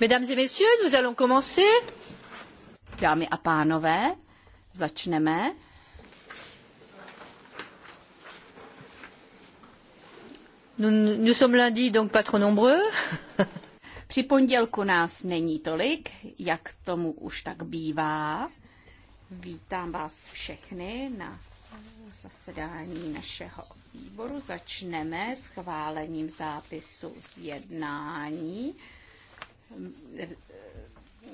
Mesdames et messieurs, nous allons commencer. Dámy a pánové, začneme. Nous, nous sommes lundi, donc pas trop nombreux. Při pondělku nás není tolik, jak tomu už tak bývá. Vítám vás všechny na zasedání našeho výboru. Začneme schválením zápisu z jednání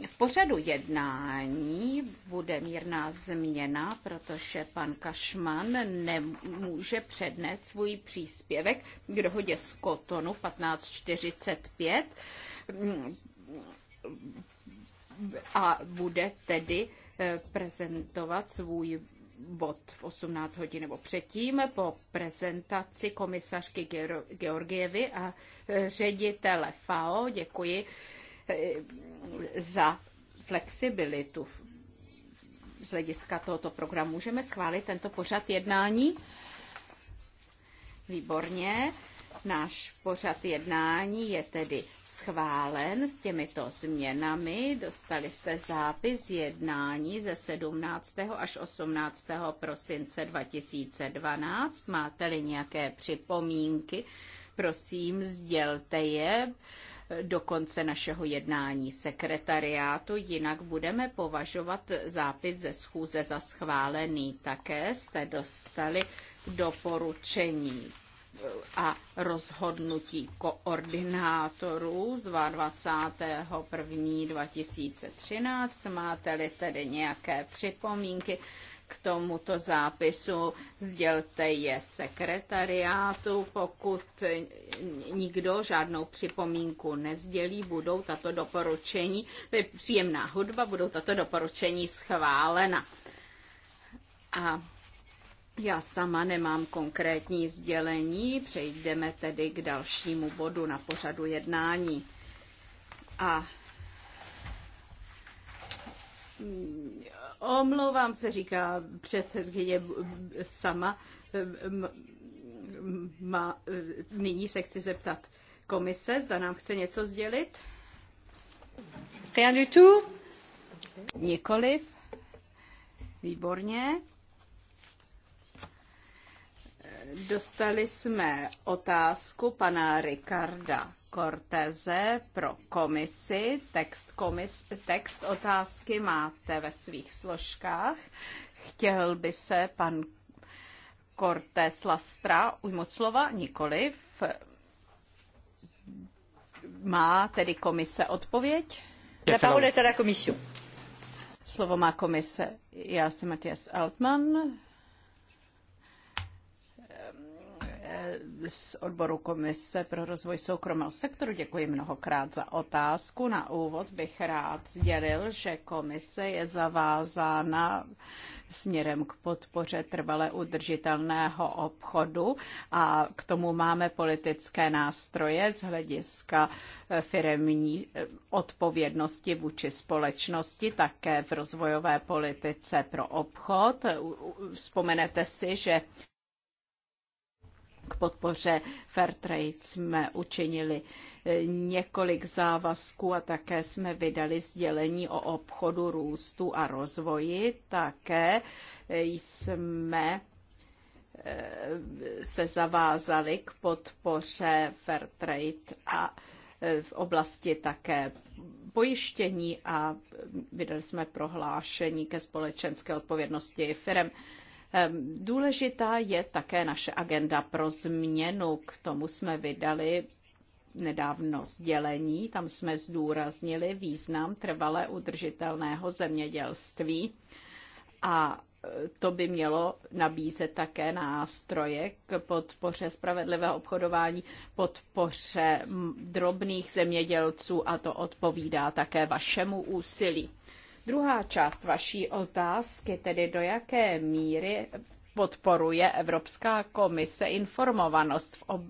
v pořadu jednání bude mírná změna, protože pan Kašman nemůže přednést svůj příspěvek k dohodě z Kotonu 1545 a bude tedy eh, prezentovat svůj bod v 18 hodin nebo předtím po prezentaci komisařky Georgievy a e, ředitele FAO. Děkuji e, za flexibilitu z hlediska tohoto programu. Můžeme schválit tento pořad jednání? Výborně. Náš pořad jednání je tedy schválen s těmito změnami. Dostali jste zápis jednání ze 17. až 18. prosince 2012. Máte-li nějaké připomínky, prosím, sdělte je do konce našeho jednání sekretariátu, jinak budeme považovat zápis ze schůze za schválený. Také jste dostali doporučení a rozhodnutí koordinátorů z 22.1.2013. Máte-li tedy nějaké připomínky k tomuto zápisu, sdělte je sekretariátu. Pokud nikdo žádnou připomínku nezdělí, budou tato doporučení, to je příjemná hudba, budou tato doporučení schválena. A já sama nemám konkrétní sdělení, přejdeme tedy k dalšímu bodu na pořadu jednání. A mm, omlouvám se, říká předsedkyně sama, má, nyní se chci zeptat komise, zda nám chce něco sdělit. Rien du tout? Nikoliv. Výborně. Dostali jsme otázku pana Ricarda Corteze pro komisi. Text, komis, text otázky máte ve svých složkách. Chtěl by se pan Cortez Lastra ujmout slova? Nikoliv. Má tedy komise odpověď? La parole Slovo má komise. Já jsem Matias Altman z odboru Komise pro rozvoj soukromého sektoru. Děkuji mnohokrát za otázku. Na úvod bych rád sdělil, že Komise je zavázána směrem k podpoře trvale udržitelného obchodu a k tomu máme politické nástroje z hlediska firemní odpovědnosti vůči společnosti, také v rozvojové politice pro obchod. Vzpomenete si, že k podpoře Fairtrade jsme učinili eh, několik závazků a také jsme vydali sdělení o obchodu, růstu a rozvoji. Také eh, jsme eh, se zavázali k podpoře Fairtrade a v oblasti také pojištění a vydali jsme prohlášení ke společenské odpovědnosti firm. Ehm, důležitá je také naše agenda pro změnu. K tomu jsme vydali nedávno sdělení. Tam jsme zdůraznili význam trvale udržitelného zemědělství a e, to by mělo nabízet také nástroje k podpoře spravedlivého obchodování, podpoře drobných zemědělců a to odpovídá také vašemu úsilí. Druhá část vaší otázky, tedy do jaké míry podporuje Evropská komise informovanost v ob-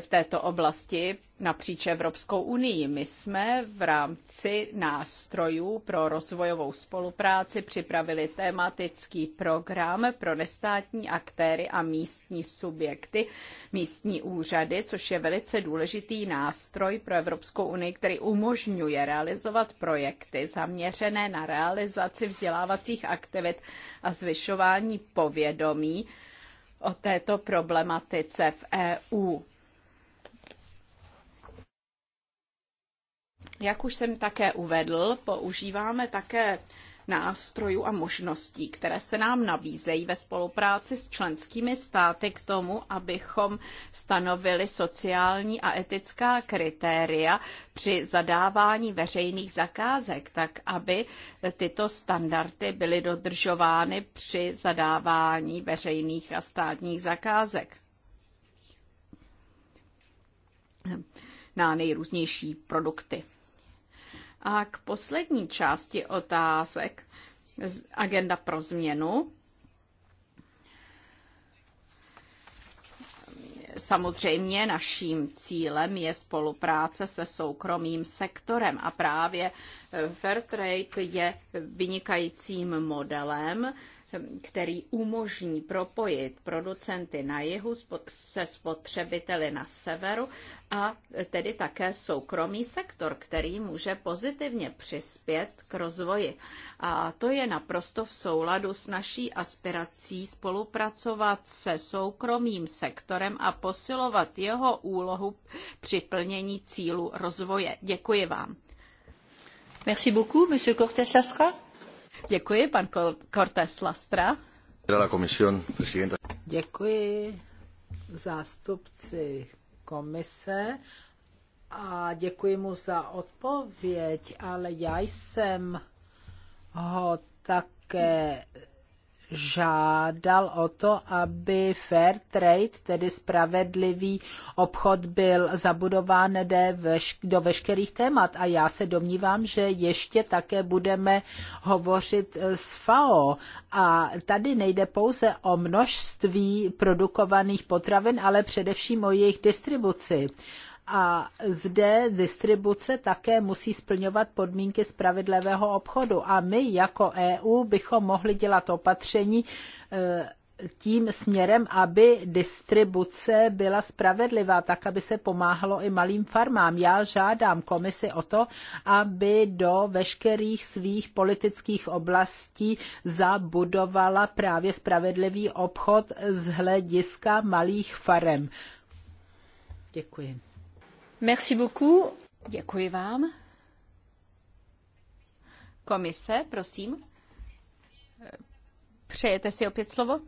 v této oblasti napříč Evropskou unii. My jsme v rámci nástrojů pro rozvojovou spolupráci připravili tematický program pro nestátní aktéry a místní subjekty, místní úřady, což je velice důležitý nástroj pro Evropskou unii, který umožňuje realizovat projekty zaměřené na realizaci vzdělávacích aktivit a zvyšování povědomí o této problematice v EU. Jak už jsem také uvedl, používáme také nástrojů a možností, které se nám nabízejí ve spolupráci s členskými státy k tomu, abychom stanovili sociální a etická kritéria při zadávání veřejných zakázek, tak aby tyto standardy byly dodržovány při zadávání veřejných a státních zakázek na nejrůznější produkty. A k poslední části otázek, agenda pro změnu, Samozřejmě naším cílem je spolupráce se soukromým sektorem a právě Fairtrade je vynikajícím modelem který umožní propojit producenty na jihu se spotřebiteli na severu a tedy také soukromý sektor, který může pozitivně přispět k rozvoji. A to je naprosto v souladu s naší aspirací spolupracovat se soukromým sektorem a posilovat jeho úlohu při plnění cílu rozvoje. Děkuji vám. Merci beaucoup, monsieur Cortés Lastra. Děkuji, pan Cortés Lastra. Děkuji zástupci komise a děkuji mu za odpověď, ale já jsem ho také žádal o to, aby fair trade, tedy spravedlivý obchod, byl zabudován do veškerých témat. A já se domnívám, že ještě také budeme hovořit eh, s FAO. A tady nejde pouze o množství produkovaných potravin, ale především o jejich distribuci a zde distribuce také musí splňovat podmínky spravedlivého obchodu a my jako EU bychom mohli dělat opatření eh, tím směrem, aby distribuce byla spravedlivá, tak aby se pomáhalo i malým farmám. Já žádám komisi o to, aby do veškerých svých politických oblastí zabudovala právě spravedlivý obchod z hlediska malých farem. Děkuji. Merci beaucoup. Děkuji vám. Komise, prosím. Přejete si opět slovo?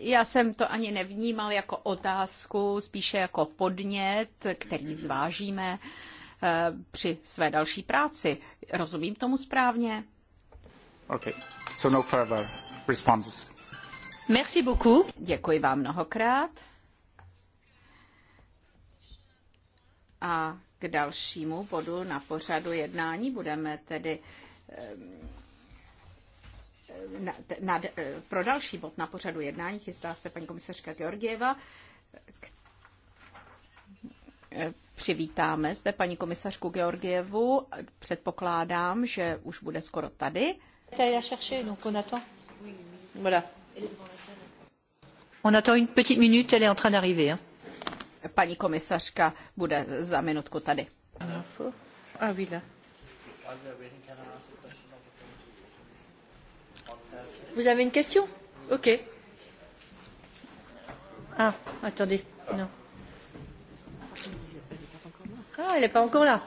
Já jsem to ani nevnímal jako otázku, spíše jako podnět, který zvážíme eh, při své další práci. Rozumím tomu správně? Ok, So no further responses. Merci beaucoup. Děkuji vám mnohokrát. A k dalšímu bodu na pořadu jednání budeme tedy eh, na, na, eh, pro další bod na pořadu jednání chystá se paní komisařka Georgieva. K, eh, přivítáme zde paní komisařku Georgievu. Předpokládám, že už bude skoro tady. On attend une petite minute, elle est en train d'arriver. Hein. Paní komisařka bude za minutku tady. Vous avez une question Ok. Ah, attendez, non. Ah, elle n'est pas encore là.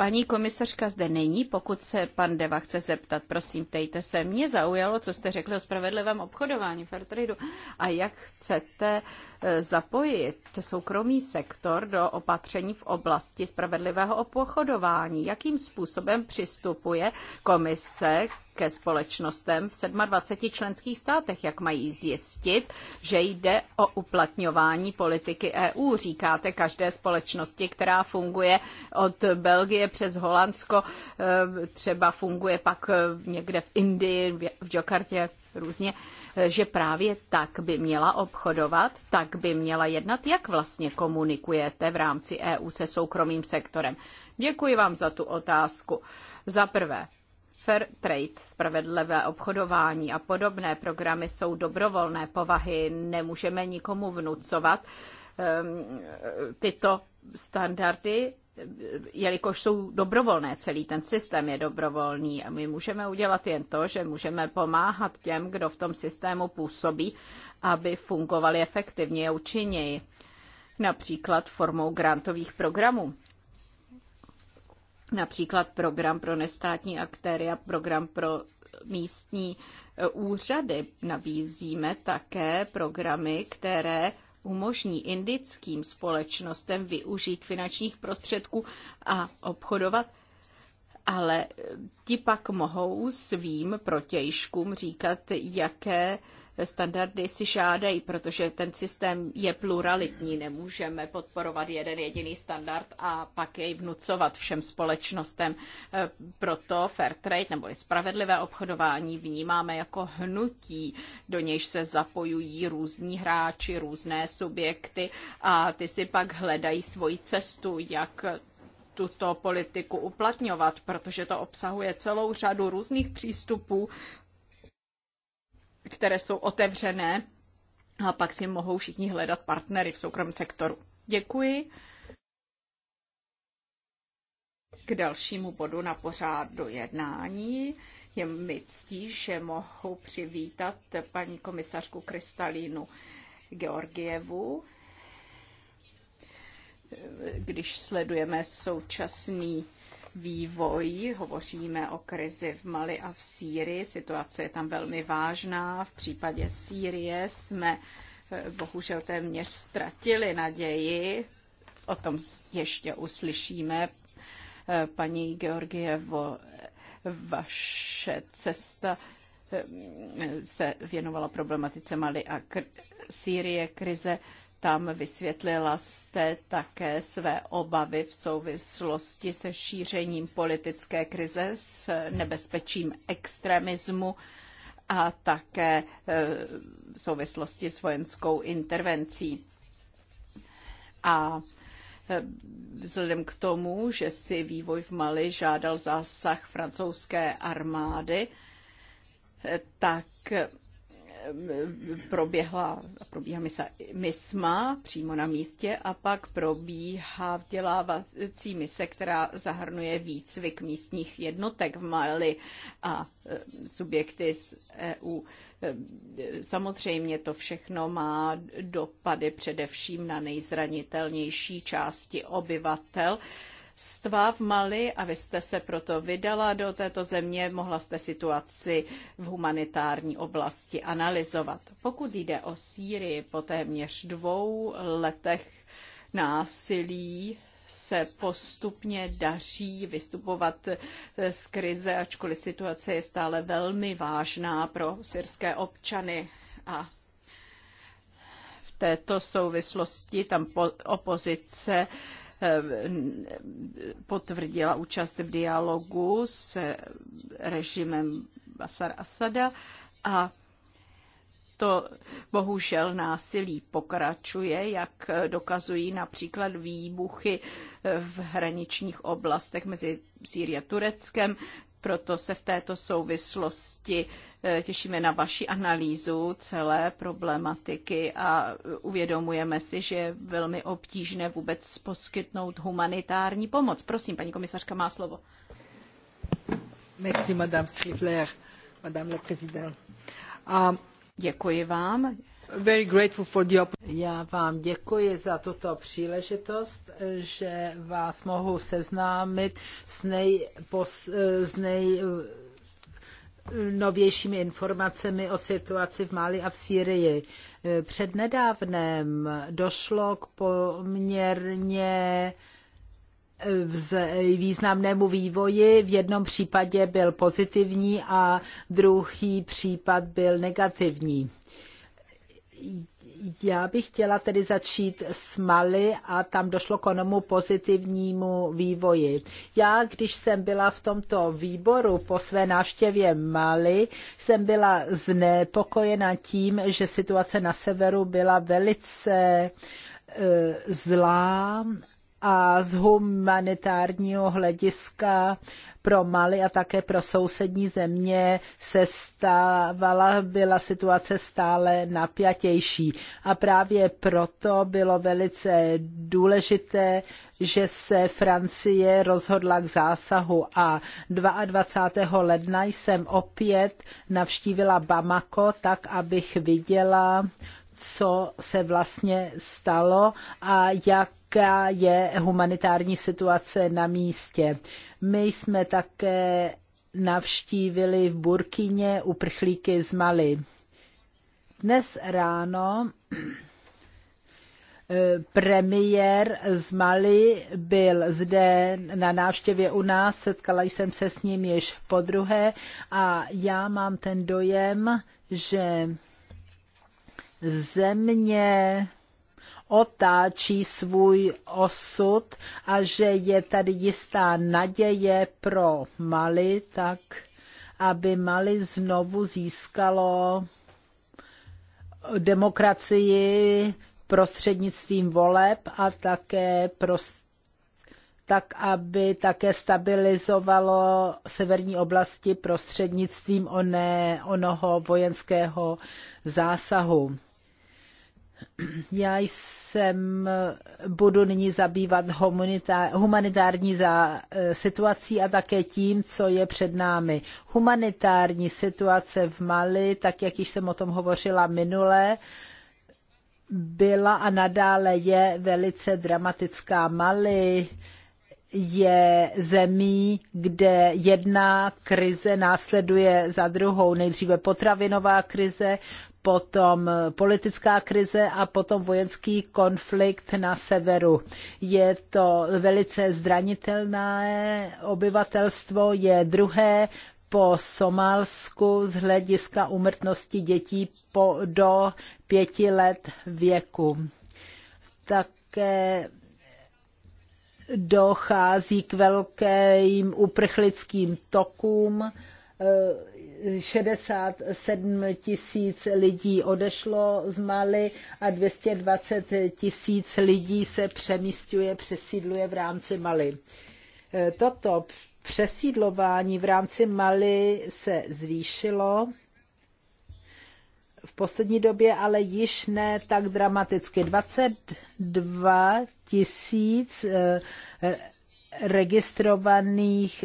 Paní komisařka zde není, pokud se pan Deva chce zeptat, prosím, tejte se. Mě zaujalo, co jste řekl o spravedlivém obchodování fair a jak chcete eh, zapojit soukromý sektor do opatření v oblasti spravedlivého obchodování. Jakým způsobem přistupuje komise ke společnostem v 27 členských státech, jak mají zjistit, že jde o uplatňování politiky EU. Říkáte každé společnosti, která funguje od Belgie přes Holandsko, eh, třeba funguje pak eh, někde v Indii, v Jokartě, různě, eh, že právě tak by měla obchodovat, tak by měla jednat. Jak vlastně komunikujete v rámci EU se soukromým sektorem? Děkuji vám za tu otázku. Za prvé, fair trade, spravedlivé obchodování a podobné programy jsou dobrovolné povahy, nemůžeme nikomu vnucovat ehm, tyto standardy, jelikož jsou dobrovolné, celý ten systém je dobrovolný a my můžeme udělat jen to, že můžeme pomáhat těm, kdo v tom systému působí, aby fungovali efektivně a účinněji, například formou grantových programů například program pro nestátní aktéry a program pro místní e, úřady. Nabízíme také programy, které umožní indickým společnostem využít finančních prostředků a obchodovat, ale e, ti pak mohou svým protějškům říkat, jaké standardy si žádají, protože ten systém je pluralitní, nemůžeme podporovat jeden jediný standard a pak jej vnucovat všem společnostem. E, proto fair trade neboli spravedlivé obchodování vnímáme jako hnutí, do nějž se zapojují různí hráči, různé subjekty a ty si pak hledají svoji cestu, jak tuto politiku uplatňovat, protože to obsahuje celou řadu různých přístupů které jsou otevřené a pak si mohou všichni hledat partnery v soukromém sektoru. Děkuji. K dalšímu bodu na pořádu jednání je mi ctí, že mohu přivítat paní komisařku Kristalínu Georgievu. Když sledujeme současný vývoj. Hovoříme o krizi v Mali a v Sýrii. Situace je tam velmi vážná. V případě Sýrie jsme eh, bohužel téměř ztratili naději. O tom ještě uslyšíme. Eh, paní Georgie, vaše cesta eh, se věnovala problematice Mali a Sýrie krize tam vysvětlila jste také své obavy v souvislosti se šířením politické krize s nebezpečím extremismu a také e, v souvislosti s vojenskou intervencí. A e, vzhledem k tomu, že si vývoj v Mali žádal zásah francouzské armády, e, tak proběhla, probíhá misa MISMA přímo na místě a pak probíhá vzdělávací mise, která zahrnuje výcvik místních jednotek v Mali a e, subjekty z EU. E, samozřejmě to všechno má dopady především na nejzranitelnější části obyvatel, stva v Mali a vy jste se proto vydala do této země, mohla jste situaci v humanitární oblasti analyzovat. Pokud jde o Sýrii, po téměř dvou letech násilí se postupně daří vystupovat eh, z krize, ačkoliv situace je stále velmi vážná pro syrské občany a v této souvislosti tam opozice Eh, potvrdila účast v dialogu s režimem Basar Asada a to bohužel násilí pokračuje, jak dokazují například výbuchy v hraničních oblastech mezi Sýrií a Tureckem, proto se v této souvislosti eh, těšíme na vaši analýzu celé problematiky a uvědomujeme si, že je velmi obtížné vůbec poskytnout humanitární pomoc. Prosím, paní komisařka má slovo. Merci, madame Strifler, madame la présidente. Um... Děkuji vám, já vám děkuji za tuto příležitost, že vás mohu seznámit s, nej, pos, s nej, novějšími informacemi o situaci v Mali a v Sýrii. Přednedávnem došlo k poměrně významnému vývoji. V jednom případě byl pozitivní a druhý případ byl negativní já bych chtěla tedy začít s Mali a tam došlo k onomu pozitivnímu vývoji. Já, když jsem byla v tomto výboru po své návštěvě Mali, jsem byla znepokojena tím, že situace na severu byla velice e, zlá a z humanitárního hlediska pro Mali a také pro sousední země se stávala, byla situace stále napjatější. A právě proto bylo velice důležité, že se Francie rozhodla k zásahu a 22. ledna jsem opět navštívila Bamako, tak abych viděla, co se vlastně stalo a jak jaká je humanitární situace na místě. My jsme také navštívili v Burkině uprchlíky z Mali. Dnes ráno eh, premiér z Mali byl zde na návštěvě u nás, setkala jsem se s ním již po druhé a já mám ten dojem, že země otáčí svůj osud a že je tady jistá naděje pro Mali, tak aby Mali znovu získalo demokracii prostřednictvím voleb a také prost, tak, aby také stabilizovalo severní oblasti prostřednictvím oné, onoho vojenského zásahu. Já jsem budu nyní zabývat humanitární za, eh, situací a také tím, co je před námi. Humanitární situace v Mali, tak jak již jsem o tom hovořila minule, byla a nadále je velice dramatická. Mali je zemí, kde jedna krize následuje za druhou. Nejdříve potravinová krize, potom politická krize a potom vojenský konflikt na severu. Je to velice zranitelné obyvatelstvo, je druhé po Somálsku z hlediska umrtnosti dětí po, do pěti let věku. Také dochází k velkým uprchlickým tokům eh, 67 tisíc lidí odešlo z Mali a 220 tisíc lidí se přemístuje, přesídluje v rámci Mali. E, toto přesídlování v rámci Mali se zvýšilo v poslední době, ale již ne tak dramaticky. 22 tisíc e, registrovaných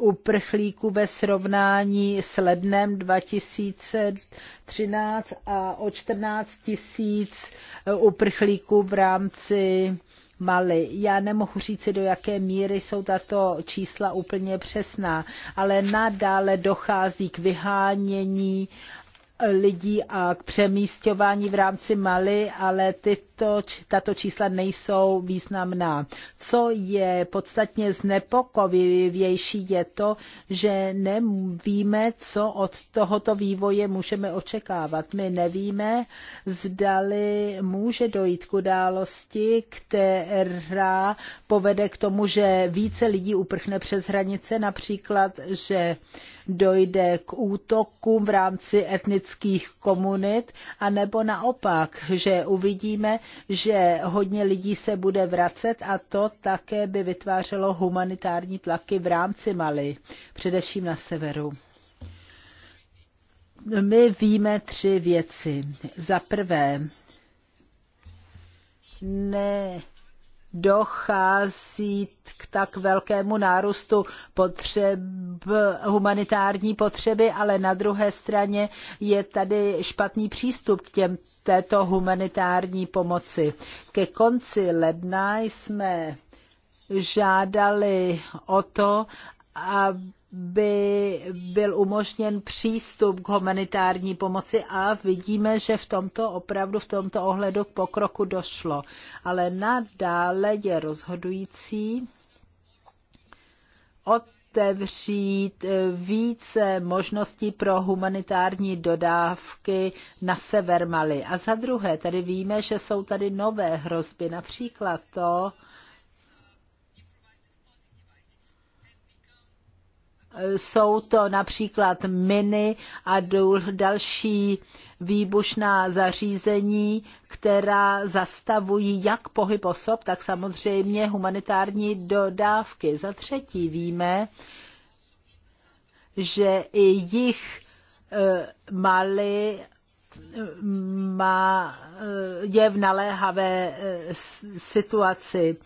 uprchlíků ve srovnání s lednem 2013 a o 14 tisíc uprchlíků v rámci Mali. Já nemohu říci, do jaké míry jsou tato čísla úplně přesná, ale nadále dochází k vyhánění lidí a k přemístování v rámci Mali, ale ty tyto, tato čísla nejsou významná. Co je podstatně znepokojivější je to, že nevíme, co od tohoto vývoje můžeme očekávat. My nevíme, zdali může dojít k události, která povede k tomu, že více lidí uprchne přes hranice, například, že dojde k útokům v rámci etnických komunit, anebo naopak, že uvidíme, že hodně lidí se bude vracet a to také by vytvářelo humanitární tlaky v rámci Mali, především na severu. My víme tři věci. Za prvé, ne, dochází k tak velkému nárůstu potřeb, humanitární potřeby, ale na druhé straně je tady špatný přístup k těm této humanitární pomoci. Ke konci ledna jsme žádali o to, aby byl umožněn přístup k humanitární pomoci a vidíme, že v tomto opravdu, v tomto ohledu k pokroku došlo. Ale nadále je rozhodující, o otevřít eh, více možností pro humanitární dodávky na sever Mali. A za druhé, tady víme, že jsou tady nové hrozby, například to, Jsou to například miny a další výbušná zařízení, která zastavují jak pohyb osob, tak samozřejmě humanitární dodávky. Za třetí víme, že i jich eh, Mali eh, má, eh, je v naléhavé situaci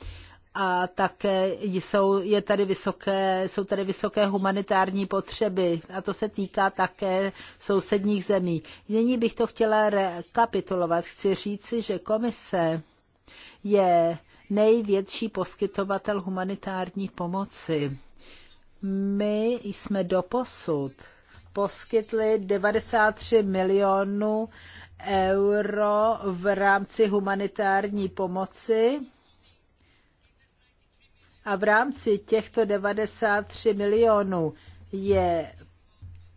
a také jsou, je tady vysoké, jsou tady vysoké humanitární potřeby a to se týká také sousedních zemí. Nyní bych to chtěla rekapitulovat. Chci říci, že komise je největší poskytovatel humanitární pomoci. My jsme doposud poskytli 93 milionů euro v rámci humanitární pomoci a v rámci těchto 93 milionů je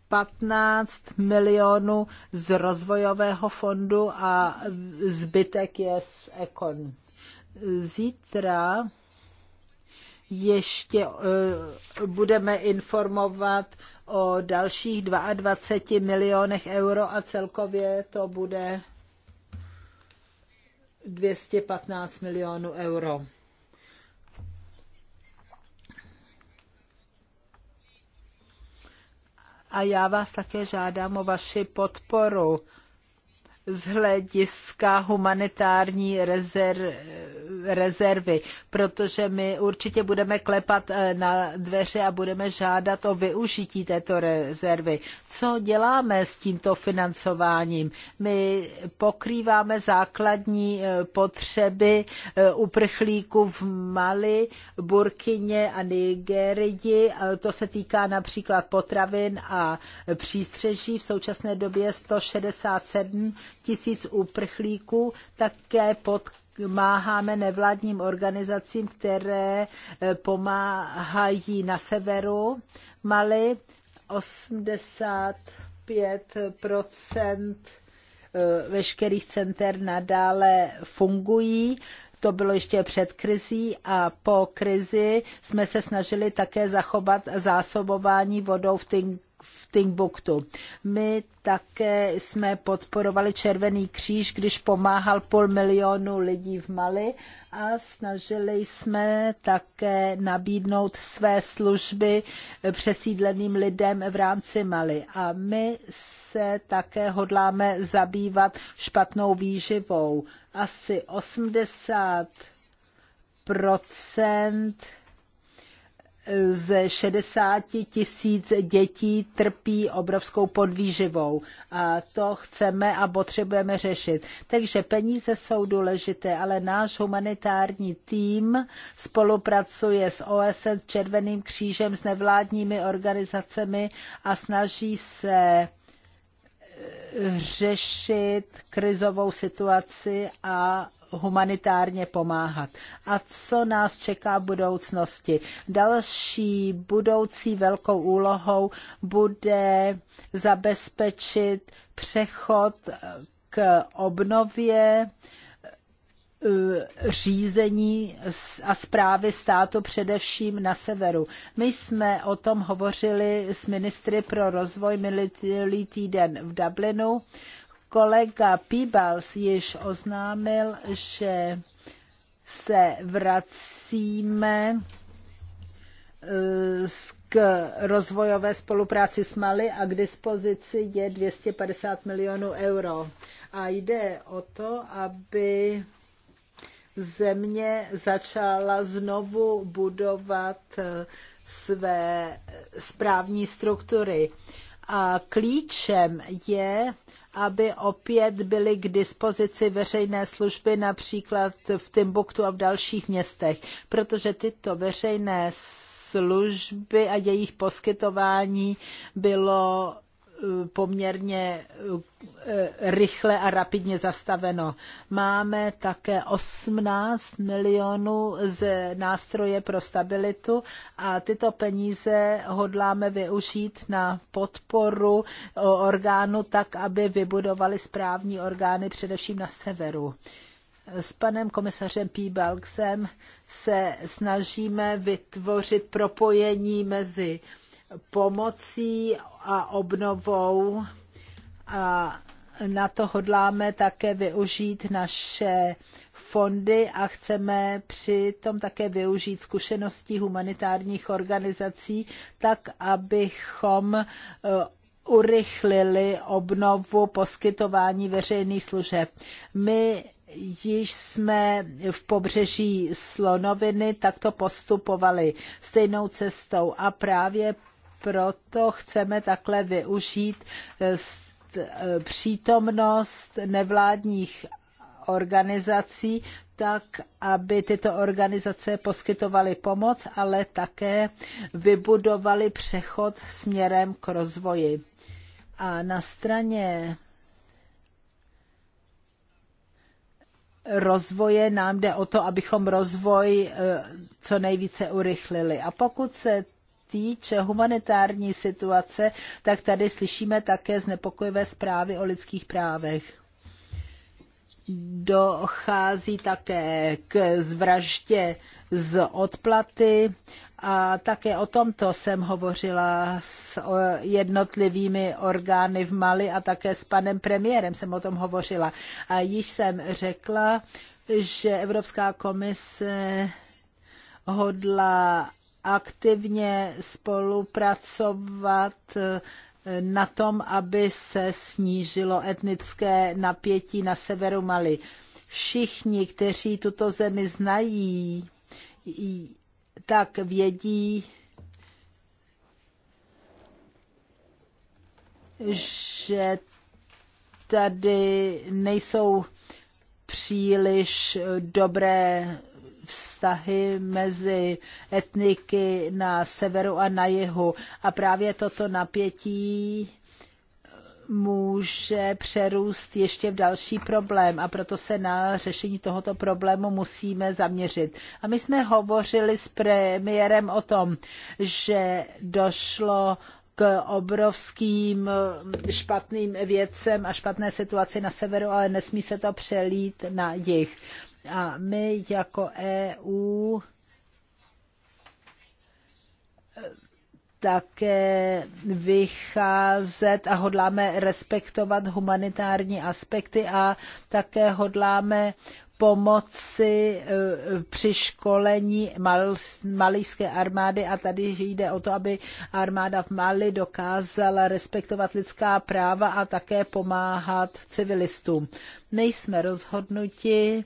15 milionů z rozvojového fondu a zbytek je z Ekon. Zítra ještě eh, budeme informovat o dalších 22 milionech euro a celkově to bude 215 milionů euro. a já vás také žádám o vaši podporu z hlediska humanitární rezer, rezervy, protože my určitě budeme klepat eh, na dveře a budeme žádat o využití této rezervy. Co děláme s tímto financováním? My pokrýváme základní eh, potřeby eh, uprchlíků v Mali, Burkině a Nigerii. To se týká například potravin a přístřeží. V současné době 167 tisíc úprchlíků, také pod máháme nevládním organizacím, které eh, pomáhají na severu Mali. 85 eh, veškerých center nadále fungují. To bylo ještě před krizí a po krizi jsme se snažili také zachovat zásobování vodou v v Timbuktu. My také jsme podporovali Červený kříž, když pomáhal půl milionu lidí v Mali a snažili jsme také nabídnout své služby přesídleným lidem v rámci Mali. A my se také hodláme zabývat špatnou výživou. Asi 80 procent ze 60 tisíc dětí trpí obrovskou podvýživou. A to chceme a potřebujeme řešit. Takže peníze jsou důležité, ale náš humanitární tým spolupracuje s OSN, s Červeným křížem, s nevládními organizacemi a snaží se eh, řešit krizovou situaci a humanitárně pomáhat. A co nás čeká v budoucnosti? Další budoucí velkou úlohou bude zabezpečit přechod k obnově eh, řízení a zprávy státu především na severu. My jsme o tom hovořili s ministry pro rozvoj minulý týden v Dublinu. Kolega Pibals již oznámil, že se vracíme eh, k rozvojové spolupráci s Mali a k dispozici je 250 milionů euro. A jde o to, aby země začala znovu budovat eh, své správní struktury. A klíčem je, aby opět byly k dispozici veřejné služby například v Timbuktu a v dalších městech, protože tyto veřejné služby a jejich poskytování bylo poměrně eh, rychle a rapidně zastaveno. Máme také 18 milionů z nástroje pro stabilitu a tyto peníze hodláme využít na podporu eh, orgánu tak, aby vybudovali správní orgány především na severu s panem komisařem Píbalksem se snažíme vytvořit propojení mezi pomocí a obnovou a na to hodláme také využít naše fondy a chceme přitom také využít zkušeností humanitárních organizací, tak abychom e, urychlili obnovu poskytování veřejných služeb. My již jsme v pobřeží Slonoviny takto postupovali stejnou cestou a právě proto chceme takhle využít eh, eh, přítomnost nevládních organizací, tak aby tyto organizace poskytovaly pomoc, ale také vybudovaly přechod směrem k rozvoji. A na straně rozvoje nám jde o to, abychom rozvoj eh, co nejvíce urychlili. A pokud se týče humanitární situace, tak tady slyšíme také znepokojivé zprávy o lidských právech. Dochází také k zvraždě z odplaty a také o tomto jsem hovořila s jednotlivými orgány v Mali a také s panem premiérem jsem o tom hovořila. A již jsem řekla, že Evropská komise hodla aktivně spolupracovat eh, na tom, aby se snížilo etnické napětí na severu Mali. Všichni, kteří tuto zemi znají, tak vědí, že tady nejsou příliš dobré vztahy mezi etniky na severu a na jihu. A právě toto napětí může přerůst ještě v další problém a proto se na řešení tohoto problému musíme zaměřit. A my jsme hovořili s premiérem o tom, že došlo k obrovským špatným věcem a špatné situaci na severu, ale nesmí se to přelít na jih. A my jako EU eh, také vycházet a hodláme respektovat humanitární aspekty a také hodláme pomoci eh, při školení malijské armády a tady jde o to, aby armáda v Mali dokázala respektovat lidská práva a také pomáhat civilistům. My jsme rozhodnuti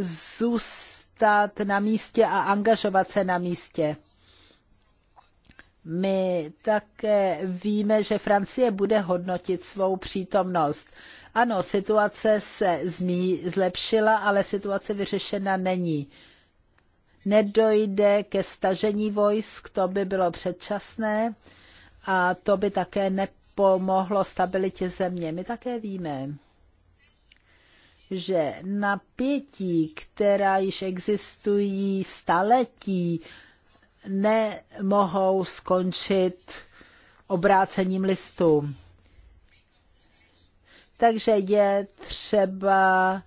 zůstat na místě a angažovat se na místě. My také víme, že Francie bude hodnotit svou přítomnost. Ano, situace se zmí, zlepšila, ale situace vyřešena není. Nedojde ke stažení vojsk, to by bylo předčasné a to by také nepomohlo stabilitě země. My také víme, že napětí, která již existují staletí, nemohou skončit obrácením listu. Takže je třeba eh,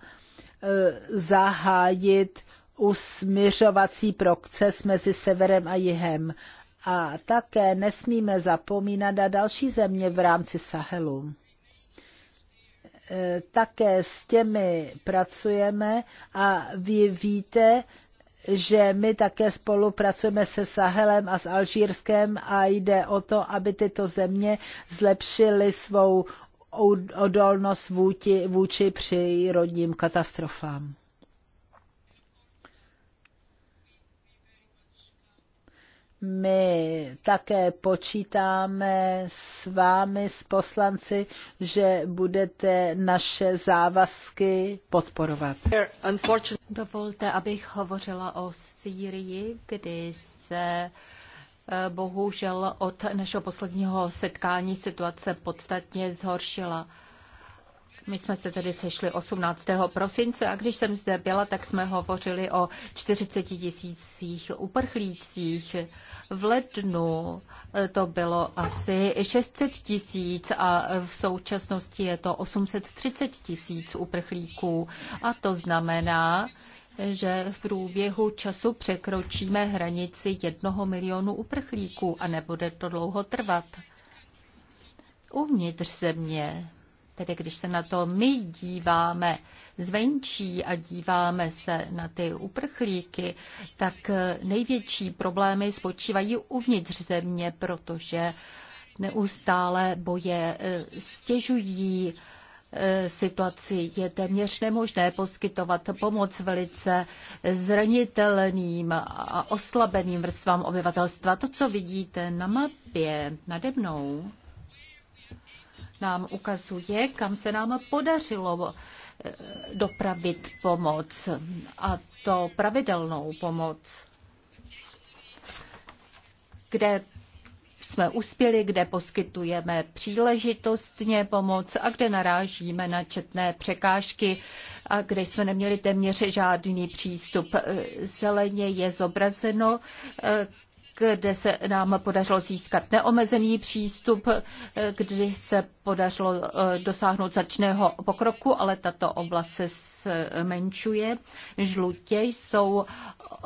zahájit usmiřovací proces mezi severem a jihem. A také nesmíme zapomínat na další země v rámci Sahelu také s těmi pracujeme a vy víte, že my také spolupracujeme se Sahelem a s Alžírskem a jde o to, aby tyto země zlepšily svou odolnost vůči, vůči přírodním katastrofám. my také počítáme s vámi, s poslanci, že budete naše závazky podporovat. Dovolte, abych hovořila o Sýrii, kdy se eh, bohužel od našeho posledního setkání situace podstatně zhoršila. My jsme se tedy sešli 18. prosince a když jsem zde byla, tak jsme hovořili o 40 tisících uprchlících. V lednu e, to bylo asi 600 tisíc a v současnosti je to 830 tisíc uprchlíků. A to znamená, že v průběhu času překročíme hranici jednoho milionu uprchlíků a nebude to dlouho trvat. Uvnitř země Tedy když se na to my díváme zvenčí a díváme se na ty uprchlíky, tak eh, největší problémy spočívají uvnitř země, protože neustále boje eh, stěžují eh, situaci. Je téměř nemožné poskytovat pomoc velice zranitelným a oslabeným vrstvám obyvatelstva. To, co vidíte na mapě nade mnou, nám ukazuje, kam se nám podařilo eh, dopravit pomoc a to pravidelnou pomoc, kde jsme uspěli, kde poskytujeme příležitostně pomoc a kde narážíme na četné překážky a kde jsme neměli téměř žádný přístup. Eh, zeleně je zobrazeno, eh, kde se nám podařilo získat neomezený přístup, kde se podařilo eh, dosáhnout začného pokroku, ale tato oblast se zmenšuje. Žlutě jsou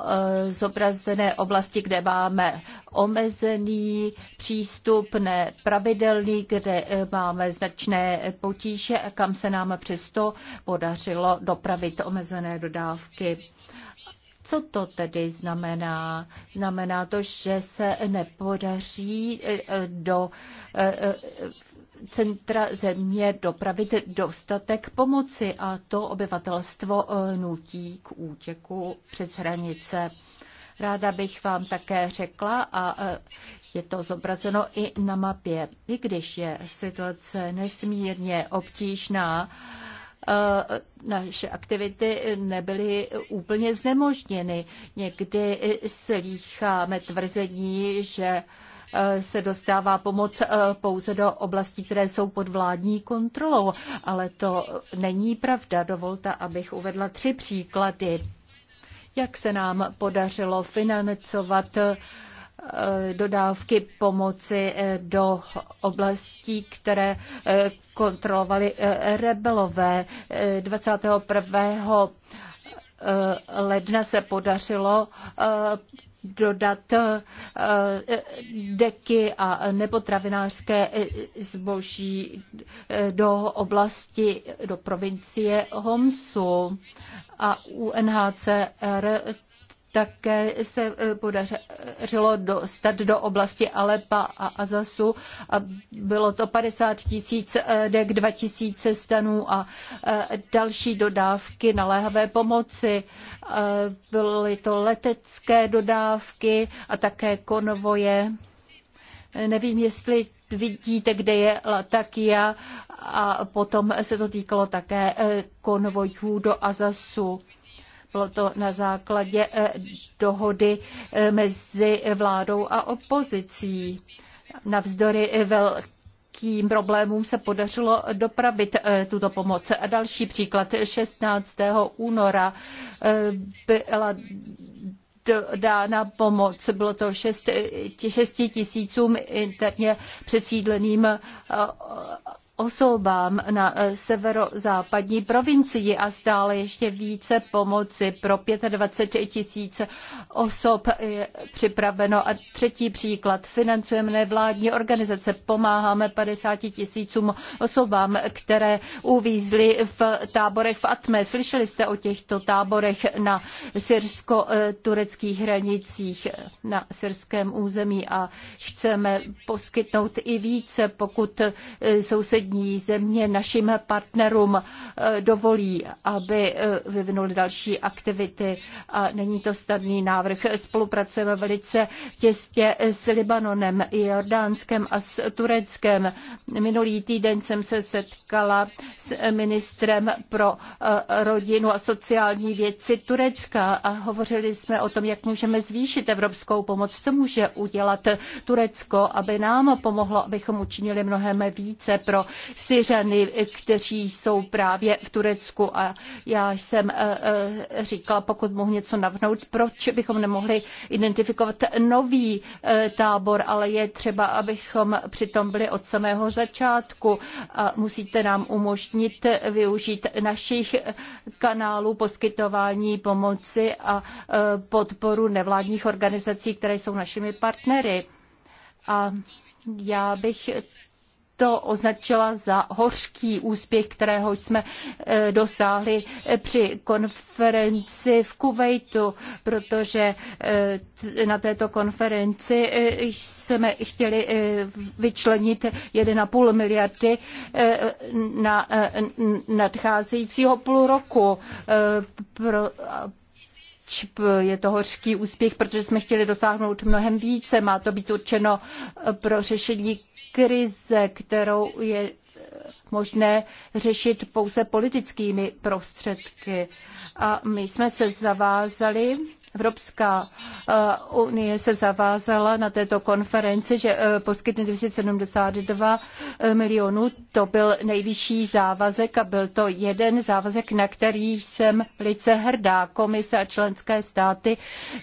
eh, zobrazené oblasti, kde máme omezený přístup, nepravidelný, kde eh, máme značné potíže, kam se nám přesto podařilo dopravit omezené dodávky. Co to tedy znamená? Znamená to, že se nepodaří eh, eh, do eh, centra země dopravit dostatek pomoci a to obyvatelstvo nutí k útěku přes hranice. Ráda bych vám také řekla, a je to zobrazeno i na mapě, i když je situace nesmírně obtížná, Eh, naše aktivity nebyly úplně znemožněny. Někdy slýcháme tvrzení, že eh, se dostává pomoc eh, pouze do oblastí, které jsou pod vládní kontrolou, ale to není pravda. Dovolte, abych uvedla tři příklady, jak se nám podařilo financovat uh, Eh, dodávky pomoci eh, do oblastí, které eh, kontrolovali rebelové. 21. ledna se podařilo dodat deky a nepotravinářské zboží do oblasti, do provincie Homsu a UNHCR také se eh, podařilo dostat do oblasti Alepa a Azasu a bylo to 50 tisíc eh, dek, 2 tisíce stanů a eh, další dodávky naléhavé pomoci. Byly to letecké dodávky a také konvoje. Nevím, jestli vidíte, kde je Latakia a potom se to týkalo také konvojů do Azasu. Bylo to na základě eh, dohody eh, mezi vládou a opozicí. Navzdory eh, velkým problémům se podařilo dopravit tuto pomoc. A další příklad. 16. února byla dána pomoc. Bylo to 6 tisícům interně přesídleným osobám na eh, severozápadní provincii a stále ještě více pomoci pro 25 tisíc osob je připraveno. A třetí příklad, financujeme nevládní organizace, pomáháme 50 tisícům osobám, které uvízly v táborech v Atme. Slyšeli jste o těchto táborech na syrsko-tureckých hranicích na syrském území a chceme poskytnout i více, pokud eh, sousední sousední země našim partnerům eh, dovolí, aby eh, vyvinuli další aktivity. A není to snadný návrh. Spolupracujeme velice těstě s Libanonem, Jordánskem a s Tureckem. Minulý týden jsem se setkala s ministrem pro eh, rodinu a sociální věci Turecka a hovořili jsme o tom, jak můžeme zvýšit evropskou pomoc, co může udělat Turecko, aby nám pomohlo, abychom učinili mnohem více pro Syřany, kteří jsou právě v Turecku. A já jsem eh, eh, říkala, pokud mohu něco navnout, proč bychom nemohli identifikovat nový eh, tábor, ale je třeba, abychom přitom byli od samého začátku. A musíte nám umožnit využít našich kanálů poskytování pomoci a podporu nevládních organizací, které jsou našimi partnery. A já bych to označila za hořký úspěch, kterého jsme e, dosáhli při konferenci v Kuwaitu, protože e, na této konferenci e, jsme chtěli vyčlenit 1,5 miliardy na nadcházejícího půl roku pro proč je to hořký úspěch, protože jsme chtěli dosáhnout mnohem více. Má to být určeno eh, pro řešení krize, kterou je eh, možné řešit pouze politickými prostředky. A my jsme se zavázali, Evropská eh, unie se zavázala na této konferenci, že eh, poskytne 272 eh, milionů. To byl nejvyšší závazek a byl to jeden závazek, na který jsem velice hrdá. Komise a členské státy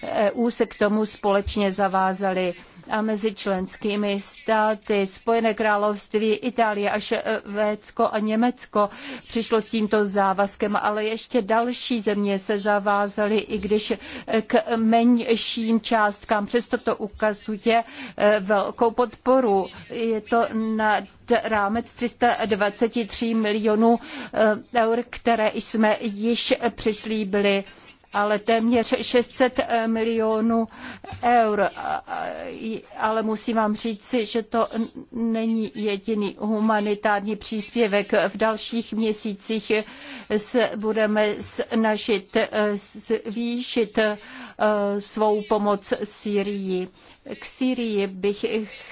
EU se k tomu společně zavázaly a mezi členskými státy Spojené království, Itálie a Švédsko eh, a Německo přišlo s tímto závazkem, ale ještě další země se zavázaly, i když eh, k menším částkám. Přesto to ukazuje eh, velkou podporu. Je to na rámec 323 milionů eur, které jsme již přislíbili ale téměř 600 eh, milionů eur. Ale musím vám říci, že to není jediný humanitární příspěvek. V dalších měsících se budeme snažit eh, zvýšit eh, svou pomoc Syrii. K Syrii bych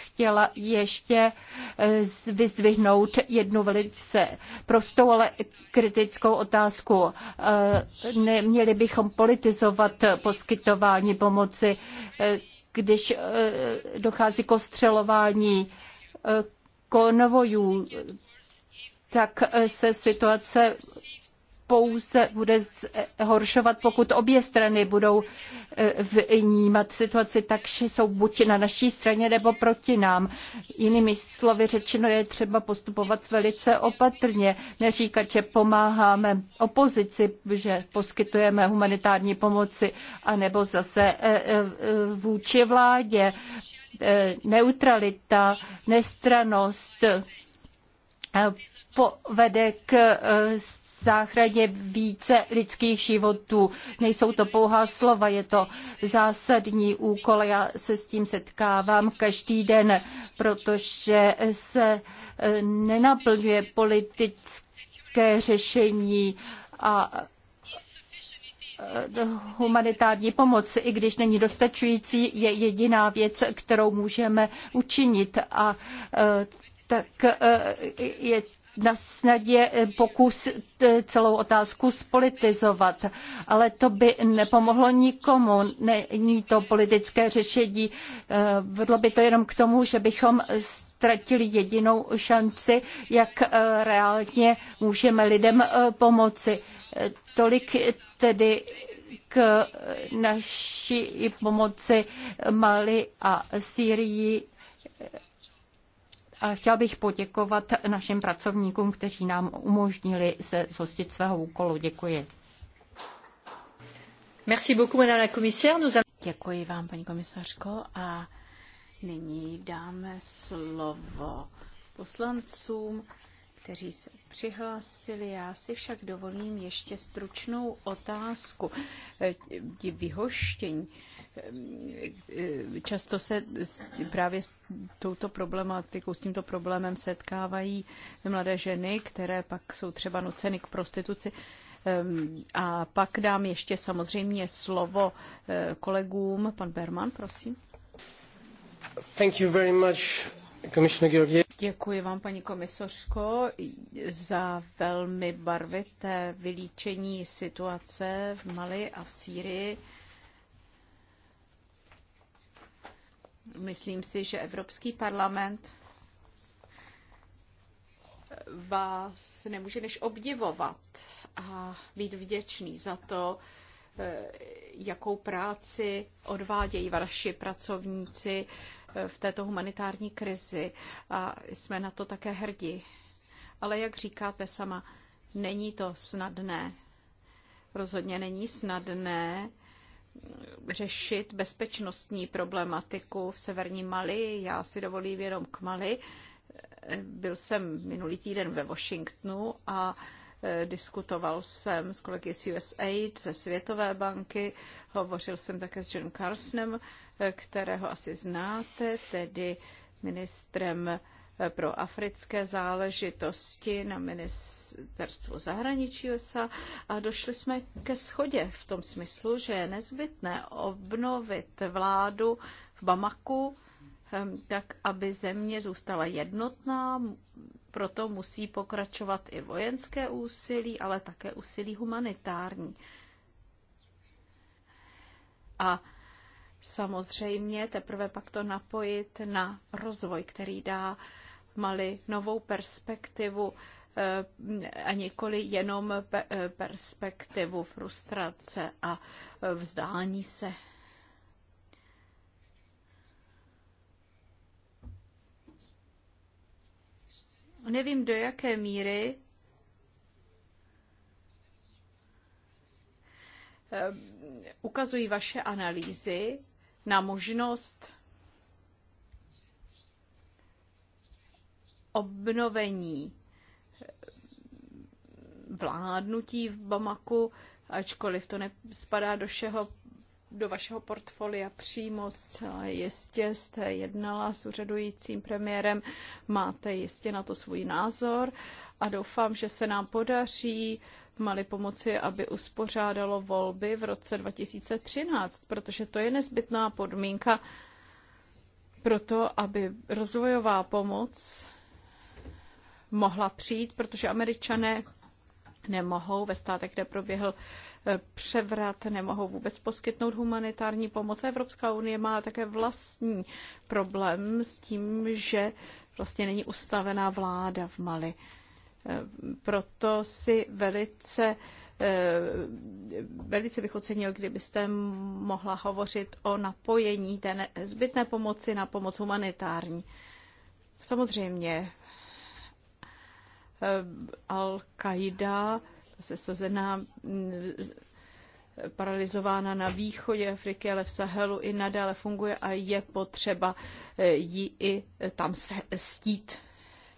chtěla ještě eh, vyzdvihnout jednu velice prostou, ale kritickou otázku. Eh, neměli bychom politizovat poskytování pomoci, eh, když dochází k ostřelování konvojů, tak se situace pouze bude zhoršovat, pokud obě strany budou e, vnímat situaci tak, že jsou buď na naší straně nebo proti nám. Jinými slovy řečeno je třeba postupovat velice opatrně, neříkat, že pomáháme opozici, že poskytujeme humanitární pomoci, anebo zase e, e, vůči vládě. Neutralita, nestranost povede k záchraně více lidských životů. Nejsou to pouhá slova, je to zásadní úkol. Já se s tím setkávám každý den, protože se eh, nenaplňuje politické řešení a eh, humanitární pomoc, i když není dostačující, je jediná věc, kterou můžeme učinit. A eh, tak je na snadě eh, pokus eh, celou otázku spolitizovat, ale to by nepomohlo nikomu. Není to politické řešení. Eh, vedlo by to jenom k tomu, že bychom ztratili jedinou šanci, jak reálně můžeme lidem pomoci. Tolik tedy k naší pomoci Mali a Sýrii a chtěl bych poděkovat našim pracovníkům, kteří nám umožnili se zhostit svého úkolu. Děkuji. Merci beaucoup, madame la commissaire. Nous... Děkuji vám, paní komisařko. A nyní dáme slovo poslancům, kteří se přihlásili. Já si však dovolím ještě stručnou otázku. Vyhoštění Eh, často se právě s touto problematikou, s tímto problémem setkávají mladé ženy, které pak jsou třeba nuceny k prostituci. A pak dám ještě samozřejmě slovo eh, kolegům. Pan Berman, prosím. Thank you very much. Děkuji vám, paní komisořko, za velmi barvité vylíčení situace v Mali a v Sýrii. Myslím si, že Evropský parlament vás nemůže než obdivovat a být vděčný za to, eh, jakou práci odvádějí vaši pracovníci eh, v této humanitární krizi a jsme na to také hrdí. Ale jak říkáte sama, není to snadné. Rozhodně není snadné řešit bezpečnostní problematiku v severní Mali. Já si dovolím jenom k Mali. Byl jsem minulý týden ve Washingtonu a e, diskutoval jsem s kolegy z USAID, ze Světové banky, hovořil jsem také s Johnem Carsonem, e, kterého asi znáte, tedy ministrem pro africké záležitosti na ministerstvu zahraničí USA a došli jsme ke schodě v tom smyslu, že je nezbytné obnovit vládu v Bamaku tak, aby země zůstala jednotná, proto musí pokračovat i vojenské úsilí, ale také úsilí humanitární. A samozřejmě teprve pak to napojit na rozvoj, který dá Mali novou perspektivu eh, a nikoli jenom eh, perspektivu frustrace a eh, vzdání se. Nevím, do jaké míry ukazují vaše analýzy na možnost obnovení vládnutí v Bamaku, ačkoliv to nespadá do, všeho, do vašeho portfolia přímo, zcela jistě jste jednala s úřadujícím premiérem, máte jistě na to svůj názor a doufám, že se nám podaří Mali pomoci, aby uspořádalo volby v roce 2013, protože to je nezbytná podmínka pro to, aby rozvojová pomoc mohla přijít, protože američané nemohou ve státech, kde proběhl eh, převrat, nemohou vůbec poskytnout humanitární pomoc. Evropská unie má také vlastní problém s tím, že vlastně není ustavená vláda v Mali. Eh, proto si velice eh, velice bych ocenil, kdybyste mohla hovořit o napojení té zbytné pomoci na pomoc humanitární. Samozřejmě Eh, Al-Qaida, sesazená, mm, paralizována na východě Afriky, ale v Sahelu i nadále funguje a je potřeba eh, ji i tam se stít.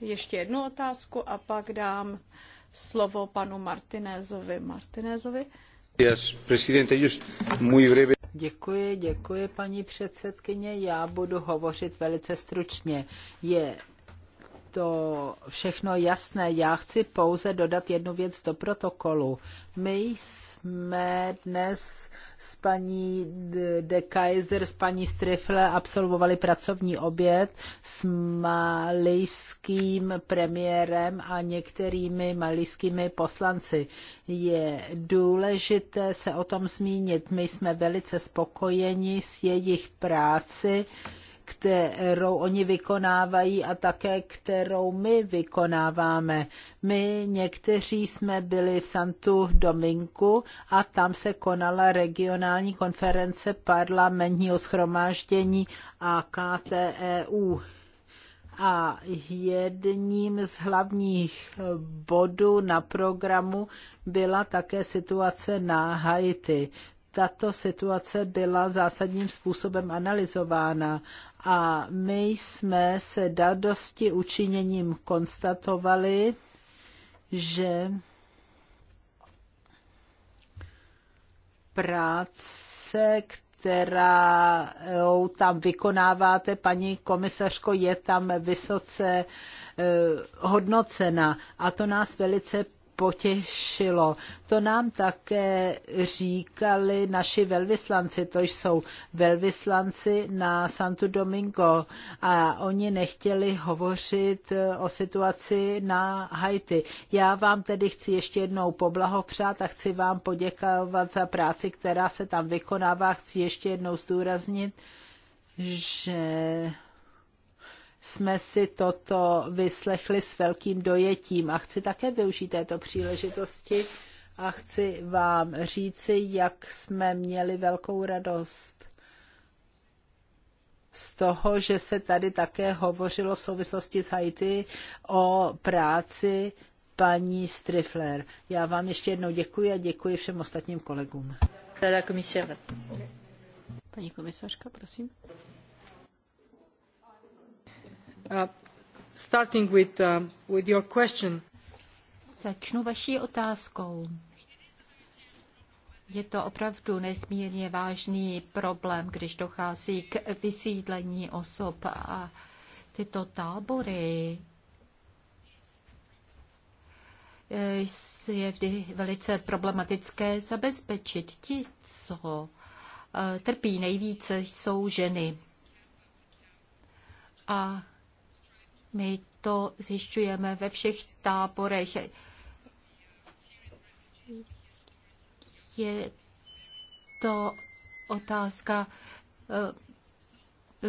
Ještě jednu otázku a pak dám slovo panu Martinézovi. Martinézovi. Děkuji, děkuji paní předsedkyně. Já budu hovořit velice stručně. Je to všechno jasné. Já chci pouze dodat jednu věc do protokolu. My jsme dnes s paní De Kaiser, s paní Strifle absolvovali pracovní oběd s malijským premiérem a některými malijskými poslanci. Je důležité se o tom zmínit. My jsme velice spokojeni s jejich práci kterou oni vykonávají a také kterou my vykonáváme. My někteří jsme byli v Santu Dominku a tam se konala regionální konference parlamentního schromáždění a KTEU a jedním z hlavních bodů na programu byla také situace na Haiti tato situace byla zásadním způsobem analyzována a my jsme se dadosti učiněním konstatovali, že práce, která tam vykonáváte, paní komisařko, je tam vysoce eh, hodnocena a to nás velice potěšilo. To nám také říkali naši velvyslanci, to jsou velvyslanci na Santo Domingo a oni nechtěli hovořit eh, o situaci na Haiti. Já vám tedy chci ještě jednou poblahopřát a chci vám poděkovat za práci, která se tam vykonává. Chci ještě jednou zdůraznit, že jsme si toto vyslechli s velkým dojetím a chci také využít této příležitosti a chci vám říci, jak jsme měli velkou radost z toho, že se tady také hovořilo v souvislosti s Haiti o práci paní Strifler. Já vám ještě jednou děkuji a děkuji všem ostatním kolegům. Paní komisařka, prosím. Uh, starting with, uh, with your question. Začnu vaší otázkou. Je to opravdu nesmírně vážný problém, když dochází k vysídlení osob a tyto tábory je vždy velice problematické zabezpečit. Ti, co eh, trpí nejvíce, jsou ženy. A my to zjišťujeme ve všech táborech. Je to otázka eh,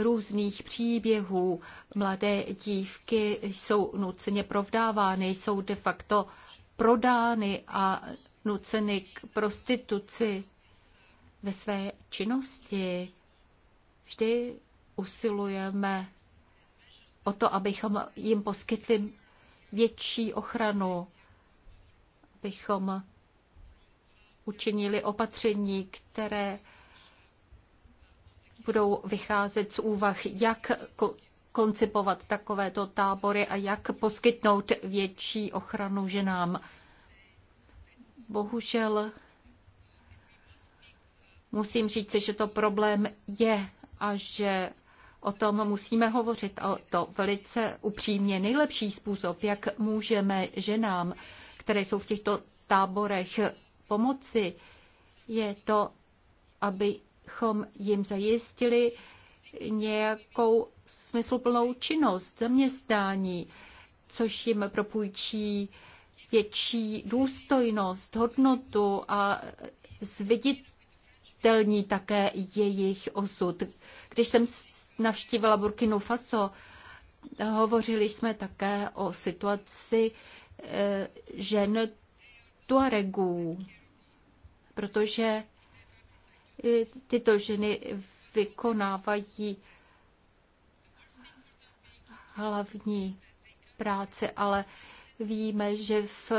různých příběhů. Mladé dívky jsou nuceně provdávány, jsou de facto prodány a nuceny k prostituci ve své činnosti. Vždy usilujeme o to, abychom jim poskytli větší ochranu, abychom učinili opatření, které budou vycházet z úvah, jak koncipovat takovéto tábory a jak poskytnout větší ochranu ženám. Bohužel musím říct, že to problém je a že O tom musíme hovořit a to velice upřímně. Nejlepší způsob, jak můžeme ženám, které jsou v těchto táborech, pomoci, je to, abychom jim zajistili nějakou smysluplnou činnost, zaměstnání, což jim propůjčí větší důstojnost, hodnotu a zviditelní také jejich osud. Když jsem navštívila Burkinu Faso. Hovořili jsme také o situaci eh, žen Tuaregů, protože eh, tyto ženy vykonávají hlavní práce, ale víme, že v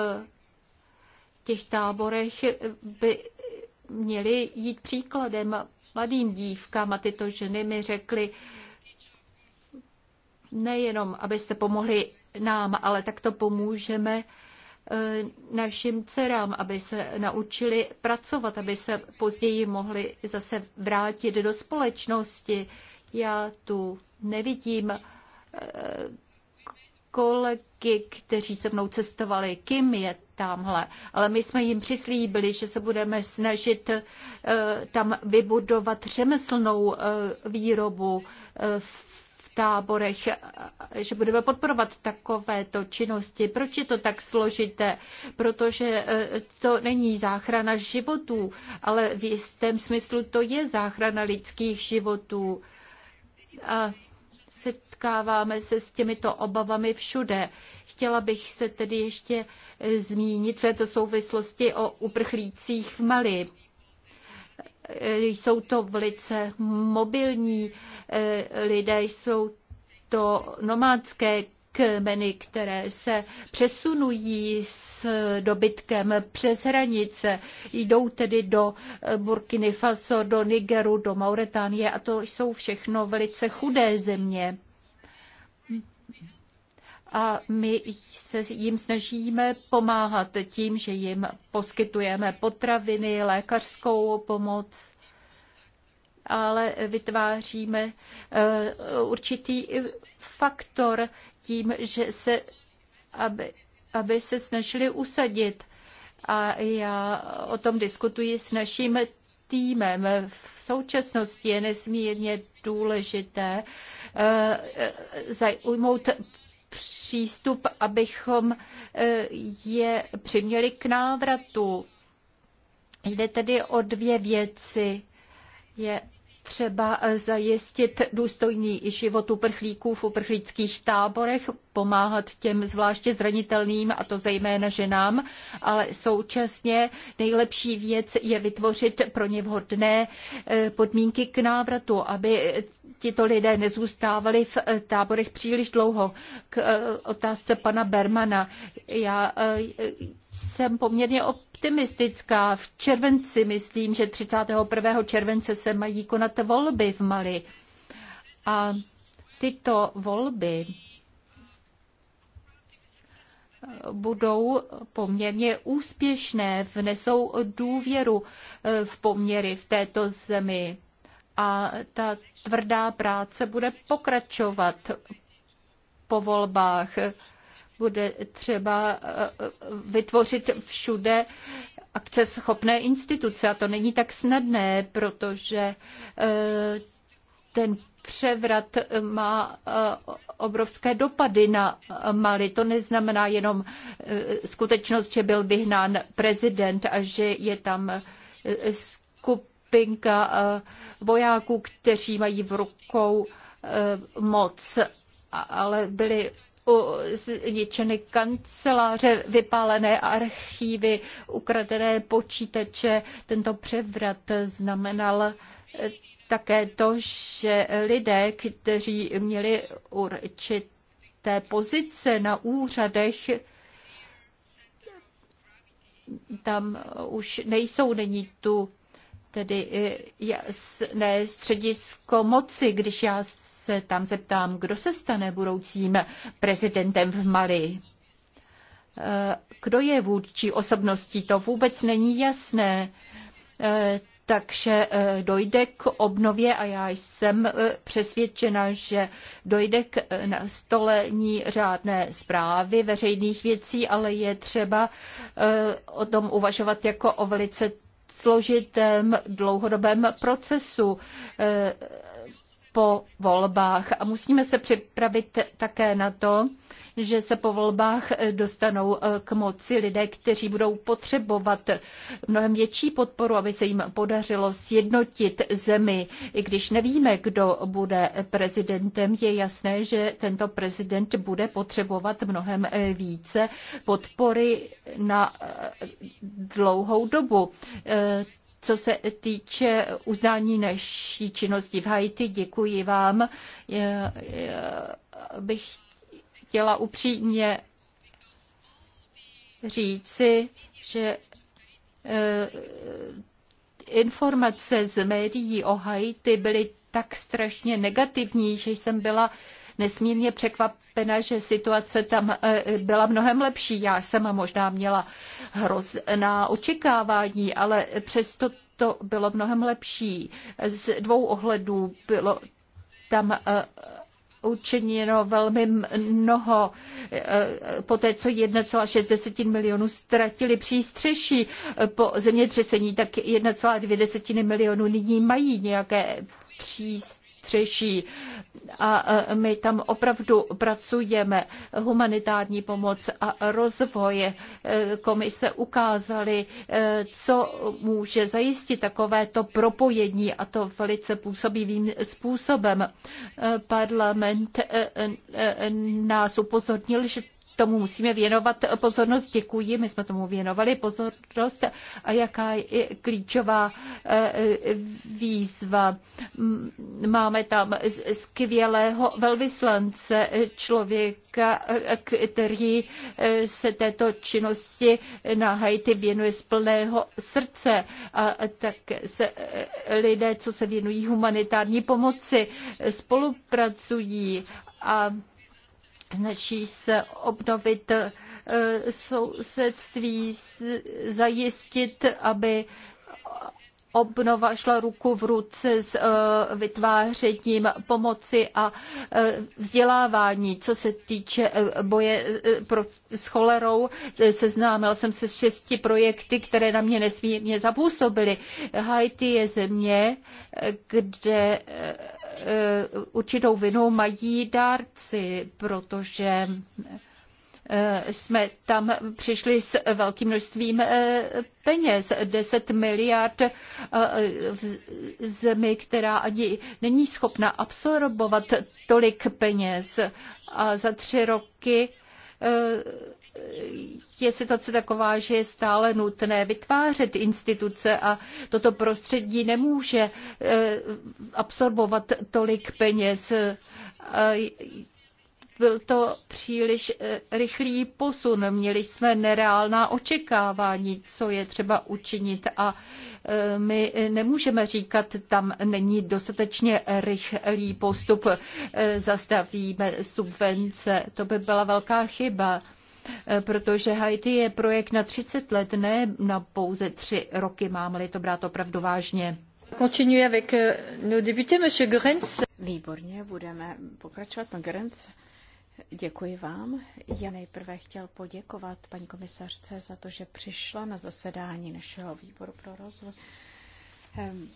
těch táborech by měli jít příkladem mladým dívkám a tyto ženy mi řekly, nejenom abyste pomohli nám, ale takto pomůžeme eh, našim dcerám, aby se naučili pracovat, aby se později mohli zase vrátit do společnosti. Já tu nevidím eh, kolegy, kteří se mnou cestovali. Kim je tamhle. Ale my jsme jim přislíbili, že se budeme snažit eh, tam vybudovat řemeslnou eh, výrobu eh, v táborech, že budeme podporovat takovéto činnosti. Proč je to tak složité? Protože to není záchrana životů, ale v jistém smyslu to je záchrana lidských životů. A setkáváme se s těmito obavami všude. Chtěla bych se tedy ještě eh, zmínit v této souvislosti o uprchlících v Mali. Eh, jsou to velice mobilní eh, lidé, jsou to nomádské kmeny, které se přesunují s dobytkem přes hranice, jdou tedy do Burkiny Faso, do Nigeru, do Mauretánie a to jsou všechno velice chudé země a my se jim snažíme pomáhat tím, že jim poskytujeme potraviny, lékařskou pomoc, ale vytváříme eh, určitý faktor tím, že se, aby, aby se snažili usadit. A já o tom diskutuji s naším týmem. V současnosti je nesmírně důležité eh, zajmout přístup, abychom eh, je přiměli k návratu. Jde tedy o dvě věci. Je třeba eh, zajistit důstojný život uprchlíků v uprchlíckých táborech, pomáhat těm zvláště zranitelným, a to zejména ženám, ale současně nejlepší věc je vytvořit pro ně vhodné eh, podmínky k návratu, aby tito lidé nezůstávali v eh, táborech příliš dlouho. K otázce pana Bermana. Já jsem poměrně optimistická. V červenci myslím, že 31. července se mají konat volby v Mali. A tyto volby budou poměrně úspěšné, vnesou důvěru eh, v poměry v této zemi a ta tvrdá práce bude pokračovat po volbách bude třeba eh, vytvořit všude akce schopné instituce. A to není tak snadné, protože eh, ten převrat má eh, obrovské dopady na Mali. To neznamená jenom skutečnost, že byl vyhnán prezident a že je tam skupinka vojáků, kteří mají v rukou moc, ale byli zničeny kanceláře, vypálené archívy, ukradené počítače. Tento převrat znamenal také to, že lidé, kteří měli určité pozice na úřadech, tam už nejsou, není tu tedy jasné středisko moci, když já se tam zeptám, kdo se stane budoucím prezidentem v Mali. Eh, kdo je vůdčí osobností, to vůbec není jasné. Eh, takže eh, dojde k obnově a já jsem přesvědčena, že dojde k nastolení řádné zprávy veřejných věcí, ale je třeba o tom uvažovat jako o velice složitém dlouhodobém procesu po volbách. A musíme se připravit také na to, že se po volbách dostanou eh, k moci lidé, kteří budou potřebovat mnohem větší podporu, aby se jim podařilo sjednotit zemi. I když nevíme, kdo bude prezidentem, je jasné, že tento prezident bude potřebovat mnohem eh, více podpory na eh, dlouhou dobu. Co se týče uznání naší činnosti v Haiti, děkuji vám. Je, je, bych chtěla upřímně říci, že e, informace z médií o Haiti byly tak strašně negativní, že jsem byla nesmírně překvapena, že situace tam eh, byla mnohem lepší. Já jsem možná měla hrozná očekávání, ale přesto to bylo mnohem lepší. Z dvou ohledů bylo tam eh, učiněno velmi mnoho. Eh, po té, co 1,6 milionů ztratili přístřeší po zemětřesení, tak 1,2 milionu lidí mají nějaké přístřeší přístřeží. A my tam opravdu pracujeme. Humanitární pomoc a rozvoj e, komise ukázaly, e, co může zajistit takovéto propojení a to velice působivým způsobem. E, parlament nás upozornil, že tomu musíme věnovat pozornost. Děkuji, my jsme tomu věnovali pozornost. A jaká je klíčová eh, výzva? Máme tam skvělého velvyslance, eh, člověka, eh, který se této činnosti na Haiti věnuje z plného srdce. A tak se lidé, co se věnují humanitární pomoci, spolupracují a snaží se obnovit eh, sousedství, zajistit, aby obnova šla ruku v ruce s eh, vytvářením pomoci a eh, vzdělávání. Co se týče eh, boje s cholerou, seznámil jsem se s šesti projekty, které na mě nesmírně zapůsobily. Haiti je země, kde určitou vinu mají dárci, protože Eh, jsme tam přišli s velkým množstvím eh, peněz, 10 miliard eh, v zemi, která ani není schopna absorbovat tolik peněz. A za tři roky je situace taková, že je stále nutné vytvářet instituce a toto prostředí nemůže absorbovat tolik peněz byl to příliš eh, rychlý posun. Měli jsme nereálná očekávání, co je třeba učinit a eh, my nemůžeme říkat, tam není dostatečně rychlý postup, eh, zastavíme subvence. To by byla velká chyba, protože Haiti je projekt na 30 let, ne na pouze 3 roky, mám-li to brát opravdu vážně. Continuez avec euh, nos députés, Monsieur Görens. Výborně, budeme pokračovat, pan Görens. Děkuji vám. Já nejprve chtěl poděkovat paní komisařce za to, že přišla na zasedání našeho výboru pro rozvoj. Ehm,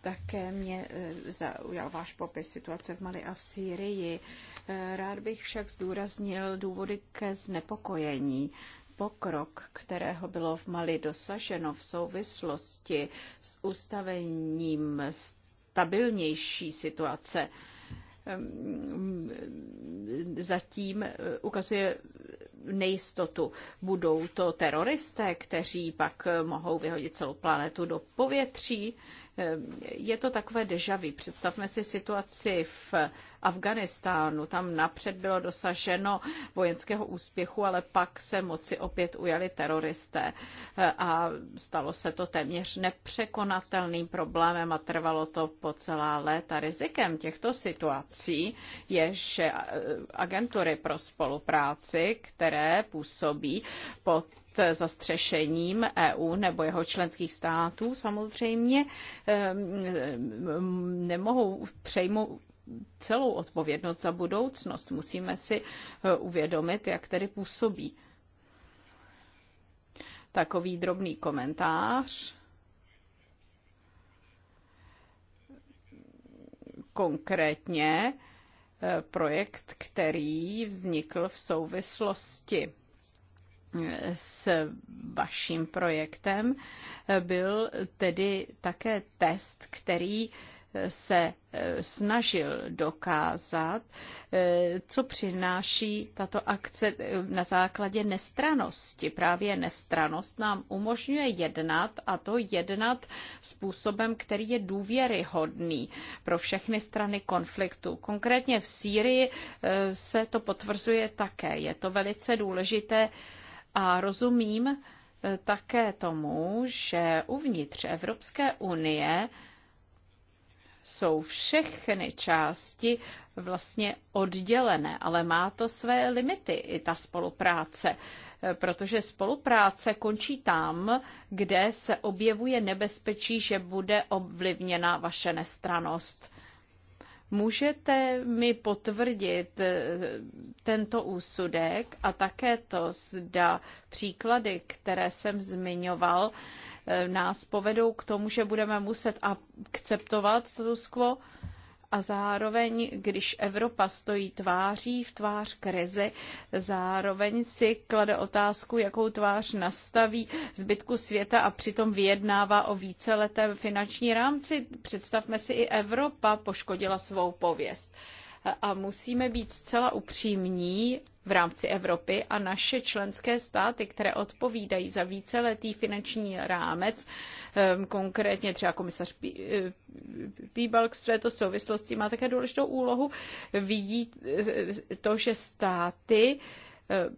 také mě e, zaujal váš popis situace v Mali a v Sýrii. E, rád bych však zdůraznil důvody ke znepokojení pokrok, kterého bylo v Mali dosaženo v souvislosti s ustavením stabilnější situace Ehm, zatím eh, ukazuje nejistotu. Budou to teroristé, kteří pak eh, mohou vyhodit celou planetu do povětří. Ehm, je to takové dežavy. Představme si situaci v Afganistánu. Tam napřed bylo dosaženo vojenského úspěchu, ale pak se moci opět ujali teroristé a stalo se to téměř nepřekonatelným problémem a trvalo to po celá léta. Rizikem těchto situací je, že eh, agentury pro spolupráci, které působí pod zastřešením EU nebo jeho členských států samozřejmě ehm, ehm, nemohou přejmout celou odpovědnost za budoucnost. Musíme si eh, uvědomit, jak tedy působí. Takový drobný komentář. Konkrétně eh, projekt, který vznikl v souvislosti eh, s vaším projektem, byl tedy také test, který se eh, snažil dokázat, eh, co přináší tato akce eh, na základě nestranosti. Právě nestranost nám umožňuje jednat a to jednat způsobem, který je důvěryhodný pro všechny strany konfliktu. Konkrétně v Sýrii se to potvrzuje také. Je to velice důležité a rozumím také tomu, že uvnitř Evropské unie jsou všechny části vlastně oddělené, ale má to své limity i ta spolupráce, eh, protože spolupráce končí tam, kde se objevuje nebezpečí, že bude ovlivněna vaše nestranost. Můžete mi potvrdit eh, tento úsudek a také to, zda příklady, které jsem zmiňoval, eh, nás povedou k tomu, že budeme muset akceptovat status quo, a zároveň, když Evropa stojí tváří v tvář krizi, zároveň si klade otázku, jakou tvář nastaví zbytku světa a přitom vyjednává o víceleté finanční rámci. Představme si, i Evropa poškodila svou pověst. A musíme být zcela upřímní v rámci Evropy a naše členské státy, které odpovídají za víceletý finanční rámec, ehm, konkrétně třeba komisař eh, Píbalk v této souvislosti má také důležitou úlohu, vidí eh, to, že státy Eh,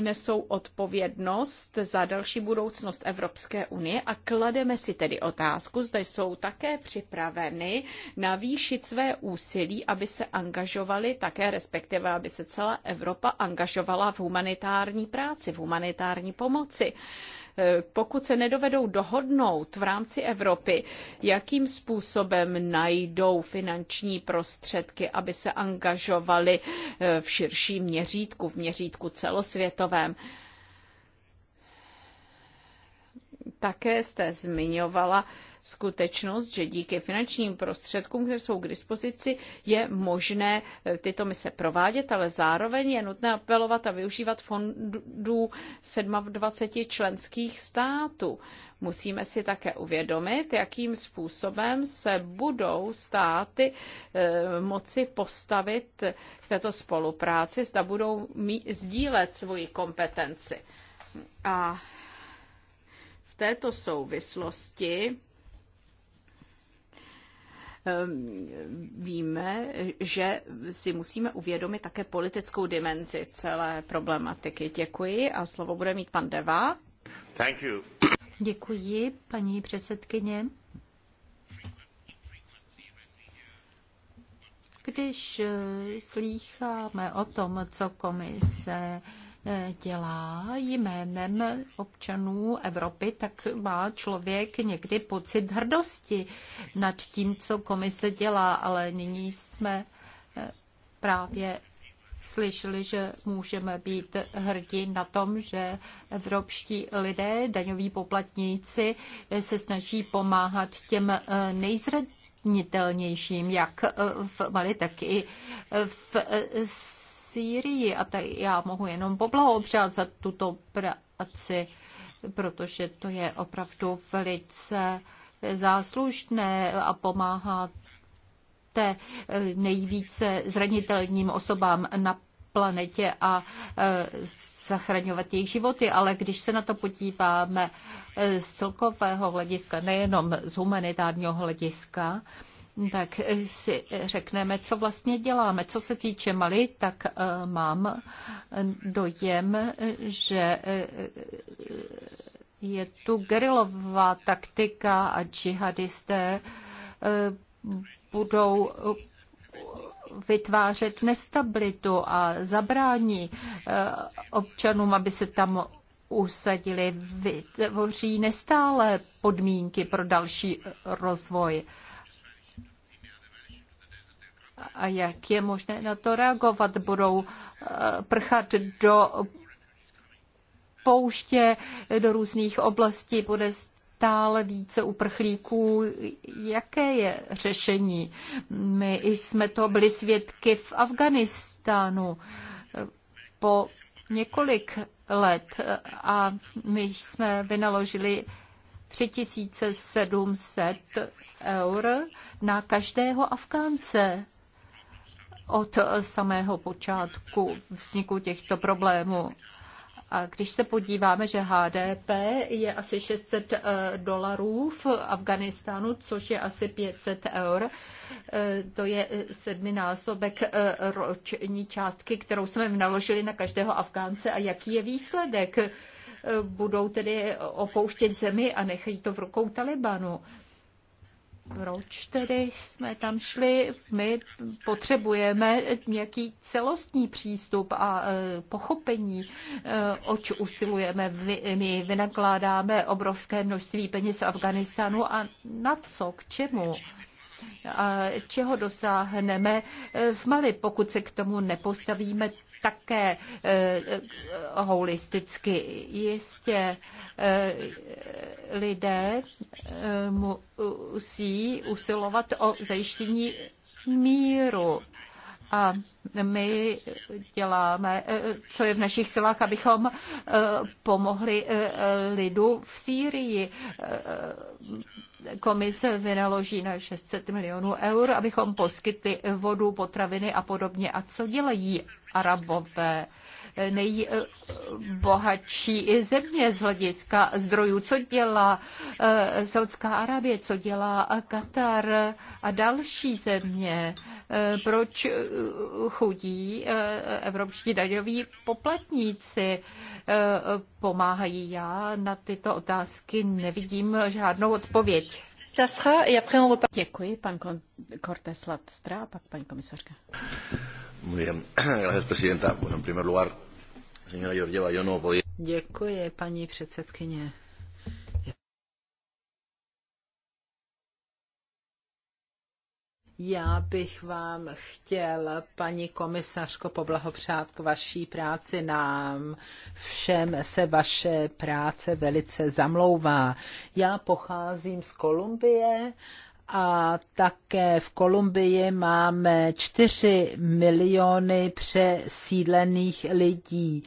nesou odpovědnost za další budoucnost Evropské unie a klademe si tedy otázku, zda jsou také připraveny navýšit své úsilí, aby se angažovali také, respektive aby se celá Evropa angažovala v humanitární práci, v humanitární pomoci pokud se nedovedou dohodnout v rámci Evropy, jakým způsobem najdou finanční prostředky, aby se angažovali eh, v širším měřítku, v měřítku celosvětovém. Také jste zmiňovala skutečnost, že díky finančním prostředkům, které jsou k dispozici, je možné eh, tyto mise provádět, ale zároveň je nutné apelovat a využívat fondů 27 členských států. Musíme si také uvědomit, jakým způsobem se budou státy eh, moci postavit k této spolupráci, zda budou sdílet svoji kompetenci. A v této souvislosti Ehm, víme, že si musíme uvědomit také politickou dimenzi celé problematiky. Děkuji a slovo bude mít pan Deva. Thank you. Děkuji, paní předsedkyně. Když eh, slýcháme o tom, co komise dělá jménem občanů Evropy, tak má člověk někdy pocit hrdosti nad tím, co komise dělá, ale nyní jsme eh, právě slyšeli, že můžeme být hrdí na tom, že evropští lidé, daňoví poplatníci, se snaží pomáhat těm eh, nejzranitelnějším, jak eh, v Mali, tak i v Sýrii. A tak já mohu jenom poblahopřát za tuto práci, protože to je opravdu velice záslužné a pomáhá té nejvíce zranitelným osobám na planetě a e, zachraňovat jejich životy, ale když se na to podíváme e, z celkového hlediska, nejenom z humanitárního hlediska, tak si řekneme, co vlastně děláme. Co se týče Mali, tak eh, mám eh, dojem, že eh, je tu gerilová taktika a džihadisté budou vytvářet nestabilitu a zabrání občanům, aby se tam usadili, vytvoří nestále podmínky pro další rozvoj a jak je možné na to reagovat? Budou eh, prchat do pouště, do různých oblastí, bude stále více uprchlíků. Jaké je řešení? My jsme to byli svědky v Afganistánu eh, po několik let a my jsme vynaložili 3700 eur na každého Afgánce od samého počátku vzniku těchto problémů. A když se podíváme, že HDP je asi 600 eh, dolarů v Afganistánu, což je asi 500 eur, eh, to je sedminásobek eh, roční částky, kterou jsme naložili na každého Afgánce. A jaký je výsledek? Budou tedy opouštět zemi a nechají to v rukou Talibanu proč tedy jsme tam šli? My potřebujeme nějaký celostní přístup a e, pochopení, e, oč usilujeme. My vynakládáme obrovské množství peněz Afganistanu a na co, k čemu? A čeho dosáhneme v Mali, pokud se k tomu nepostavíme také eh, eh, holisticky. Jistě eh, lidé musí usilovat o zajištění míru. A my děláme, co je v našich silách, abychom pomohli lidu v Sýrii. Komise vynaloží na 600 milionů eur, abychom poskytli vodu, potraviny a podobně. A co dělají Arabové eh, nejbohatší země z hlediska zdrojů. Co dělá eh, Saudská Arabie, co dělá Katar a další země? Eh, proč chudí evropští daňoví poplatníci pomáhají? Já na tyto otázky nevidím žádnou odpověď. Děkuji, pan Cortes Lastra, pak paní komisařka. Muy bien. Gracias, presidenta. Bueno, en primer lugar, señora Georgieva, yo no podía... Děkuji, paní předsedkyně. Já bych vám chtěl, paní komisařko, poblahopřát k vaší práci. Nám všem se vaše práce velice zamlouvá. Já pocházím z Kolumbie a také v Kolumbii máme 4 miliony přesídlených lidí.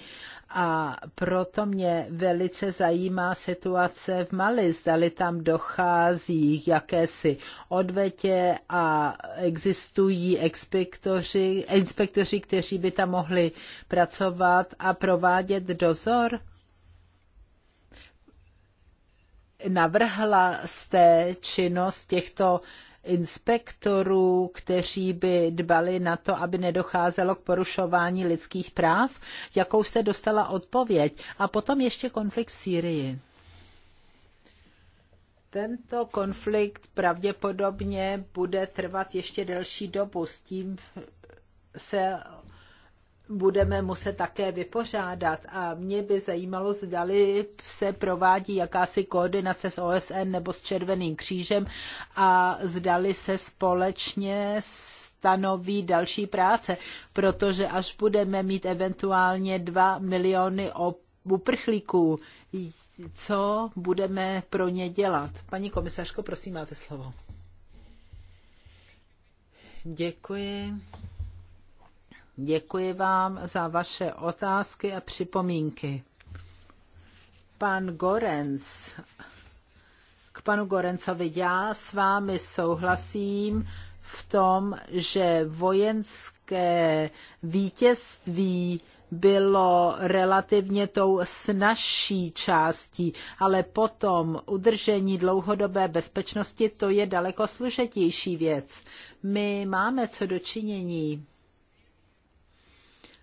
A proto mě velice zajímá situace v Mali, zdali tam dochází k jakési odvetě a existují inspektoři, inspektoři, kteří by tam mohli pracovat a provádět dozor navrhla jste činnost těchto inspektorů, kteří by dbali na to, aby nedocházelo k porušování lidských práv? Jakou jste dostala odpověď? A potom ještě konflikt v Sýrii. Tento konflikt pravděpodobně bude trvat ještě delší dobu. S tím se budeme muset také vypořádat. A mě by zajímalo, zdali se provádí jakási koordinace s OSN nebo s Červeným křížem a zdali se společně stanoví další práce, protože až budeme mít eventuálně 2 miliony uprchlíků, co budeme pro ně dělat? Paní komisařko, prosím, máte slovo. Děkuji. Děkuji vám za vaše otázky a připomínky. Pan Gorenc, k panu Gorencovi, já s vámi souhlasím v tom, že vojenské vítězství bylo relativně tou snažší částí, ale potom udržení dlouhodobé bezpečnosti, to je daleko služetější věc. My máme co dočinění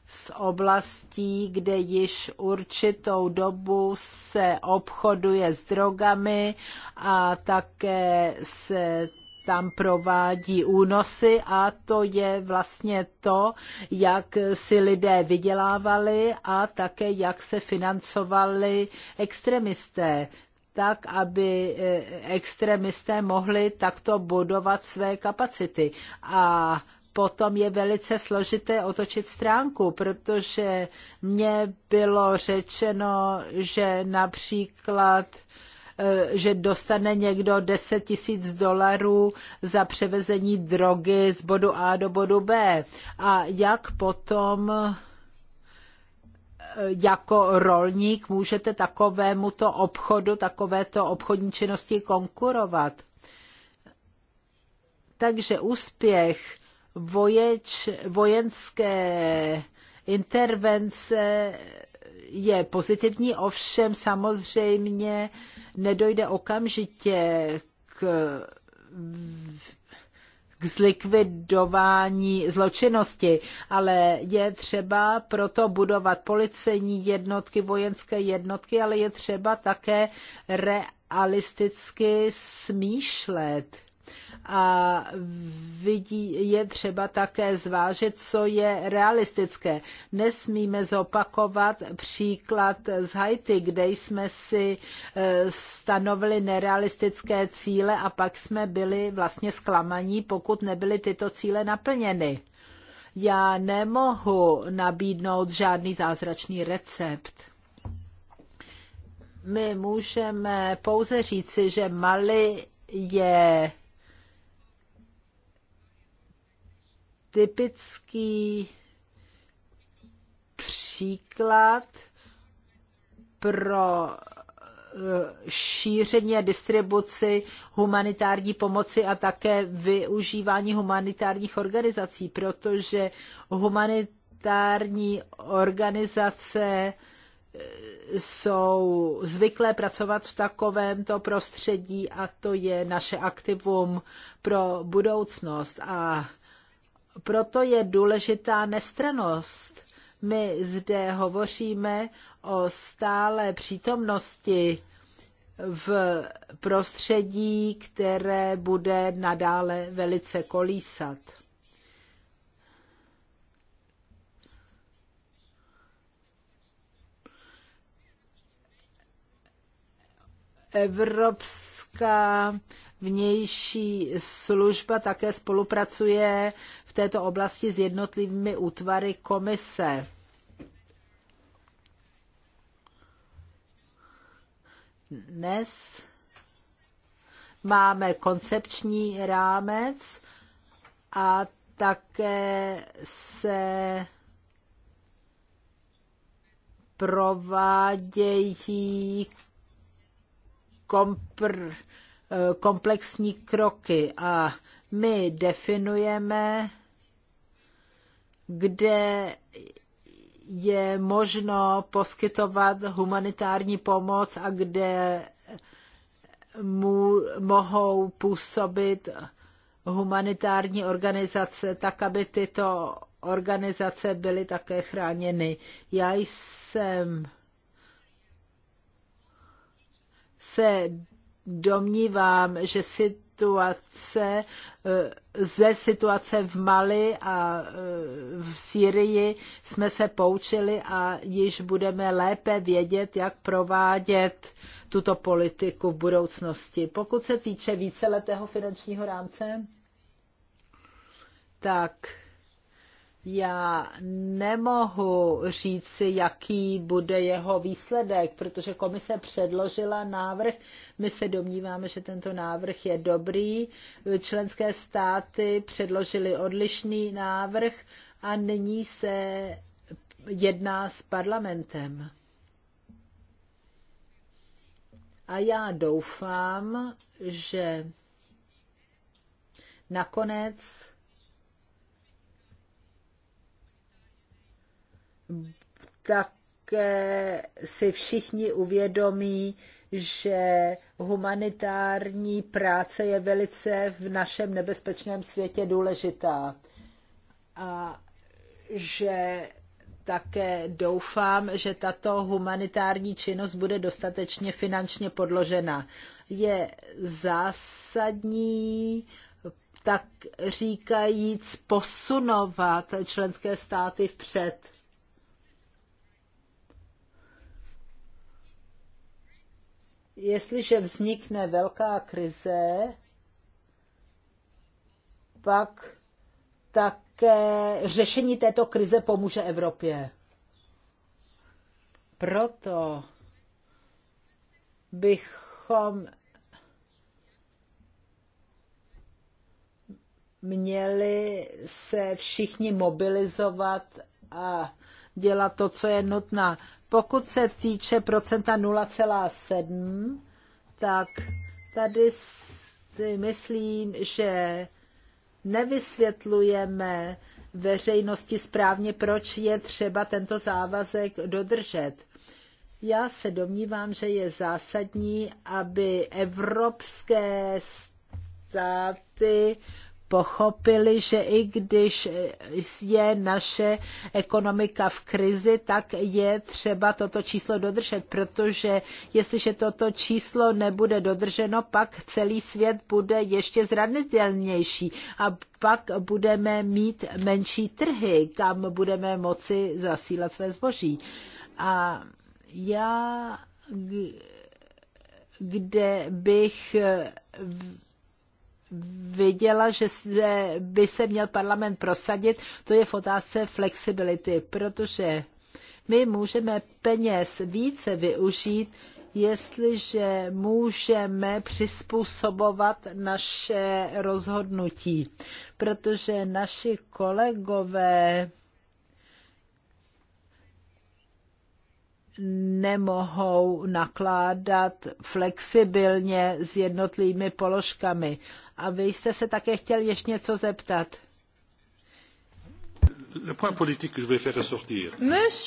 z oblastí, kde již určitou dobu se obchoduje s drogami a také se tam provádí únosy a to je vlastně to, jak si lidé vydělávali a také jak se financovali extremisté tak, aby eh, extremisté mohli takto budovat své kapacity. A potom je velice složité otočit stránku, protože mně bylo řečeno, že například eh, že dostane někdo 10 tisíc dolarů za převezení drogy z bodu A do bodu B. A jak potom eh, jako rolník můžete takovému to obchodu, takovéto obchodní činnosti konkurovat? Takže úspěch voječ, vojenské intervence je pozitivní, ovšem samozřejmě nedojde okamžitě k, k zlikvidování zločinnosti, ale je třeba proto budovat policejní jednotky, vojenské jednotky, ale je třeba také realisticky smýšlet a vidí, je třeba také zvážit, co je realistické. Nesmíme zopakovat příklad z Haiti, kde jsme si e, stanovili nerealistické cíle a pak jsme byli vlastně zklamaní, pokud nebyly tyto cíle naplněny. Já nemohu nabídnout žádný zázračný recept my můžeme pouze říci, že Mali je typický příklad pro eh, šíření a distribuci humanitární pomoci a také využívání humanitárních organizací, protože humanitární organizace eh, jsou zvyklé pracovat v takovémto prostředí a to je naše aktivum pro budoucnost. A proto je důležitá nestranost. My zde hovoříme o stále přítomnosti v prostředí, které bude nadále velice kolísat. Evropská vnější služba také spolupracuje v této oblasti s jednotlivými útvary komise. Dnes máme koncepční rámec a také se provádějí kompr- Eh, komplexní kroky a my definujeme, kde je možno poskytovat humanitární pomoc a kde mu, mohou působit humanitární organizace, tak aby tyto organizace byly také chráněny. Já jsem se domnívám, že situace, eh, ze situace v Mali a eh, v Sýrii jsme se poučili a již budeme lépe vědět, jak provádět tuto politiku v budoucnosti. Pokud se týče víceletého finančního rámce, tak já nemohu říci, jaký bude jeho výsledek, protože komise předložila návrh. My se domníváme, že tento návrh je dobrý. Členské státy předložily odlišný návrh a nyní se jedná s parlamentem. A já doufám, že nakonec také si všichni uvědomí, že humanitární práce je velice v našem nebezpečném světě důležitá. A že také doufám, že tato humanitární činnost bude dostatečně finančně podložena. Je zásadní tak říkajíc posunovat členské státy vpřed jestliže vznikne velká krize, pak také řešení této krize pomůže Evropě. Proto bychom měli se všichni mobilizovat a dělat to, co je nutné. Pokud se týče procenta 0,7, tak tady si myslím, že nevysvětlujeme veřejnosti správně, proč je třeba tento závazek dodržet. Já se domnívám, že je zásadní, aby evropské státy pochopili, že i když je naše ekonomika v krizi, tak je třeba toto číslo dodržet, protože jestliže toto číslo nebude dodrženo, pak celý svět bude ještě zranitelnější a pak budeme mít menší trhy, kam budeme moci zasílat své zboží. A já kde bych viděla, že by se měl parlament prosadit, to je v otázce flexibility, protože my můžeme peněz více využít, jestliže můžeme přizpůsobovat naše rozhodnutí, protože naši kolegové nemohou nakládat flexibilně s jednotlivými položkami. A vy jste se také chtěl ještě něco zeptat. Le point politique que je voulais faire ressortir.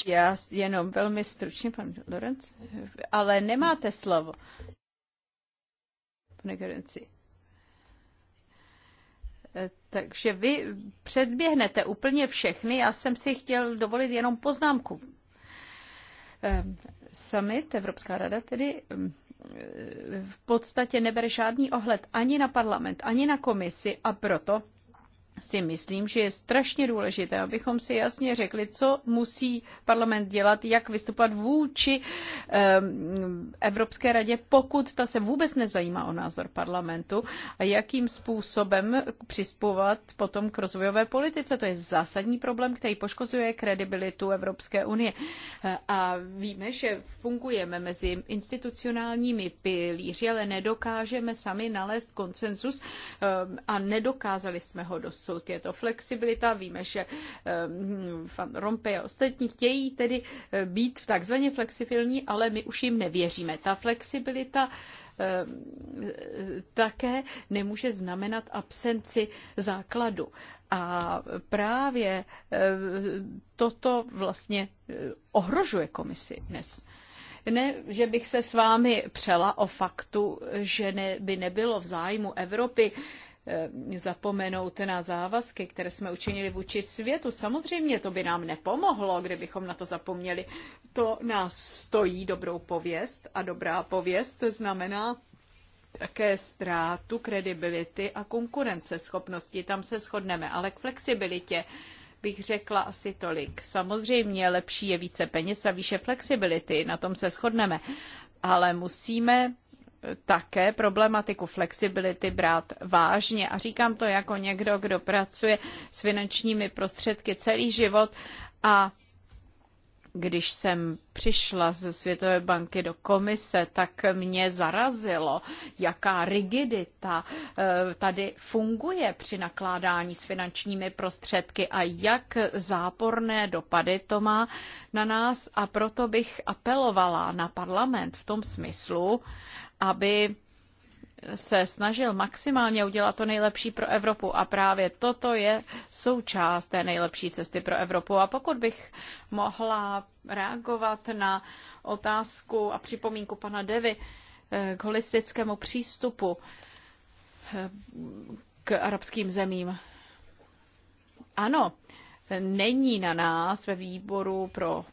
Já jenom velmi stručně, pan Lorenz, ale nemáte slovo. Pane Lorenzi. Eh, takže vy předběhnete úplně všechny, já jsem si chtěl dovolit jenom poznámku Summit, Evropská rada tedy v podstatě nebere žádný ohled ani na parlament, ani na komisi a proto si myslím, že je strašně důležité, abychom si jasně řekli, co musí parlament dělat, jak vystupovat vůči ehm, Evropské radě, pokud ta se vůbec nezajímá o názor parlamentu a jakým způsobem přispívat potom k rozvojové politice. To je zásadní problém, který poškozuje kredibilitu Evropské unie. E, a víme, že fungujeme mezi institucionálními pilíři, ale nedokážeme sami nalézt konsenzus ehm, a nedokázali jsme ho dosud absolutně je to flexibilita, víme, že um, ehm, Rompe a ostatní chtějí tedy eh, být takzvaně flexibilní, ale my už jim nevěříme. Ta flexibilita ehm, také nemůže znamenat absenci základu. A právě ehm, toto vlastně eh, ohrožuje komisi dnes. Ne, že bych se s vámi přela o faktu, že ne, by nebylo v zájmu Evropy Eh, zapomenout na závazky, které jsme učinili vůči světu. Samozřejmě to by nám nepomohlo, kdybychom na to zapomněli. To nás stojí dobrou pověst a dobrá pověst znamená také ztrátu kredibility a konkurenceschopnosti. Tam se shodneme, ale k flexibilitě bych řekla asi tolik. Samozřejmě lepší je více peněz a výše flexibility, na tom se shodneme, ale musíme také problematiku flexibility brát vážně. A říkám to jako někdo, kdo pracuje s finančními prostředky celý život a když jsem přišla ze Světové banky do komise, tak mě zarazilo, jaká rigidita eh, tady funguje při nakládání s finančními prostředky a jak záporné dopady to má na nás. A proto bych apelovala na parlament v tom smyslu, aby se snažil maximálně udělat to nejlepší pro Evropu a právě toto je součást té nejlepší cesty pro Evropu. A pokud bych mohla reagovat na otázku a připomínku pana Devy eh, k holistickému přístupu eh, k arabským zemím. Ano, není na nás ve výboru pro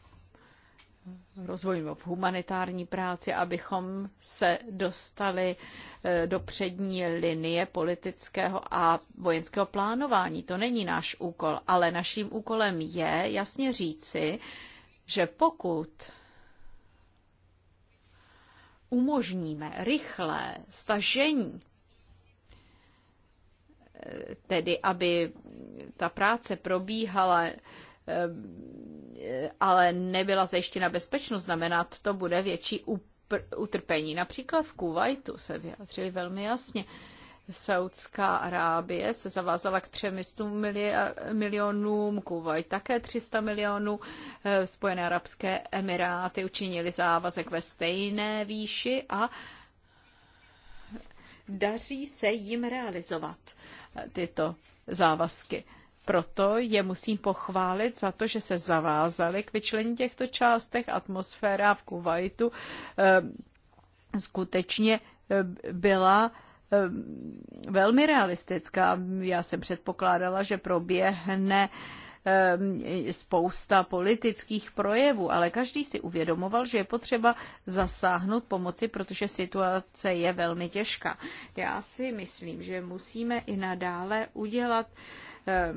rozvoj v humanitární práci, abychom se dostali eh, do přední linie politického a vojenského plánování. To není náš úkol, ale naším úkolem je jasně říci, že pokud umožníme rychlé stažení, eh, tedy aby ta práce probíhala Ehm, ale nebyla zajištěna bezpečnost, znamená, to bude větší utrpení. Například v Kuwaitu se vyjádřili velmi jasně. Saudská Arábie se zavázala k 300 milionům, Kuwait také 300 milionů, ehm, Spojené arabské emiráty učinili závazek ve stejné výši a daří se jim realizovat tyto závazky. Proto je musím pochválit za to, že se zavázali k vyčlení těchto částech. Atmosféra v Kuwaitu eh, skutečně eh, byla eh, velmi realistická. Já jsem předpokládala, že proběhne spousta politických projevů, ale každý si uvědomoval, že je potřeba zasáhnout pomoci, protože situace je velmi těžká. Já si myslím, že musíme i nadále udělat uh, Eh,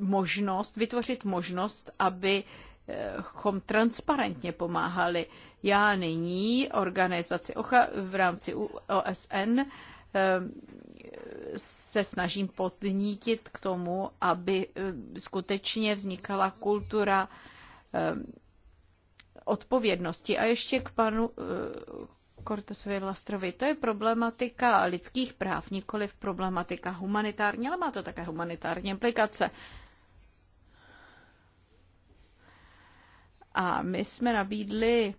možnost, vytvořit možnost, abychom eh, transparentně pomáhali. Já nyní organizaci OCHA v rámci OSN eh, se snažím podnítit k tomu, aby skutečně vznikala kultura odpovědnosti. A ještě k panu Kortosovi Vlastrovi. To je problematika lidských práv, v problematika humanitární, ale má to také humanitární implikace. A my jsme nabídli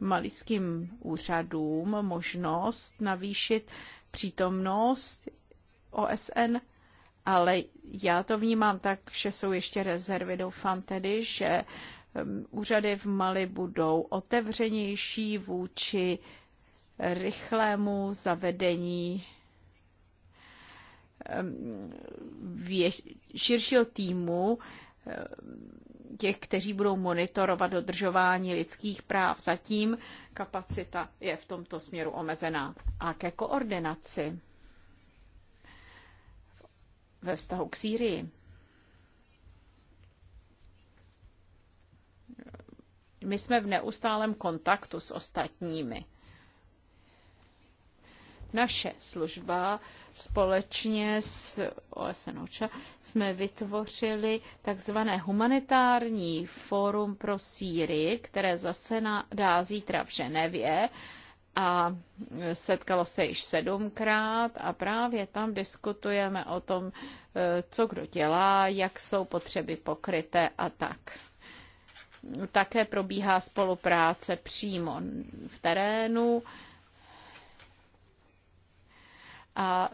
malickým úřadům možnost navýšit přítomnost OSN, ale já to vnímám tak, že jsou ještě rezervy. Doufám tedy, že úřady v Mali budou otevřenější vůči rychlému zavedení širšího týmu těch, kteří budou monitorovat dodržování lidských práv. Zatím kapacita je v tomto směru omezená. A ke koordinaci ve vztahu k Sýrii. My jsme v neustálém kontaktu s ostatními. Naše služba společně s OSNOČA jsme vytvořili takzvané humanitární fórum pro Sýrii, které zase dá zítra v Ženevě a setkalo se již sedmkrát a právě tam diskutujeme o tom, eh, co kdo dělá, jak jsou potřeby pokryté a tak také probíhá spolupráce přímo v terénu a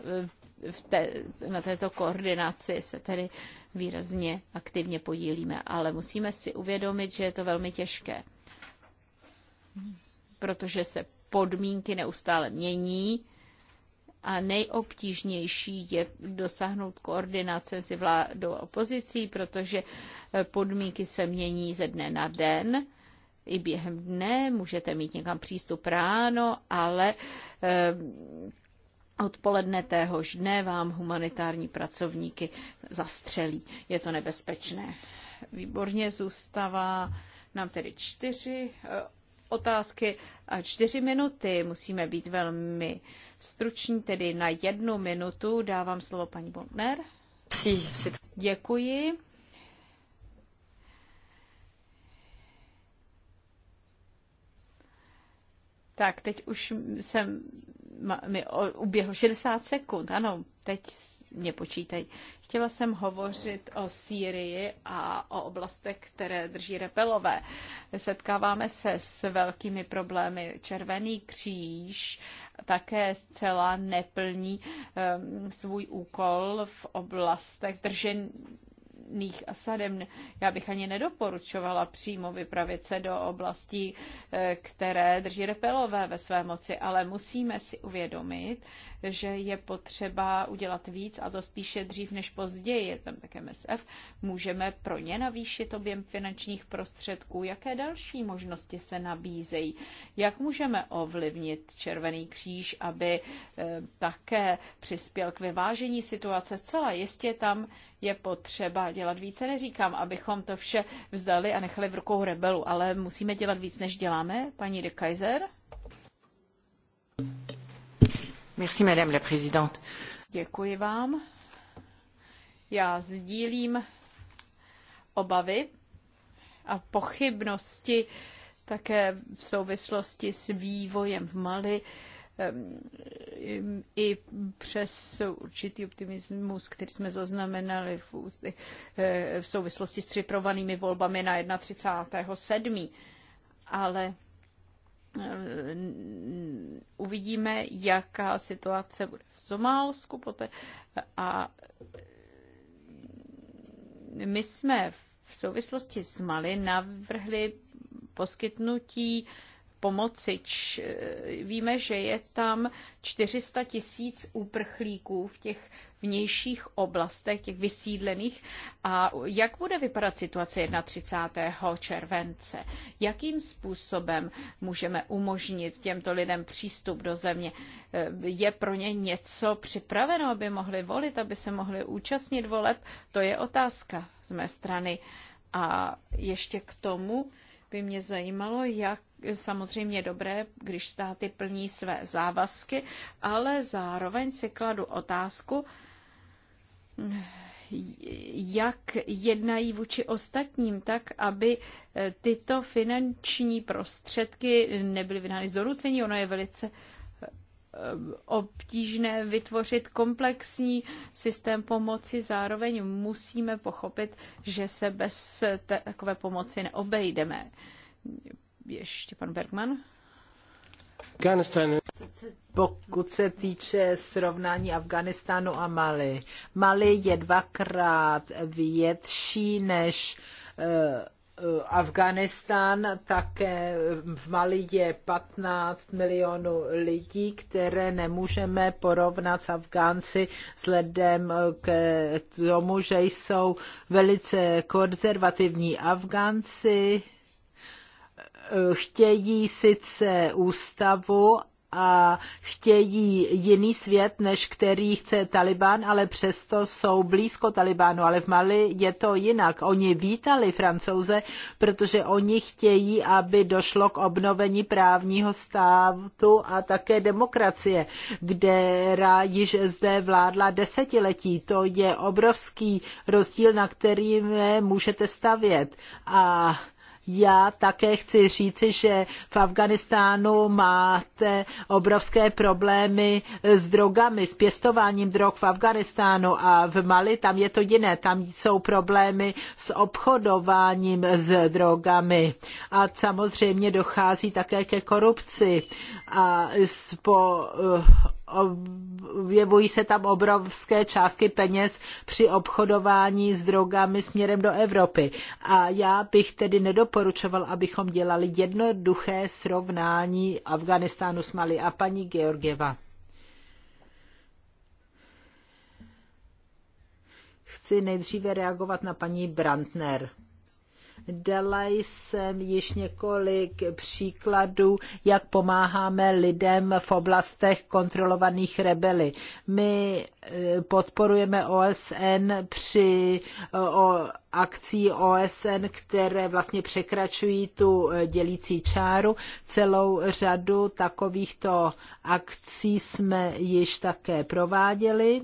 v té, na této koordinaci se tedy výrazně aktivně podílíme, ale musíme si uvědomit, že je to velmi těžké, protože se podmínky neustále mění a nejobtížnější je dosáhnout koordinace si vládou opozicí, protože eh, podmínky se mění ze dne na den. I během dne můžete mít někam přístup ráno, ale eh, odpoledne téhož dne vám humanitární pracovníky zastřelí. Je to nebezpečné. Výborně zůstává nám tedy čtyři eh, otázky a čtyři minuty. Musíme být velmi struční, tedy na jednu minutu. Dávám slovo paní Bontner. Děkuji. Tak, teď už jsem mi uběhlo 60 sekund, ano, teď mě počítají. Chtěla jsem hovořit o Sýrii a o oblastech, které drží repelové. Setkáváme se s velkými problémy. Červený kříž také zcela neplní um, svůj úkol v oblastech držených Asadem. Já bych ani nedoporučovala přímo vypravit se do oblastí, eh, které drží repelové ve své moci, ale musíme si uvědomit, že je potřeba udělat víc a to spíše dřív než později, je tam také MSF, můžeme pro ně navýšit objem finančních prostředků, jaké další možnosti se nabízejí, jak můžeme ovlivnit Červený kříž, aby eh, také přispěl k vyvážení situace zcela jistě tam je potřeba dělat více. Neříkám, abychom to vše vzdali a nechali v rukou rebelu, ale musíme dělat víc, než děláme, paní de Kaiser. Děkuji vám. Já sdílím obavy a pochybnosti také v souvislosti s vývojem v Mali ehm, i přes určitý optimismus, který jsme zaznamenali v, ústy, eh, v souvislosti s připravovanými volbami na 31.7. Ale Eh, uvidíme, jaká situace bude v Somálsku poté. A eh, my jsme v souvislosti s Mali navrhli poskytnutí pomoci. Eh, víme, že je tam 400 tisíc uprchlíků v těch vnějších oblastech, těch vysídlených a jak bude vypadat situace 31. července? Jakým způsobem můžeme umožnit těmto lidem přístup do země? Je pro ně něco připraveno, aby mohli volit, aby se mohli účastnit voleb? To je otázka z mé strany. A ještě k tomu by mě zajímalo, jak samozřejmě dobré, když státy plní své závazky, ale zároveň si kladu otázku, jak jednají vůči ostatním, tak aby eh, tyto finanční prostředky nebyly vynány z donucení. Ono je velice eh, obtížné vytvořit komplexní systém pomoci. Zároveň musíme pochopit, že se bez takové pomoci neobejdeme. Ještě pan Bergman. Pokud se týče srovnání Afganistánu a Mali, Mali je dvakrát větší než eh, Afganistán také v Mali je 15 milionů lidí, které nemůžeme porovnat s Afgánci vzhledem k tomu, že jsou velice konzervativní Afgánci chtějí sice ústavu a chtějí jiný svět, než který chce Taliban, ale přesto jsou blízko Talibánu. Ale v Mali je to jinak. Oni vítali francouze, protože oni chtějí, aby došlo k obnovení právního státu a také demokracie, která již zde vládla desetiletí. To je obrovský rozdíl, na kterým můžete stavět. A já také chci říci, že v Afganistánu máte obrovské problémy s drogami, s pěstováním drog v Afganistánu a v Mali tam je to jiné. Tam jsou problémy s obchodováním s drogami. A samozřejmě dochází také ke korupci a spo, objevují se tam obrovské částky peněz při obchodování s drogami směrem do Evropy. A já bych tedy nedoporučoval, abychom dělali jednoduché srovnání Afganistánu s Mali. A paní Georgieva. Chci nejdříve reagovat na paní Brandner. Dala jsem již několik příkladů, jak pomáháme lidem v oblastech kontrolovaných rebely. My eh, podporujeme OSN při eh, o, akcí OSN, které vlastně překračují tu eh, dělící čáru. Celou řadu takovýchto akcí jsme již také prováděli.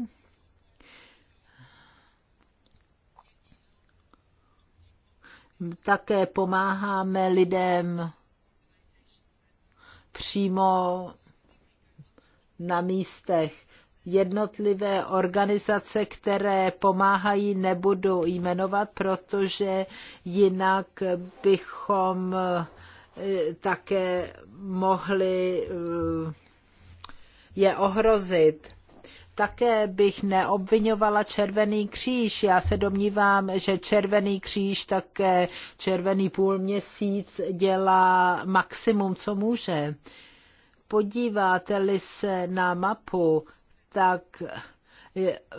Také pomáháme lidem přímo na místech jednotlivé organizace, které pomáhají, nebudu jmenovat, protože jinak bychom eh, také mohli eh, je ohrozit také bych neobvinovala Červený kříž. Já se domnívám, že Červený kříž, také Červený půlměsíc dělá maximum, co může. Podíváte-li se na mapu, tak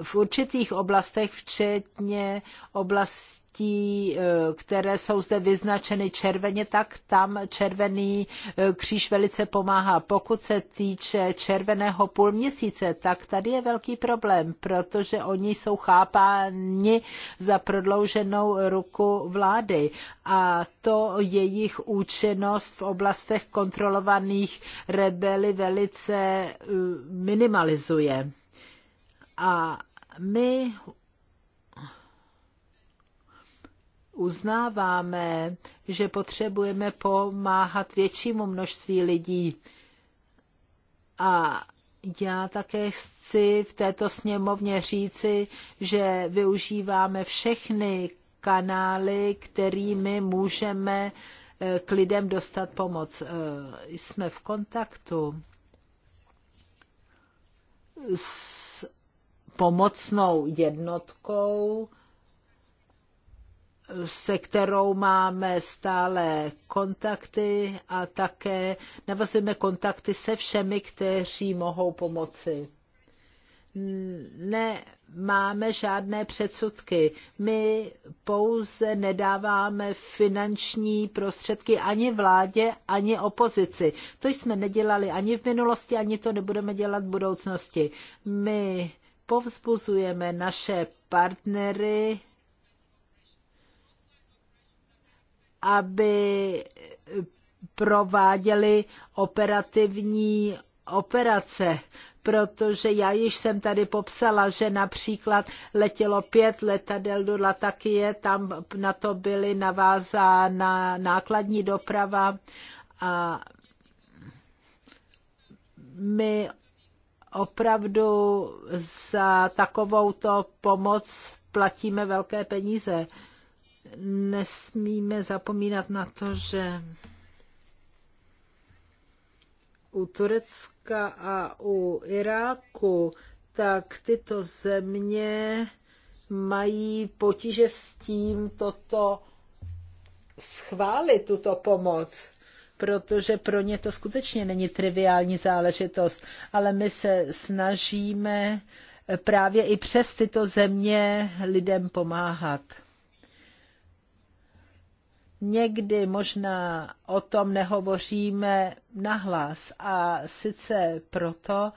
v určitých oblastech, včetně oblasti oblastí, eh, které jsou zde vyznačeny červeně, tak tam červený eh, kříž velice pomáhá. Pokud se týče červeného půlměsíce, tak tady je velký problém, protože oni jsou chápáni za prodlouženou ruku vlády a to jejich účinnost v oblastech kontrolovaných rebeli velice eh, minimalizuje. A my uznáváme, že potřebujeme pomáhat většímu množství lidí. A já také chci v této sněmovně říci, že využíváme všechny kanály, kterými můžeme eh, k lidem dostat pomoc. Eh, jsme v kontaktu s pomocnou jednotkou, se kterou máme stále kontakty a také navazujeme kontakty se všemi, kteří mohou pomoci. Nemáme žádné předsudky. My pouze nedáváme finanční prostředky ani vládě, ani opozici. To jsme nedělali ani v minulosti, ani to nebudeme dělat v budoucnosti. My povzbuzujeme naše partnery, aby prováděli operativní operace, protože já již jsem tady popsala, že například letělo pět letadel do Latakie, tam na to byly navázána nákladní doprava a my opravdu za takovouto pomoc platíme velké peníze nesmíme zapomínat na to, že u Turecka a u Iráku, tak tyto země mají potíže s tím toto schválit, tuto pomoc protože pro ně to skutečně není triviální záležitost, ale my se snažíme právě i přes tyto země lidem pomáhat někdy možná o tom nehovoříme nahlas a sice proto,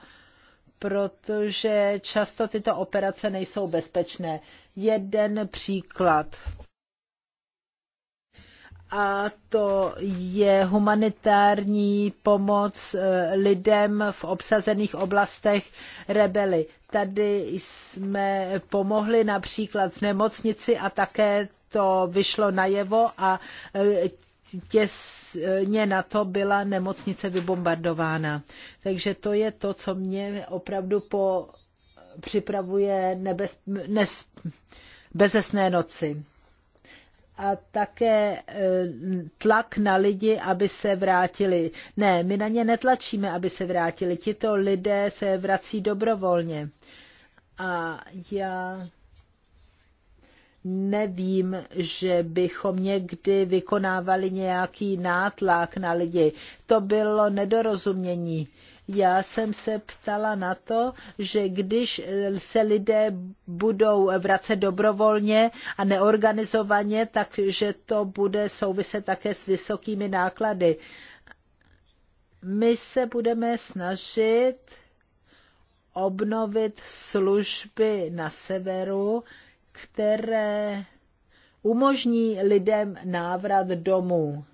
protože často tyto operace nejsou bezpečné. Jeden příklad. A to je humanitární pomoc eh, lidem v obsazených oblastech rebely. Tady jsme pomohli například v nemocnici a také to vyšlo najevo a e, těsně na to byla nemocnice vybombardována. Takže to je to, co mě opravdu po, připravuje nebez, nes, bezesné noci. A také e, tlak na lidi, aby se vrátili. Ne, my na ně netlačíme, aby se vrátili. Tito lidé se vrací dobrovolně. A já nevím, že bychom někdy vykonávali nějaký nátlak na lidi. To bylo nedorozumění. Já jsem se ptala na to, že když se lidé budou vracet dobrovolně a neorganizovaně, takže to bude souviset také s vysokými náklady. My se budeme snažit obnovit služby na severu, které umožní lidem návrat domů.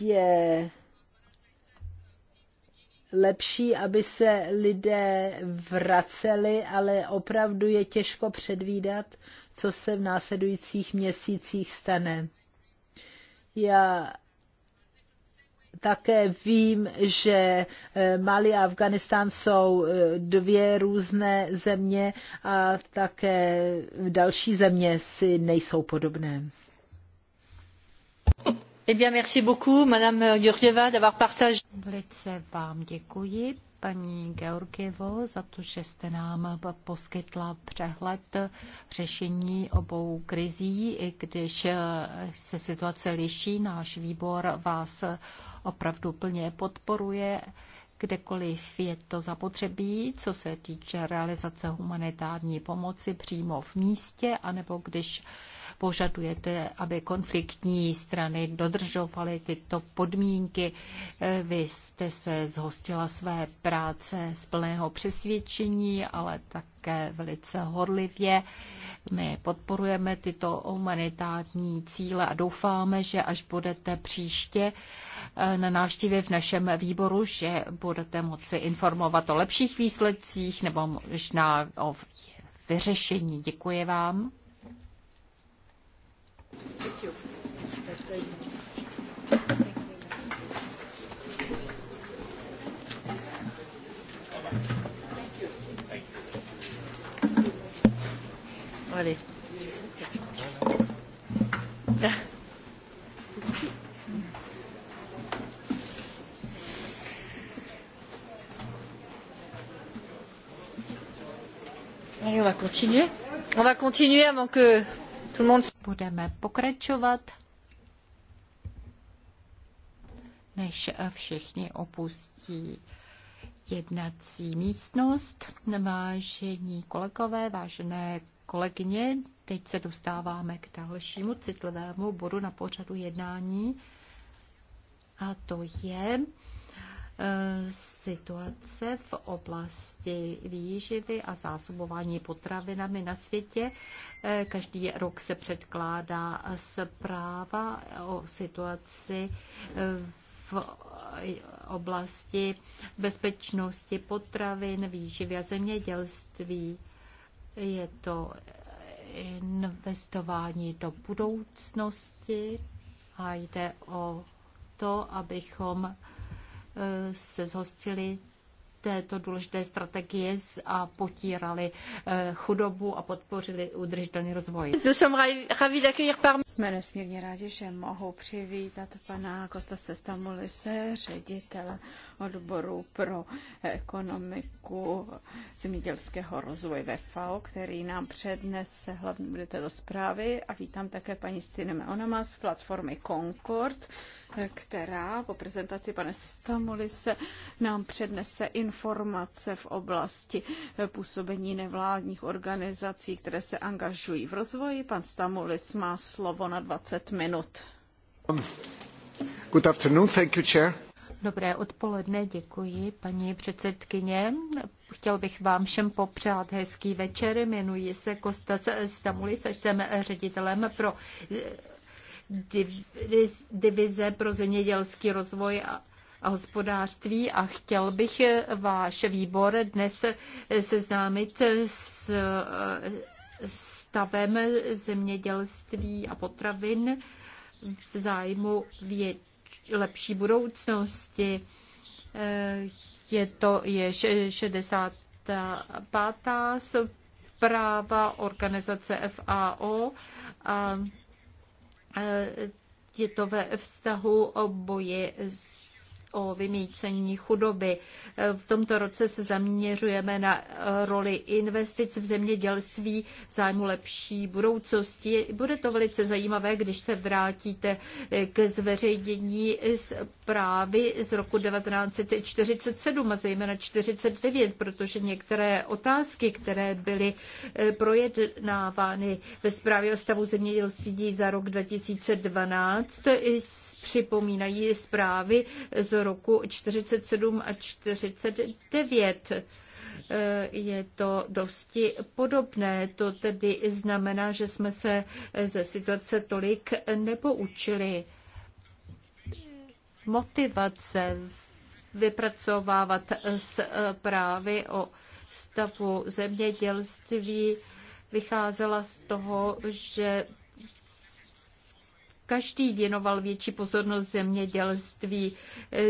Je lepší, aby se lidé vraceli, ale opravdu je těžko předvídat, co se v následujících měsících stane. Já také vím, že eh, Mali a Afganistán jsou eh, dvě různé země a také další země si nejsou podobné. Eh bien, merci beaucoup, Madame Georgieva, d'avoir partagé. Velice vám děkuji, paní Georgievo, za to, že jste nám poskytla přehled řešení obou krizí, i když eh, se situace liší. Náš výbor vás opravdu plně podporuje kdekoliv je to zapotřebí, co se týče realizace humanitární pomoci přímo v místě, anebo když požadujete, aby konfliktní strany dodržovaly tyto podmínky. Vy jste se zhostila své práce z plného přesvědčení, ale také velice horlivě. My podporujeme tyto humanitární cíle a doufáme, že až budete příště eh, na návštěvě v našem výboru, že budete moci informovat o lepších výsledcích nebo možná o vyřešení. Děkuji vám. Thank you. That's very much. Allez. Allez, on va continuer. On va continuer avant que Budeme pokračovat, než eh, všichni opustí jednací místnost. Vážení kolegové, vážené kolegyně, teď se dostáváme k dalšímu citlivému bodu na pořadu jednání. A to je situace v oblasti výživy a zásobování potravinami na světě. Eh, každý rok se předkládá zpráva o situaci eh, v oblasti bezpečnosti potravin, výživy a zemědělství. Je to investování do budoucnosti a jde o to, abychom se zhostili této důležité strategie a potírali eh, chudobu a podpořili udržitelný rozvoj. Jsme nesmírně rádi, že mohu přivítat pana Kosta Sestamulise, ředitele odboru pro ekonomiku zemědělského rozvoje ve FAO, který nám přednese hlavně budete do zprávy. A vítám také paní Stine Meonama z platformy Concord, která po prezentaci pane Stamulise nám přednese informace v oblasti působení nevládních organizací, které se angažují v rozvoji. Pan Stamulis má slovo minut. Good afternoon, thank you, chair. Dobré odpoledne, děkuji paní předsedkyně. Chtěl bych vám všem popřát hezký večer. Jmenuji se Kostas Stamulis a jsem ředitelem pro eh, divize pro zemědělský rozvoj a a hospodářství a chtěl bych eh, váš výbor dnes eh, seznámit s, s stavem zemědělství a potravin v zájmu lepší budoucnosti. Eh, je to je 65. zpráva organizace FAO a eh, je to ve vztahu boji s o vymícení chudoby. V tomto roce se zaměřujeme na roli investic v zemědělství v zájmu lepší budoucnosti. Bude to velice zajímavé, když se vrátíte k zveřejnění zprávy z roku 1947 a zejména 49, protože některé otázky, které byly eh, projednávány ve zprávě o stavu zemědělství za rok 2012, eh, připomínají zprávy z roku 47 a 49. Eh, je to dosti podobné. To tedy znamená, že jsme se ze situace tolik nepoučili. Motivace vypracovávat zprávy o stavu zemědělství vycházela z toho, že každý věnoval větší pozornost zemědělství,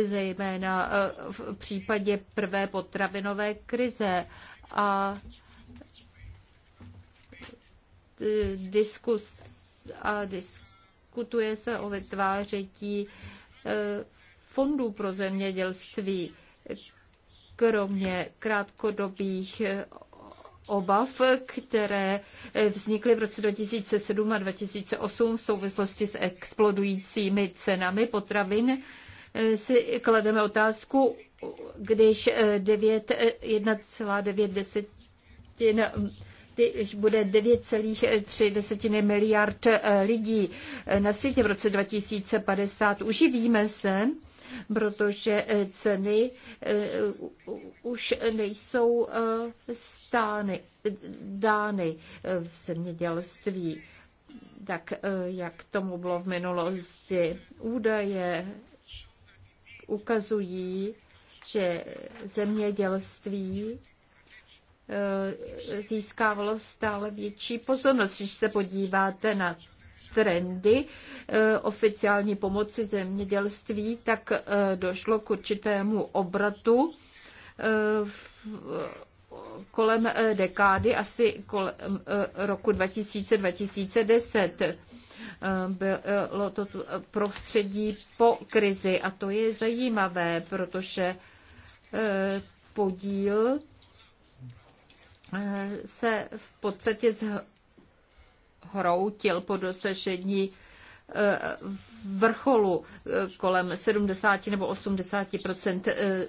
zejména e, v případě prvé potravinové krize. A e, diskus a diskutuje se o vytváření e, fondů pro zemědělství, kromě krátkodobých obav, které vznikly v roce 2007 a 2008 v souvislosti s explodujícími cenami potravin, si klademe otázku, když 1,9 když bude 9,3 miliard lidí na světě v roce 2050, uživíme se protože eh, ceny eh, už nejsou eh, stány, dány v zemědělství. Tak jak tomu bylo v minulosti, údaje ukazují, že zemědělství získávalo stále větší pozornost. Když se podíváte na trendy eh, oficiální pomoci zemědělství, tak eh, došlo k určitému obratu eh, kolem dekády, asi kolem roku 2000-2010 bylo to prostředí po krizi a to je zajímavé, protože podíl se v podstatě hroutil po dosažení eh, vrcholu eh, kolem 70 nebo 80 eh,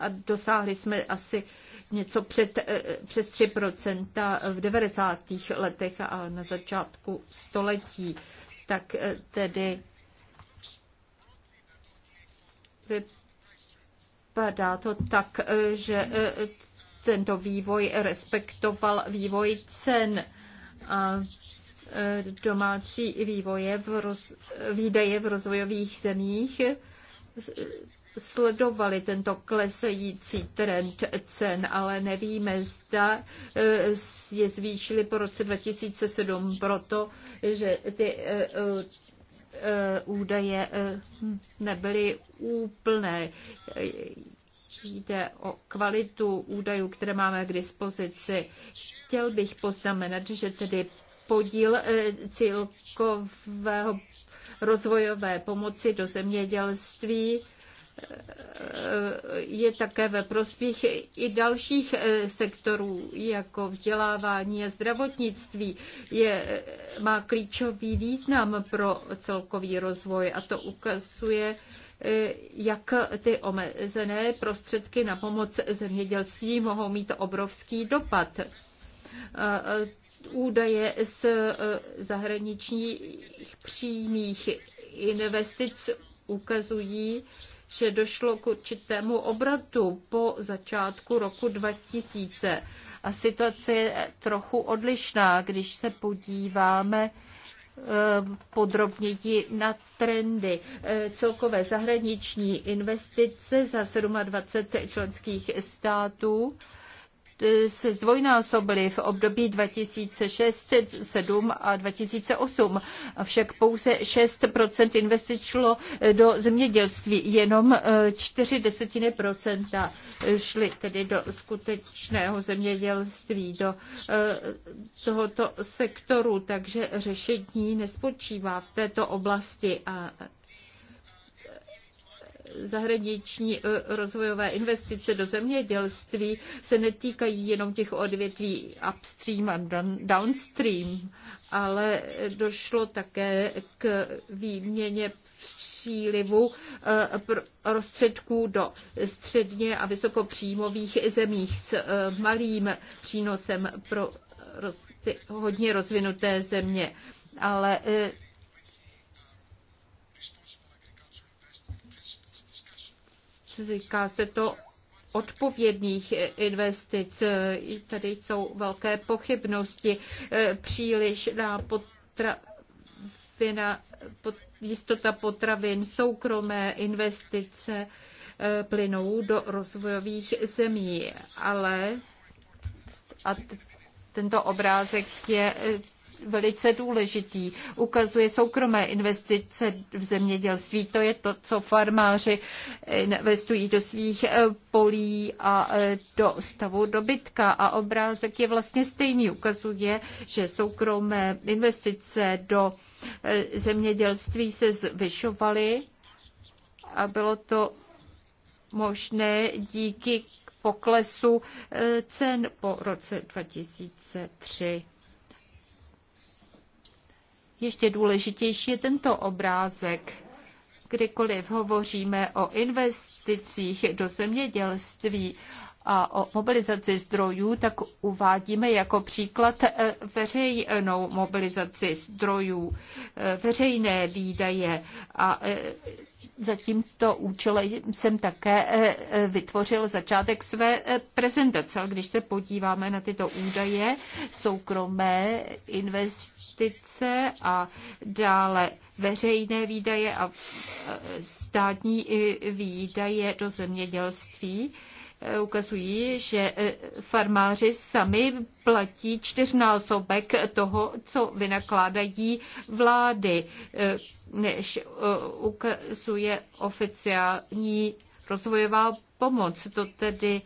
a dosáhli jsme asi něco před, přes 3 v 90. letech a na začátku století. Tak tedy vypadá to tak, že tento vývoj respektoval vývoj cen a e, domácí vývoje v roz, výdaje v rozvojových zemích sledovali tento klesající trend cen, ale nevíme, zda e, je zvýšili po roce 2007 proto, že ty e, údaje nebyly úplné jde o kvalitu údajů, které máme k dispozici. Chtěl bych poznamenat, že tedy podíl eh, cílkového rozvojové pomoci do zemědělství eh, je také ve prospěch i dalších eh, sektorů, jako vzdělávání a zdravotnictví. Je, má klíčový význam pro celkový rozvoj a to ukazuje, jak ty omezené prostředky na pomoc zemědělství mohou mít obrovský dopad. Údaje z e, zahraničních přímých investic ukazují, že došlo k určitému obratu po začátku roku 2000. A situace je trochu odlišná, když se podíváme podrobněji na trendy. E, celkové zahraniční investice za 27 členských států se zdvojnásobily v období 2006, 2007 a 2008. Avšak pouze 6 investic šlo do zemědělství, jenom 4 eh, desetiny procenta šly tedy do skutečného zemědělství, do eh, tohoto sektoru, takže řešení nespočívá v této oblasti a zahraniční e, rozvojové investice do zemědělství se netýkají jenom těch odvětví upstream a downstream, ale došlo také k výměně přílivu e, prostředků do středně a vysokopříjmových zemích s e, malým přínosem pro hodně rozvinuté země. Ale Týká se to odpovědných investic. Tady jsou velké pochybnosti. Eh, příliš na potra... Vina, pot... jistota potravin, soukromé investice eh, plynou do rozvojových zemí, ale a tento obrázek je eh, velice důležitý. Ukazuje soukromé investice v zemědělství. To je to, co farmáři investují do svých eh, polí a eh, do stavu dobytka. A obrázek je vlastně stejný. Ukazuje, že soukromé investice do eh, zemědělství se zvyšovaly a bylo to možné díky poklesu cen po roce 2003. Ještě důležitější je tento obrázek. Kdykoliv hovoříme o investicích do zemědělství a o mobilizaci zdrojů, tak uvádíme jako příklad eh, veřejnou mobilizaci zdrojů, eh, veřejné výdaje a eh, za tímto účelem jsem také vytvořil začátek své prezentace. Když se podíváme na tyto údaje, soukromé investice a dále veřejné výdaje a státní výdaje do zemědělství, Eh, ukazují, že eh, farmáři sami platí čtyřnásobek toho, co vynakládají vlády, eh, než ukazuje oficiální rozvojová pomoc. To tedy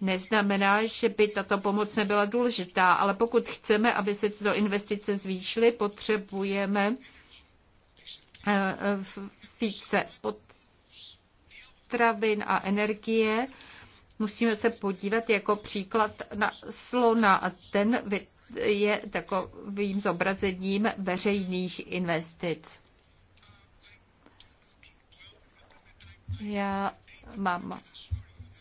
Neznamená, že by tato pomoc nebyla důležitá, ale pokud chceme, aby se tyto investice zvýšily, potřebujeme více potravin a energie Musíme se podívat jako příklad na slona a ten je takovým zobrazením veřejných investic. Já mám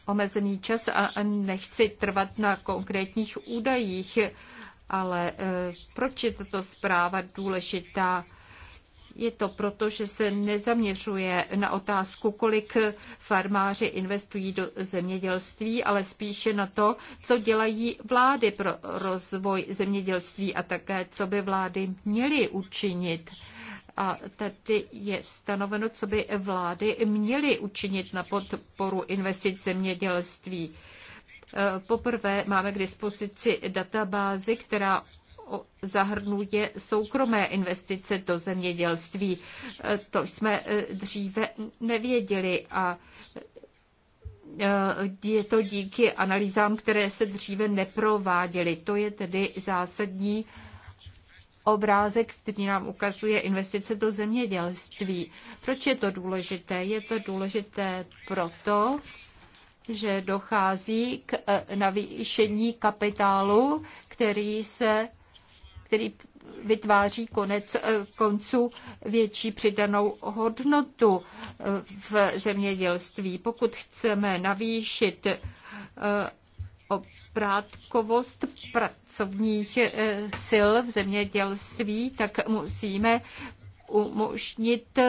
omezený čas a nechci trvat na konkrétních údajích, ale eh, proč je tato zpráva důležitá? Je to proto, že se nezaměřuje na otázku, kolik farmáři investují do zemědělství, ale spíše na to, co dělají vlády pro rozvoj zemědělství a také, co by vlády měly učinit a tady je stanoveno, co by vlády měly učinit na podporu investic zemědělství. Poprvé máme k dispozici databázi, která zahrnuje soukromé investice do zemědělství. E, to jsme e, dříve nevěděli a e, je to díky analýzám, které se dříve neprováděly. To je tedy zásadní obrázek, který nám ukazuje investice do zemědělství. Proč je to důležité? Je to důležité proto, že dochází k navýšení kapitálu, který se který vytváří konec eh, konců větší přidanou hodnotu eh, v zemědělství. Pokud chceme navýšit eh, oprátkovost pracovních sil v zemědělství, tak musíme umožnit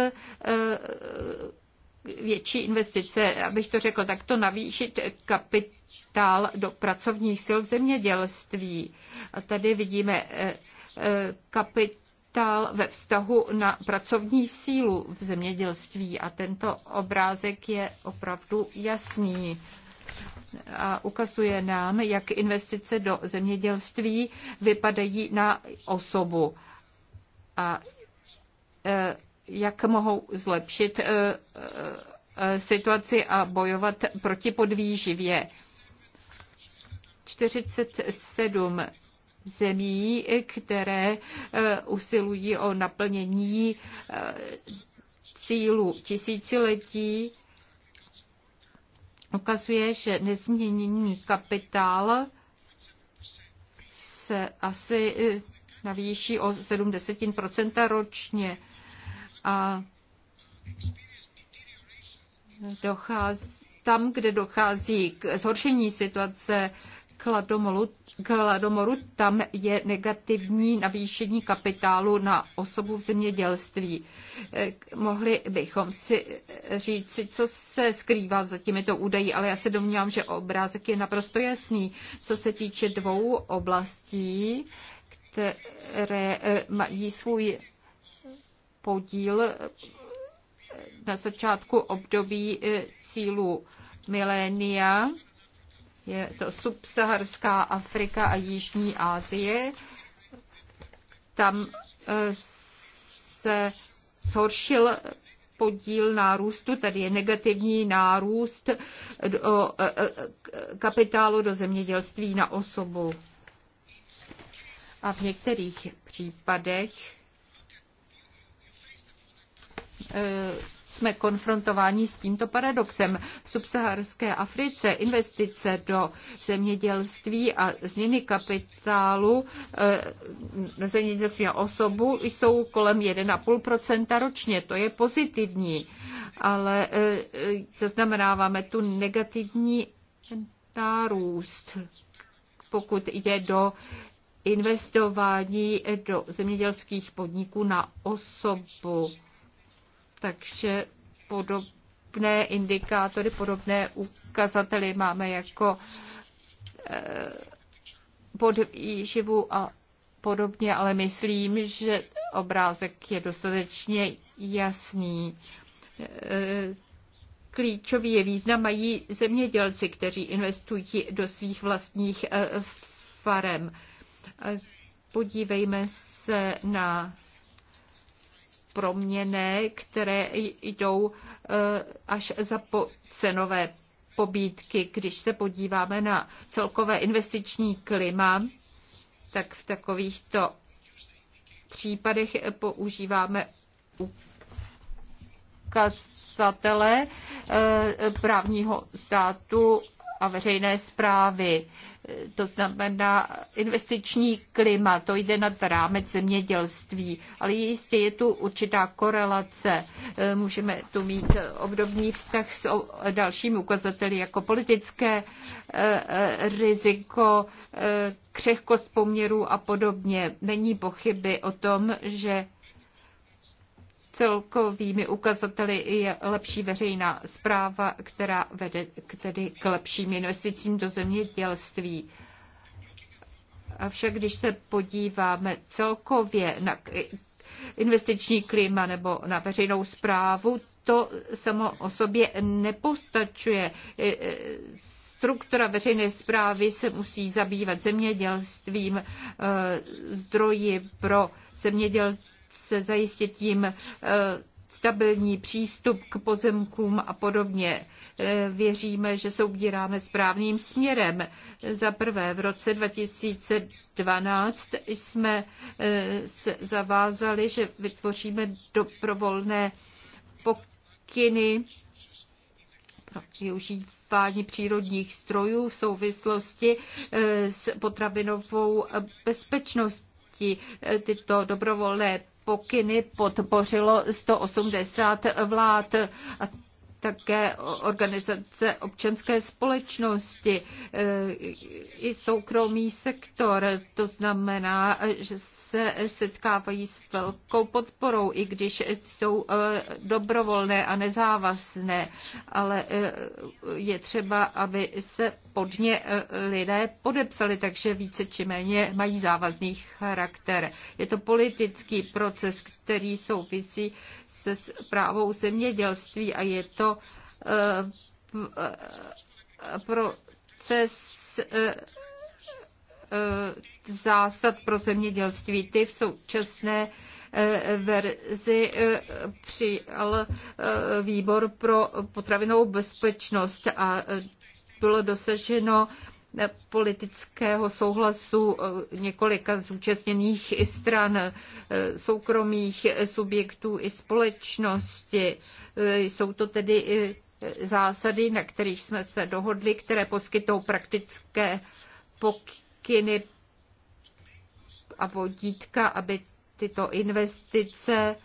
větší investice, abych to řekl takto, navýšit kapit dál do pracovních sil v zemědělství. A tady vidíme eh, eh, kapitál ve vztahu na pracovní sílu v zemědělství a tento obrázek je opravdu jasný a ukazuje nám, jak investice do zemědělství vypadají na osobu a eh, jak mohou zlepšit situaci a bojovat proti podvýživě. 47 zemí, které eh, usilují o naplnění eh, cílu tisíciletí, ukazuje, že nezměněný kapitál se asi eh, navýší o 70% ročně a dochází, tam, kde dochází k zhoršení situace, Kladomoru, Kladomoru, tam je negativní navýšení kapitálu na osobu v zemědělství. Eh, mohli bychom si eh, říct, co se skrývá za těmito údají, ale já se domnívám, že obrázek je naprosto jasný. Co se týče dvou oblastí, které eh, mají svůj podíl na začátku období cílu milénia, je to subsaharská Afrika a Jižní Asie. Tam eh, se zhoršil podíl nárůstu, tady je negativní nárůst do, e, e, kapitálu do zemědělství na osobu. A v některých případech eh, jsme konfrontováni s tímto paradoxem. V subsaharské Africe investice do zemědělství a změny kapitálu eh, na zemědělství a osobu jsou kolem 1,5 ročně. To je pozitivní, ale eh, zaznamenáváme tu negativní nárůst, pokud jde do investování do zemědělských podniků na osobu. Takže podobné indikátory, podobné ukazatele máme jako eh, pod výživu a podobně, ale myslím, že obrázek je dostatečně jasný. Eh, klíčový je význam mají zemědělci, kteří investují do svých vlastních eh, farem. Podívejme se na proměny, které jdou eh, až za po cenové pobídky. Když se podíváme na celkové investiční klima, tak v takovýchto případech používáme ukazatele eh, právního státu a veřejné zprávy to znamená investiční klima, to jde nad rámec zemědělství, ale jistě je tu určitá korelace. Eh, můžeme tu mít obdobný vztah s dalším ukazateli jako politické eh, eh, riziko, křehkost poměrů a podobně. Není pochyby o tom, že celkovými ukazateli je lepší veřejná zpráva, která vede k, tedy k lepším investicím do zemědělství. Avšak když se podíváme celkově na investiční klima nebo na veřejnou zprávu, to samo o sobě nepostačuje. E, e, struktura veřejné zprávy se musí zabývat zemědělstvím, e, zdroji pro zemědělství se zajistit tím eh, stabilní přístup k pozemkům a podobně. Eh, věříme, že se ubíráme správným směrem. Za prvé v roce 2012 jsme eh, se zavázali, že vytvoříme dobrovolné pokyny pro využívání přírodních strojů v souvislosti s potravinovou bezpečností. Tyto dobrovolné pokyny podpořilo 180 vlád. A také organizace občanské společnosti eh, i soukromý sektor. To znamená, že se setkávají s velkou podporou, i když jsou eh, dobrovolné a nezávazné, ale eh, je třeba, aby se pod ně lidé podepsali, takže více či méně mají závazný charakter. Je to politický proces, který souvisí se zprávou zemědělství a je to eh, eh, proces eh, zásad pro zemědělství. Ty v současné verzi přijal výbor pro potravinovou bezpečnost a bylo dosaženo politického souhlasu eh, několika zúčastněných stran, eh, soukromých subjektů i společnosti. Eh, jsou to tedy zásady, na kterých jsme se dohodli, které poskytou praktické pokyny a vodítka, aby tyto investice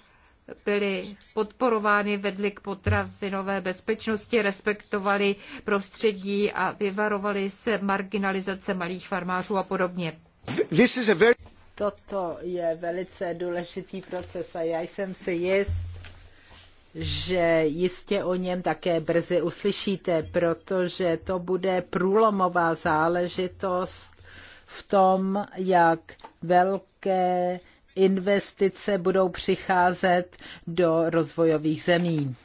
byly podporovány, vedly k potravinové bezpečnosti, respektovali prostředí a vyvarovali se marginalizace malých farmářů a podobně. Toto je velice důležitý proces a já jsem si jist, že jistě o něm také brzy uslyšíte, protože to bude průlomová záležitost v tom, jak velké investice budou přicházet do rozvojových zemí.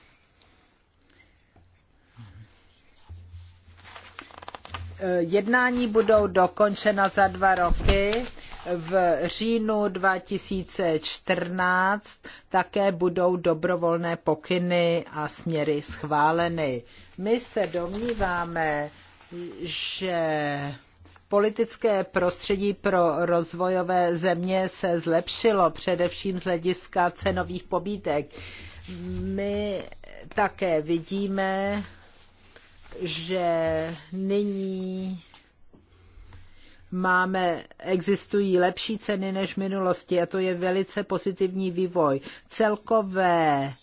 Jednání budou dokončena za dva roky. V říjnu 2014 také budou dobrovolné pokyny a směry schváleny. My se domníváme, že politické prostředí pro rozvojové země se zlepšilo, především z hlediska cenových pobídek. My také vidíme, že nyní máme, existují lepší ceny než v minulosti a to je velice pozitivní vývoj. Celkové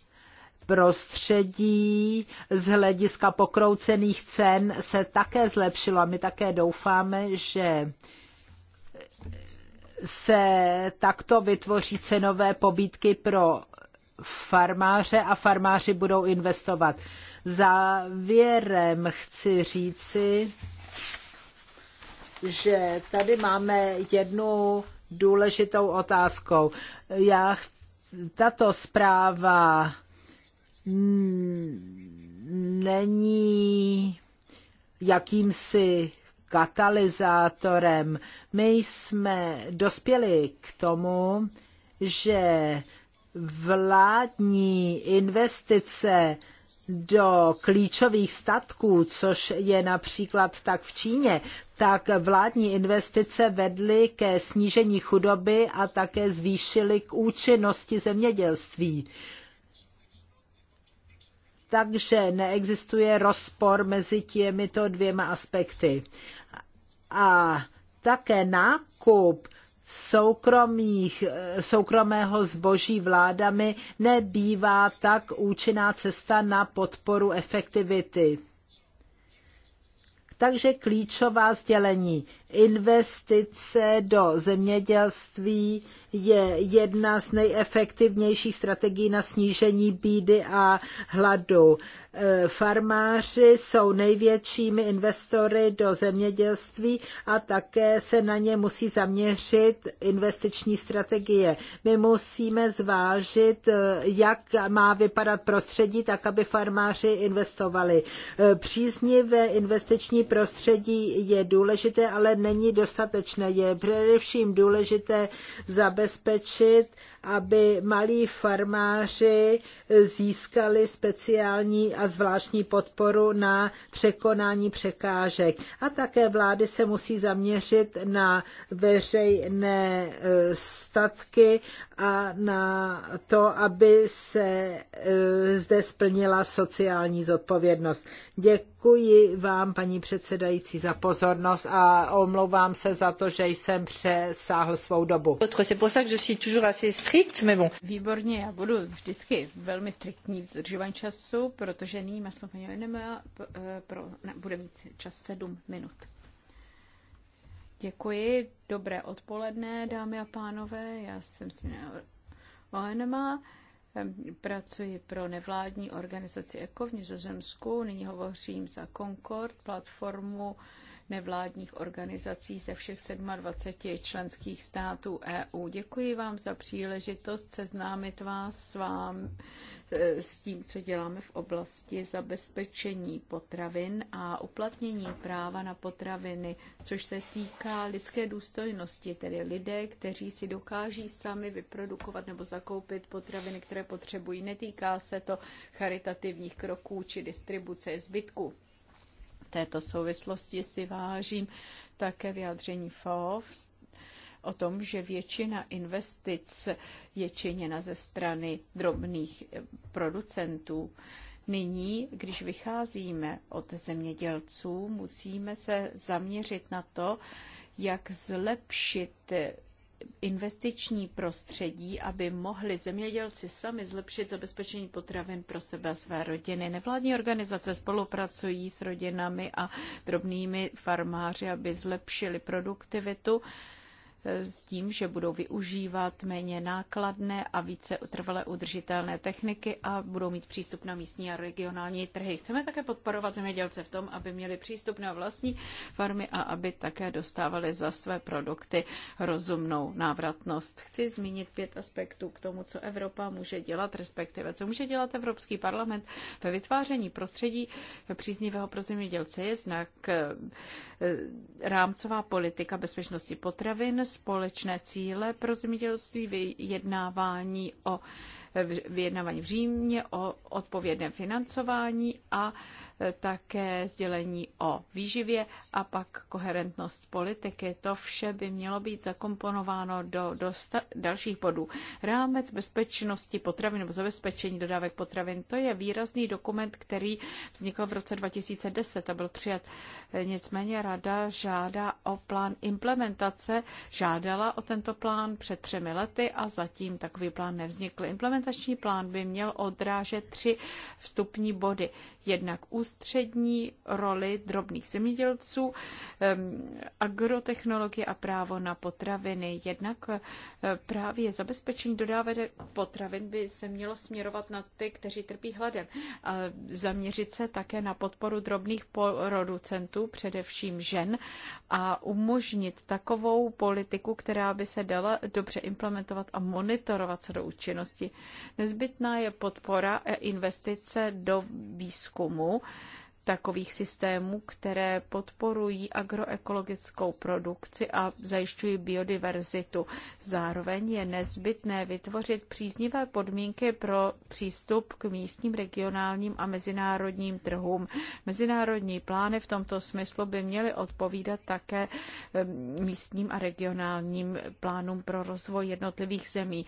prostředí z hlediska pokroucených cen se také zlepšilo a my také doufáme, že se takto vytvoří cenové pobídky pro farmáře a farmáři budou investovat. Závěrem chci říci, že tady máme jednu důležitou otázkou. Já, tato zpráva není jakýmsi katalyzátorem. My jsme dospěli k tomu, že vládní investice do klíčových statků, což je například tak v Číně, tak vládní investice vedly ke snížení chudoby a také zvýšily k účinnosti zemědělství takže neexistuje rozpor mezi těmito dvěma aspekty. A také nákup soukromých, soukromého zboží vládami nebývá tak účinná cesta na podporu efektivity. Takže klíčová sdělení. Investice do zemědělství je jedna z nejefektivnějších strategií na snížení bídy a hladu. E, farmáři jsou největšími investory do zemědělství a také se na ně musí zaměřit investiční strategie. My musíme zvážit, e, jak má vypadat prostředí, tak aby farmáři investovali. E, příznivé investiční prostředí je důležité, ale není dostatečné. Je především důležité zabezpečit, aby malí farmáři získali speciální a zvláštní podporu na překonání překážek. A také vlády se musí zaměřit na veřejné e, statky a na to, aby se e, zde splnila sociální zodpovědnost. Děkuji vám, paní předsedající, za pozornost a omlouvám se za to, že jsem přesáhl svou dobu strikt, mais Výborně, já budu vždycky velmi striktní v dodržování času, protože nyní má slovo eh, pro, ne, bude mít čas sedm minut. Děkuji, dobré odpoledne, dámy a pánové, já jsem si na ONMA. Eh, pracuji pro nevládní organizaci ECO v Nizozemsku, nyní hovořím za Concord, platformu nevládních organizací ze všech 27 členských států EU. Děkuji vám za příležitost seznámit vás s, vám, e, s tím, co děláme v oblasti zabezpečení potravin a uplatnění práva na potraviny, což se týká lidské důstojnosti, tedy lidé, kteří si dokáží sami vyprodukovat nebo zakoupit potraviny, které potřebují. Netýká se to charitativních kroků či distribuce zbytků této souvislosti si vážím také vyjádření FOV o tom, že většina investic je činěna ze strany drobných producentů. Nyní, když vycházíme od zemědělců, musíme se zaměřit na to, jak zlepšit investiční prostředí, aby mohli zemědělci sami zlepšit zabezpečení potravin pro sebe a své rodiny. Nevládní organizace spolupracují s rodinami a drobnými farmáři, aby zlepšili produktivitu E, s tím, že budou využívat méně nákladné a více trvale udržitelné techniky a budou mít přístup na místní a regionální trhy. Chceme také podporovat zemědělce v tom, aby měli přístup na vlastní farmy a aby také dostávali za své produkty rozumnou návratnost. Chci zmínit pět aspektů k tomu, co Evropa může dělat, respektive co může dělat Evropský parlament ve vytváření prostředí příznivého pro zemědělce. Je znak e, e, rámcová politika bezpečnosti potravin, společné cíle pro zemědělství, vyjednávání o vyjednávání v Římě, o odpovědném financování a Eh, také sdělení o výživě a pak koherentnost politiky. To vše by mělo být zakomponováno do, do sta- dalších bodů. Rámec bezpečnosti potravin nebo zabezpečení dodávek potravin, to je výrazný dokument, který vznikl v roce 2010 a byl přijat. Eh, nicméně rada žádá o plán implementace, žádala o tento plán před třemi lety a zatím takový plán nevznikl. Implementační plán by měl odrážet tři vstupní body. Jednak ústřední roli drobných zemědělců, agrotechnologie a právo na potraviny. Jednak eh, právě zabezpečení dodávek potravin by se mělo směrovat na ty, kteří trpí hladem a zaměřit se také na podporu drobných producentů, především žen, a umožnit takovou politiku, která by se dala dobře implementovat a monitorovat se do účinnosti. Nezbytná je podpora investice do výzkumu takových systémů, které podporují agroekologickou produkci a zajišťují biodiverzitu. Zároveň je nezbytné vytvořit příznivé podmínky pro přístup k místním, regionálním a mezinárodním trhům. Mezinárodní plány v tomto smyslu by měly odpovídat také místním a regionálním plánům pro rozvoj jednotlivých zemí.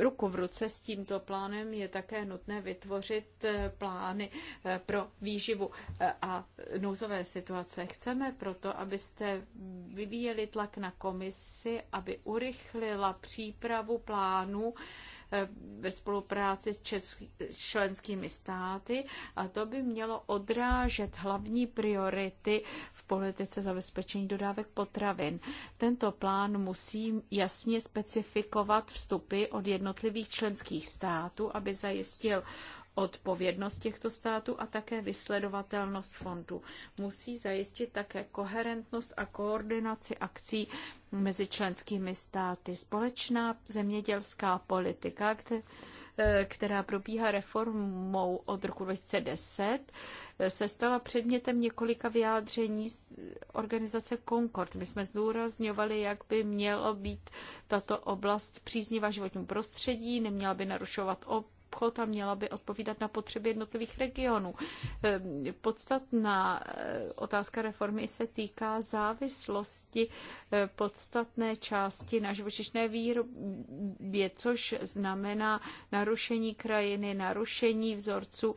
Ruku v ruce s tímto plánem je také nutné vytvořit eh, plány eh, pro výživu stavu eh, a nouzové situace. Chceme proto, abyste vyvíjeli tlak na komisi, aby urychlila přípravu plánu eh, ve spolupráci s členskými státy a to by mělo odrážet hlavní priority v politice zabezpečení dodávek potravin. Tento plán musí jasně specifikovat vstupy od jednotlivých členských států, aby zajistil odpovědnost těchto států a také vysledovatelnost fondu. Musí zajistit také koherentnost a koordinaci akcí mezi členskými státy. Společná zemědělská politika, eh, která probíhá reformou od roku 2010, eh, se stala předmětem několika vyjádření organizace Concord. My jsme zdůrazňovali, jak by mělo být tato oblast příznivá životnímu prostředí, neměla by narušovat ob obchod a měla by odpovídat na potřeby jednotlivých regionů. Ehm, podstatná eh, otázka reformy se týká závislosti eh, podstatné části na živočišné výrobě, což znamená narušení krajiny, narušení vzorců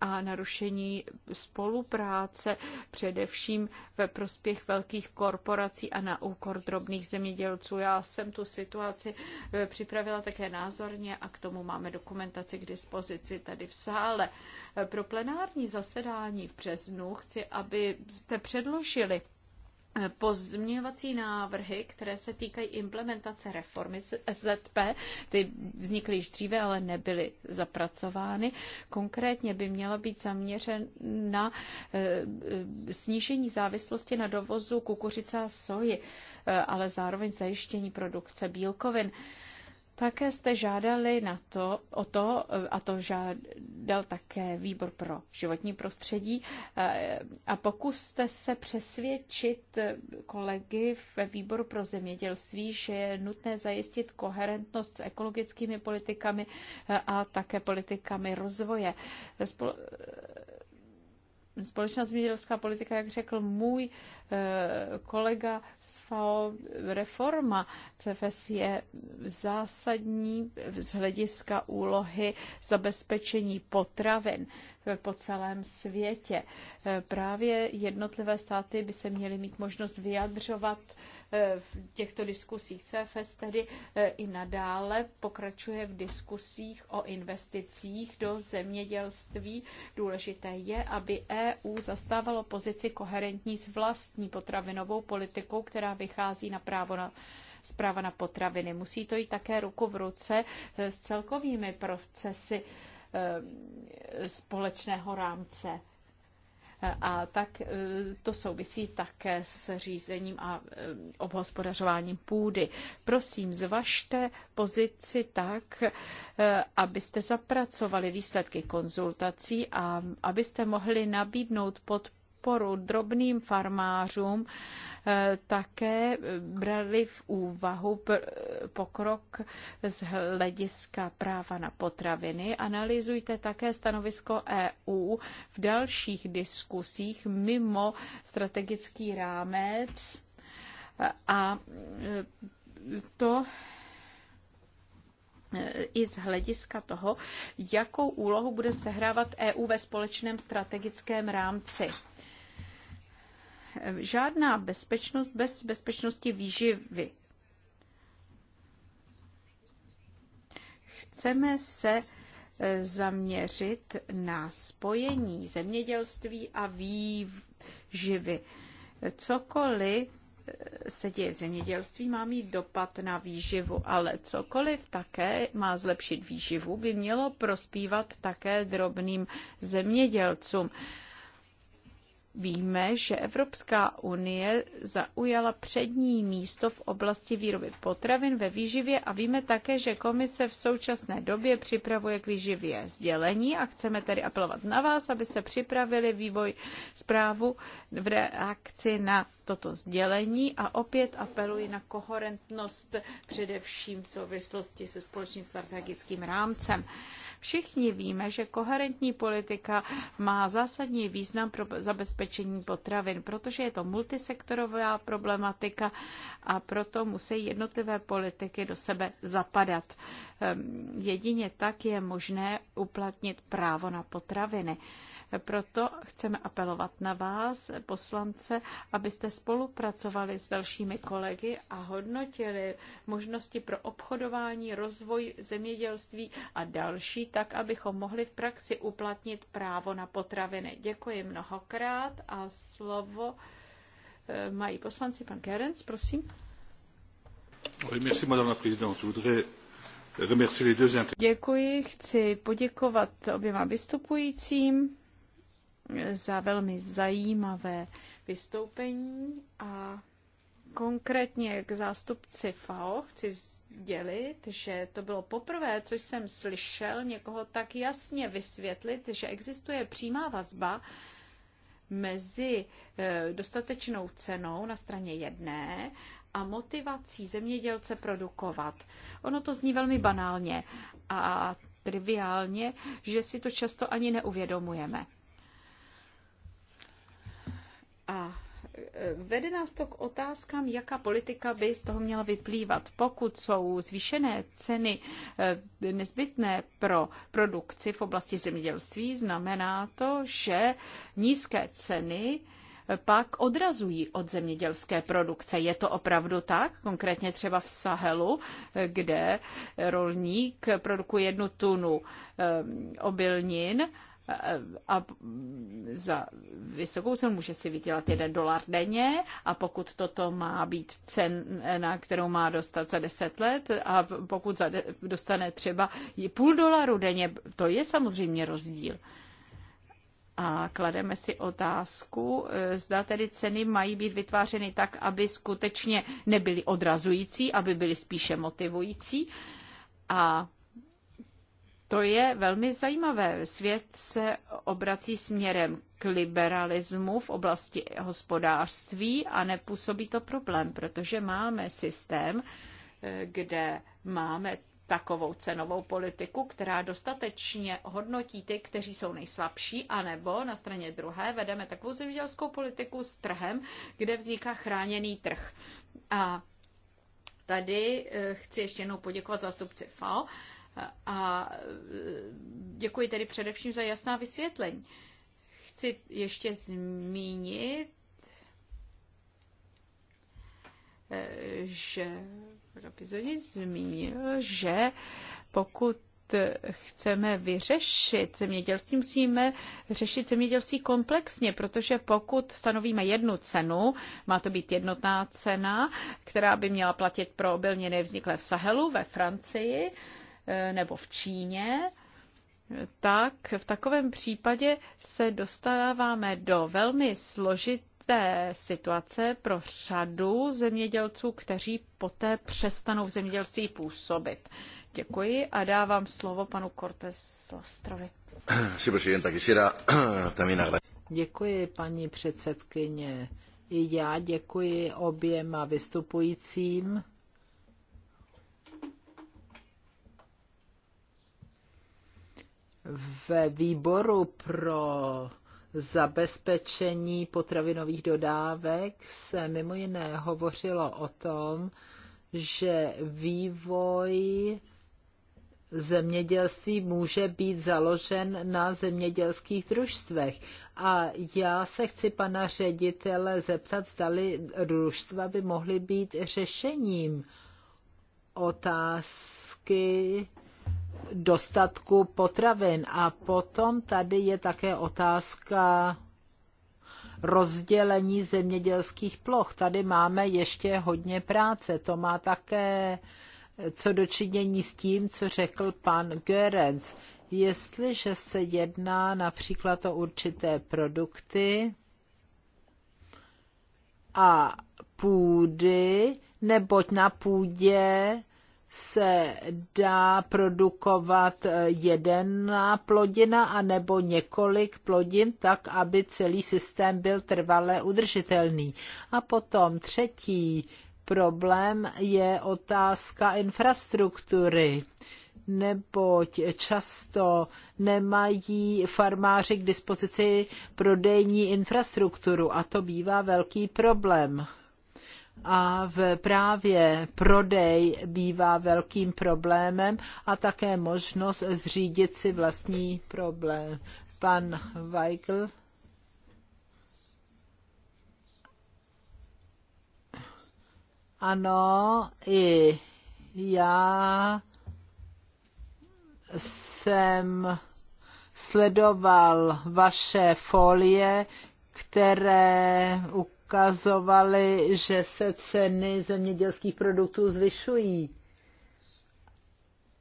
a narušení spolupráce, především ve prospěch velkých korporací a na úkor drobných zemědělců. Já jsem tu situaci eh, připravila také názorně a k tomu máme dokumentaci k dispozici tady v sále. Eh, pro plenární zasedání v březnu chci, abyste předložili pozměňovací návrhy, které se týkají implementace reformy SZP, ty vznikly již dříve, ale nebyly zapracovány. Konkrétně by měla být zaměřena na eh, eh, snížení závislosti na dovozu kukuřice a soji, eh, ale zároveň zajištění produkce bílkovin. Také jste žádali na to, o to, a to žádal také výbor pro životní prostředí, eh, a pokuste se přesvědčit kolegy ve výboru pro zemědělství, že je nutné zajistit koherentnost s ekologickými politikami eh, a také politikami rozvoje společná zemědělská politika, jak řekl můj eh, kolega z FAO, reforma CFS je zásadní z hlediska úlohy zabezpečení potravin po celém světě. Eh, právě jednotlivé státy by se měly mít možnost vyjadřovat E, v těchto diskusích. CFS tedy e, i nadále pokračuje v diskusích o investicích do zemědělství. Důležité je, aby EU zastávalo pozici koherentní s vlastní potravinovou politikou, která vychází na právo na zpráva na potraviny. Musí to jít také ruku v ruce e, s celkovými procesy společného rámce a tak e, to souvisí také s řízením a e, obhospodařováním půdy. Prosím, zvažte pozici tak, e, abyste zapracovali výsledky konzultací a abyste mohli nabídnout podporu drobným farmářům, také brali v úvahu pokrok z hlediska práva na potraviny. Analyzujte také stanovisko EU v dalších diskusích mimo strategický rámec a to i z hlediska toho, jakou úlohu bude sehrávat EU ve společném strategickém rámci žádná bezpečnost bez bezpečnosti výživy. Chceme se e, zaměřit na spojení zemědělství a výživy. Cokoliv e, se děje zemědělství, má mít dopad na výživu, ale cokoliv také má zlepšit výživu, by mělo prospívat také drobným zemědělcům. Víme, že Evropská unie zaujala přední místo v oblasti výroby potravin ve výživě a víme také, že komise v současné době připravuje k výživě sdělení a chceme tedy apelovat na vás, abyste připravili vývoj zprávu v reakci na toto sdělení a opět apeluji na koherentnost především v souvislosti se společným strategickým rámcem. Všichni víme, že koherentní politika má zásadní význam pro zabezpečení potravin, protože je to multisektorová problematika a proto musí jednotlivé politiky do sebe zapadat. Ehm, jedině tak je možné uplatnit právo na potraviny. Proto chceme apelovat na vás, poslance, abyste spolupracovali s dalšími kolegy a hodnotili možnosti pro obchodování, rozvoj zemědělství a další, tak abychom mohli v praxi uplatnit právo na potraviny. Děkuji mnohokrát a slovo eh, mají poslanci. Pan Gerenc, prosím. Děkuji, chci poděkovat oběma vystupujícím za velmi zajímavé vystoupení a konkrétně k zástupci FAO chci dělit, že to bylo poprvé, co jsem slyšel někoho tak jasně vysvětlit, že existuje přímá vazba mezi eh, dostatečnou cenou na straně jedné a motivací zemědělce produkovat. Ono to zní velmi banálně a triviálně, že si to často ani neuvědomujeme. A e, vede nás to k otázkám, jaká politika by z toho měla vyplývat. Pokud jsou zvýšené ceny e, nezbytné pro produkci v oblasti zemědělství, znamená to, že nízké ceny e, pak odrazují od zemědělské produkce. Je to opravdu tak? Konkrétně třeba v Sahelu, kde rolník produkuje jednu tunu obilnin a za vysokou cenu může si vydělat jeden dolar denně a pokud toto má být cena, kterou má dostat za deset let a pokud dostane třeba i půl dolaru denně, to je samozřejmě rozdíl. A klademe si otázku, zda tedy ceny mají být vytvářeny tak, aby skutečně nebyly odrazující, aby byly spíše motivující. A to je velmi zajímavé. Svět se obrací směrem k liberalismu v oblasti hospodářství a nepůsobí to problém, protože máme systém, eh, kde máme takovou cenovou politiku, která dostatečně hodnotí ty, kteří jsou nejslabší, anebo na straně druhé vedeme takovou zemědělskou politiku s trhem, kde vzniká chráněný trh. A tady eh, chci ještě jednou poděkovat zástupci FAO a e, děkuji tedy především za jasná vysvětlení. Chci ještě zmínit, e, že epizodě zmínil, že pokud chceme vyřešit zemědělství, musíme řešit zemědělství komplexně, protože pokud stanovíme jednu cenu, má to být jednotná cena, která by měla platit pro obilně nevzniklé v Sahelu ve Francii, Eh, nebo v Číně, tak v takovém případě se dostáváme do velmi složité situace pro řadu zemědělců, kteří poté přestanou v zemědělství působit. Děkuji a dávám slovo panu Cortés Lastrovi. Děkuji, paní předsedkyně. I já děkuji oběma vystupujícím. ve výboru pro zabezpečení potravinových dodávek se mimo jiné hovořilo o tom, že vývoj zemědělství může být založen na zemědělských družstvech. A já se chci pana ředitele zeptat, zdali družstva by mohly být řešením otázky dostatku potravin. A potom tady je také otázka rozdělení zemědělských ploch. Tady máme ještě hodně práce. To má také co dočinění s tím, co řekl pan Görenc. Jestliže se jedná například o určité produkty a půdy, neboť na půdě se dá produkovat eh, jedna plodina anebo několik plodin, tak aby celý systém byl trvale udržitelný. A potom třetí problém je otázka infrastruktury neboť často nemají farmáři k dispozici prodejní infrastrukturu a to bývá velký problém a v právě prodej bývá velkým problémem a také možnost zřídit si vlastní problém. Pan Weigl. Ano, i já jsem sledoval vaše folie, které u ukazovaly, že se ceny zemědělských produktů zvyšují.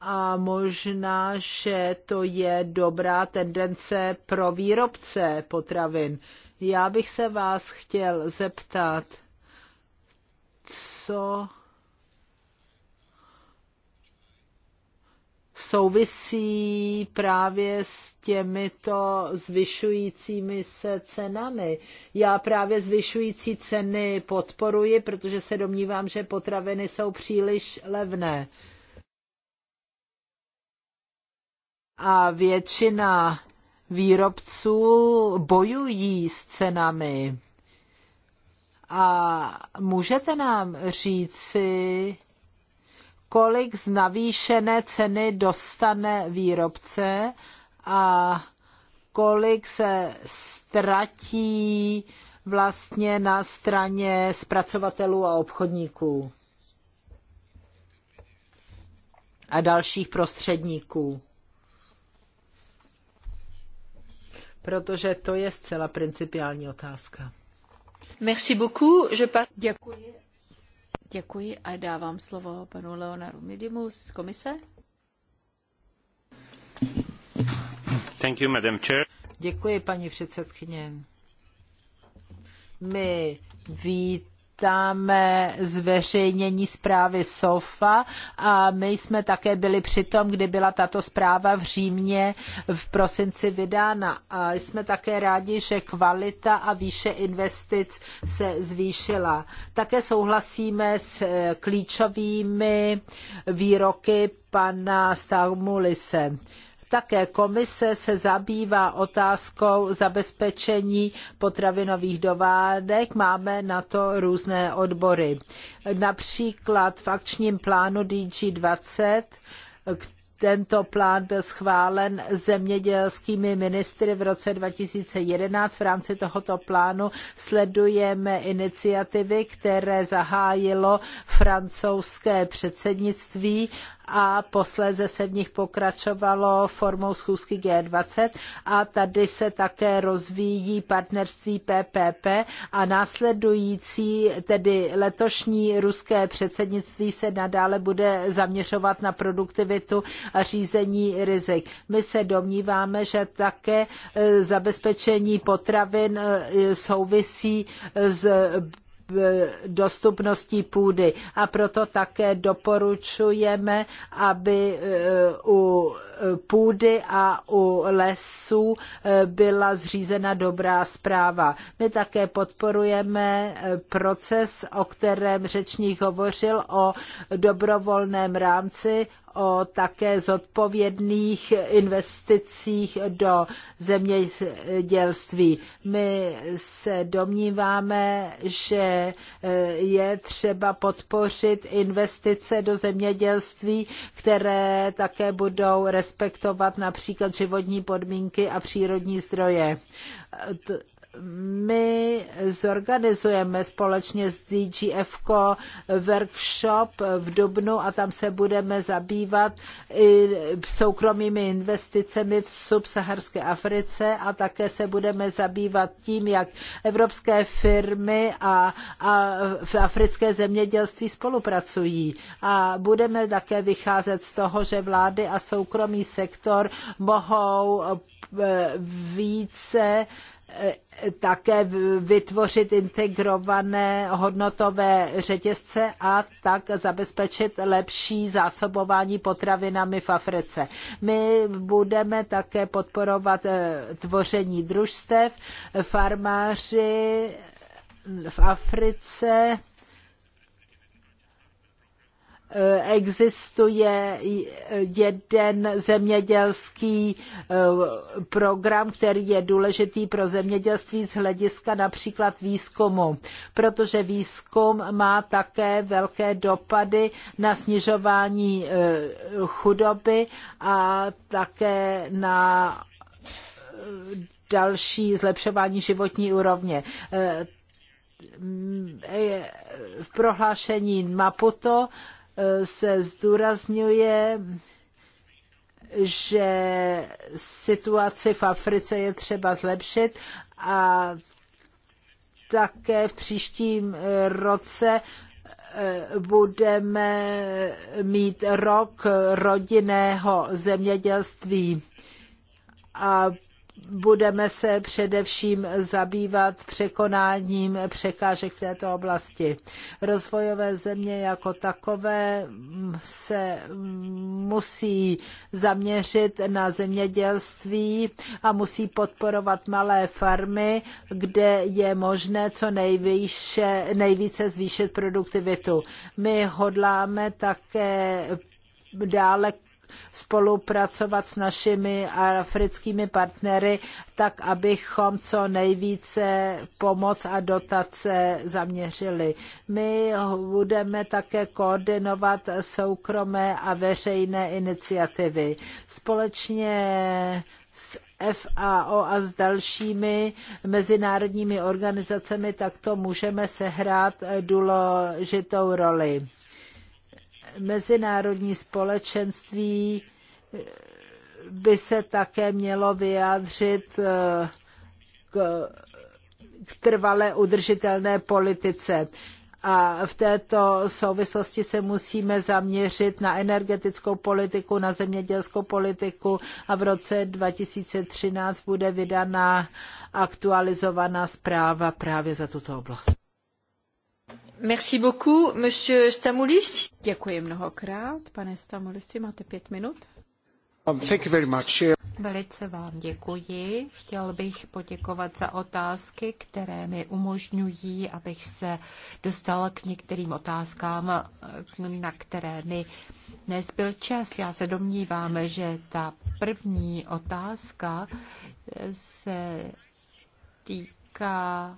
A možná, že to je dobrá tendence pro výrobce potravin. Já bych se vás chtěl zeptat, co souvisí právě s těmito zvyšujícími se cenami. Já právě zvyšující ceny podporuji, protože se domnívám, že potraviny jsou příliš levné. A většina výrobců bojují s cenami. A můžete nám říci, kolik z navýšené ceny dostane výrobce a kolik se ztratí vlastně na straně zpracovatelů a obchodníků a dalších prostředníků. Protože to je zcela principiální otázka. Merci beaucoup. Je Děkuji. Děkuji a dávám slovo panu Leonaru Midimu z komise. Thank you, Madam Chair. Děkuji, paní předsedkyně. My vít vítáme zveřejnění zprávy SOFA a my jsme také byli přitom, kdy byla tato zpráva v Římě v prosinci vydána. A jsme také rádi, že kvalita a výše investic se zvýšila. Také souhlasíme s eh, klíčovými výroky pana Staumulise také komise se zabývá otázkou zabezpečení potravinových dovádek. Máme na to různé odbory. Například v akčním plánu DG20, tento plán byl schválen zemědělskými ministry v roce 2011. V rámci tohoto plánu sledujeme iniciativy, které zahájilo francouzské předsednictví a posléze se v nich pokračovalo formou schůzky G20 a tady se také rozvíjí partnerství PPP a následující, tedy letošní ruské předsednictví se nadále bude zaměřovat na produktivitu a řízení rizik. My se domníváme, že také e, zabezpečení potravin e, souvisí s Eh, dostupností půdy. A proto také doporučujeme, aby eh, u půdy a u lesů eh, byla zřízena dobrá zpráva. My také podporujeme proces, o kterém řečník hovořil, o dobrovolném rámci, o také zodpovědných investicích do zemědělství. My se domníváme, že eh, je třeba podpořit investice do zemědělství, které také budou respektovat například životní podmínky a přírodní zdroje eh, my zorganizujeme společně s DGFko workshop v Dubnu a tam se budeme zabývat i soukromými investicemi v subsaharské Africe a také se budeme zabývat tím, jak evropské firmy a, a v africké zemědělství spolupracují. A budeme také vycházet z toho, že vlády a soukromý sektor mohou eh, více také vytvořit integrované hodnotové řetězce a tak zabezpečit lepší zásobování potravinami v Africe. My budeme také podporovat eh, tvoření družstev, farmáři v Africe Eh, existuje jeden zemědělský eh, program, který je důležitý pro zemědělství z hlediska například výzkumu, protože výzkum má také velké dopady na snižování eh, chudoby a také na další zlepšování životní úrovně v prohlášení Maputo Eh, se zdůrazňuje, že situaci v Africe je třeba zlepšit a také v příštím eh, roce eh, budeme mít rok rodinného zemědělství a budeme se především zabývat překonáním překážek v této oblasti. Rozvojové země jako takové se musí zaměřit na zemědělství a musí podporovat malé farmy, kde je možné co nejvýše, nejvíce zvýšit produktivitu. My hodláme také dále spolupracovat s našimi africkými partnery, tak abychom co nejvíce pomoc a dotace zaměřili. My budeme také koordinovat soukromé a veřejné iniciativy. Společně s FAO a s dalšími mezinárodními organizacemi takto můžeme sehrát důležitou roli mezinárodní společenství by se také mělo vyjádřit eh, k, k trvale udržitelné politice. A v této souvislosti se musíme zaměřit na energetickou politiku, na zemědělskou politiku a v roce 2013 bude vydána aktualizovaná zpráva právě za tuto oblast. Merci beaucoup, monsieur Stamoulis. Děkuji mnohokrát. Pane Stamulisi, máte pět minut. Um, thank you very much. Uh, Velice vám děkuji. Chtěl bych poděkovat za otázky, které mi umožňují, abych se dostal k některým otázkám, na které mi nezbyl čas. Já se domnívám, že ta první otázka se týká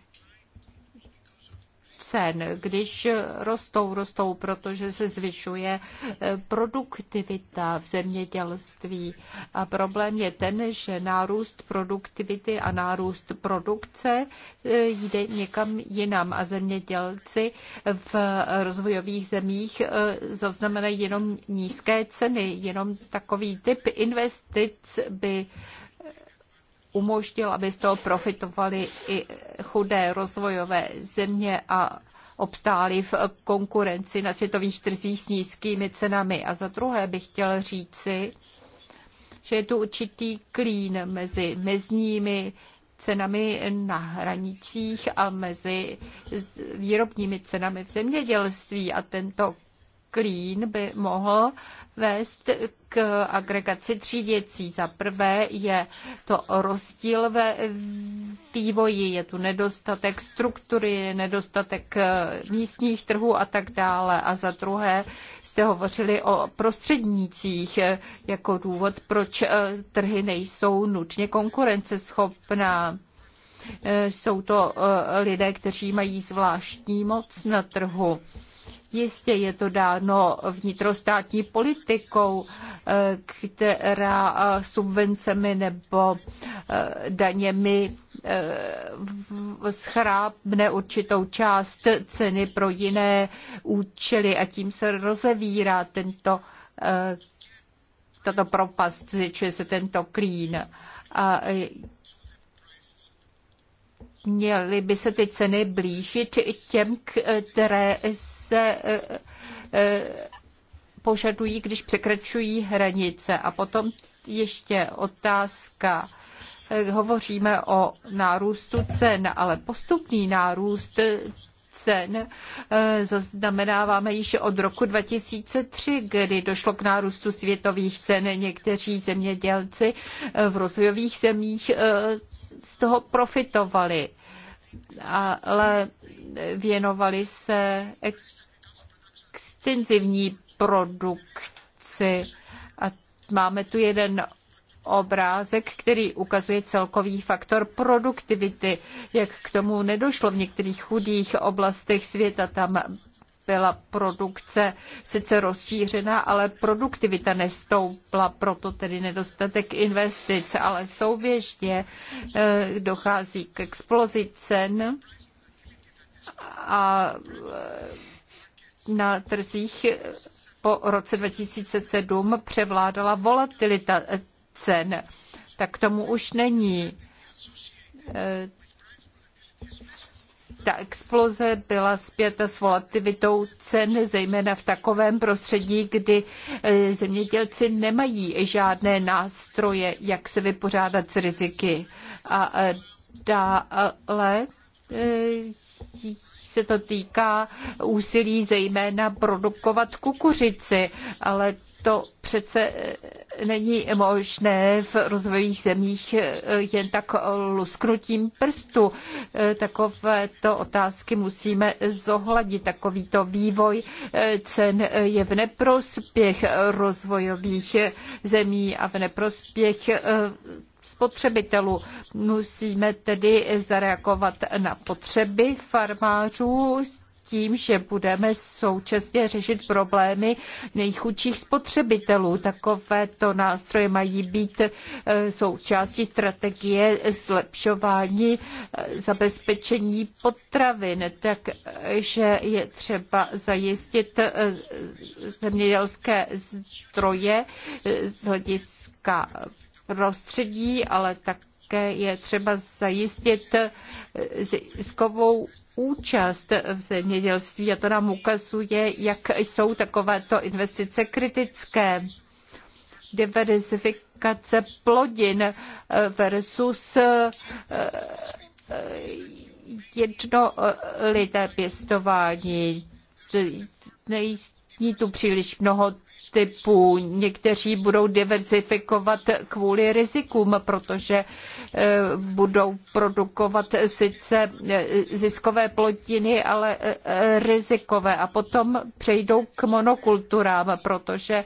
cen. Když rostou, rostou, protože se zvyšuje eh, produktivita v zemědělství. A problém je ten, že nárůst produktivity a nárůst produkce eh, jde někam jinam a zemědělci v rozvojových zemích eh, zaznamenají jenom nízké ceny. Jenom takový typ investic by umožnil, aby z toho profitovaly i chudé rozvojové země a obstáli v konkurenci na světových trzích s nízkými cenami. A za druhé bych chtěl říci, že je tu určitý klín mezi mezními cenami na hranicích a mezi výrobními cenami v zemědělství. A tento Klín by mohl vést k agregaci tří věcí. Za prvé je to rozdíl ve vývoji, je tu nedostatek struktury, nedostatek eh, místních trhů a tak dále. A za druhé jste hovořili o prostřednících eh, jako důvod, proč eh, trhy nejsou nutně konkurenceschopná. Jsou to lidé, kteří mají zvláštní moc na trhu. Jistě je to dáno vnitrostátní politikou, eh, která eh, subvencemi nebo eh, daněmi schrábne určitou část ceny pro jiné účely a tím se rozevírá tento tato propast, zvětšuje se tento klín. A Měly by se ty ceny blížit těm, které se e, e, požadují, když překračují hranice. A potom ještě otázka. E, hovoříme o nárůstu cen, ale postupný nárůst cen zaznamenáváme již od roku 2003, kdy došlo k nárůstu světových cen. Někteří zemědělci v rozvojových zemích z toho profitovali ale věnovali se extenzivní produkci. A máme tu jeden obrázek, který ukazuje celkový faktor produktivity, jak k tomu nedošlo v některých chudých oblastech světa. Tam byla produkce sice rozšířena, ale produktivita nestoupla, proto tedy nedostatek investic, ale souběžně eh, dochází k explozi cen a eh, na trzích po roce 2007 převládala volatilita eh, cen. Tak tomu už není ta exploze byla zpěta s volatilitou cen, zejména v takovém prostředí, kdy eh, zemědělci nemají žádné nástroje, jak se vypořádat s riziky. A eh, dále eh, se to týká úsilí zejména produkovat kukuřici, ale to přece eh, není možné v rozvojových zemích eh, jen tak lusknutím prstu. Eh, takovéto otázky musíme zohladit. Takovýto vývoj cen je v neprospěch rozvojových zemí a v neprospěch spotřebitelů. Musíme tedy zareagovat na potřeby farmářů tím, že budeme současně řešit problémy nejchudších spotřebitelů. Takovéto nástroje mají být eh, součástí strategie zlepšování eh, zabezpečení potravin, takže je třeba zajistit eh, zemědělské zdroje z hlediska prostředí, ale také také je třeba zajistit ziskovou účast v zemědělství a to nám ukazuje, jak jsou takovéto investice kritické. Diverzifikace plodin versus jedno lidé pěstování. Není tu příliš mnoho typů. Někteří budou diverzifikovat kvůli rizikům, protože eh, budou produkovat sice eh, ziskové plotiny, ale eh, rizikové. A potom přejdou k monokulturám, protože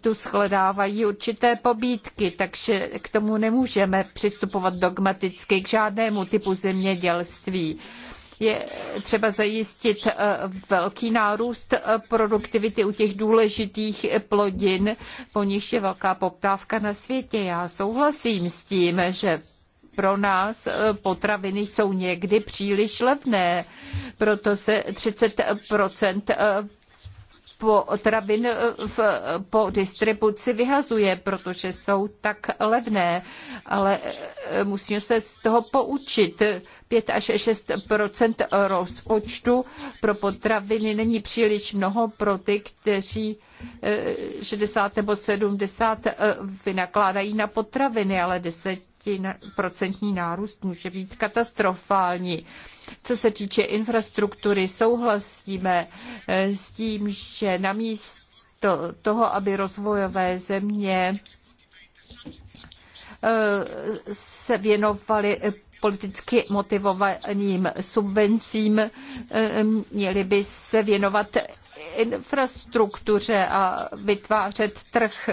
tu shledávají určité pobídky, takže k tomu nemůžeme přistupovat dogmaticky k žádnému typu zemědělství je třeba zajistit eh, velký nárůst eh, produktivity u těch důležitých plodin, po nichž je velká poptávka na světě. Já souhlasím s tím, že pro nás eh, potraviny jsou někdy příliš levné, proto se 30 potravin eh, v, po distribuci vyhazuje, protože jsou tak levné, ale eh, musíme se z toho poučit. 5 až 6 rozpočtu pro potraviny není příliš mnoho pro ty, kteří 60 eh, nebo 70 vynakládají na potraviny, ale 10 procentní nárůst může být katastrofální. Co se týče infrastruktury, souhlasíme eh, s tím, že na místo toho, aby rozvojové země eh, se věnovaly politicky motivovaným subvencím, eh, měli by se věnovat infrastruktuře a vytvářet trh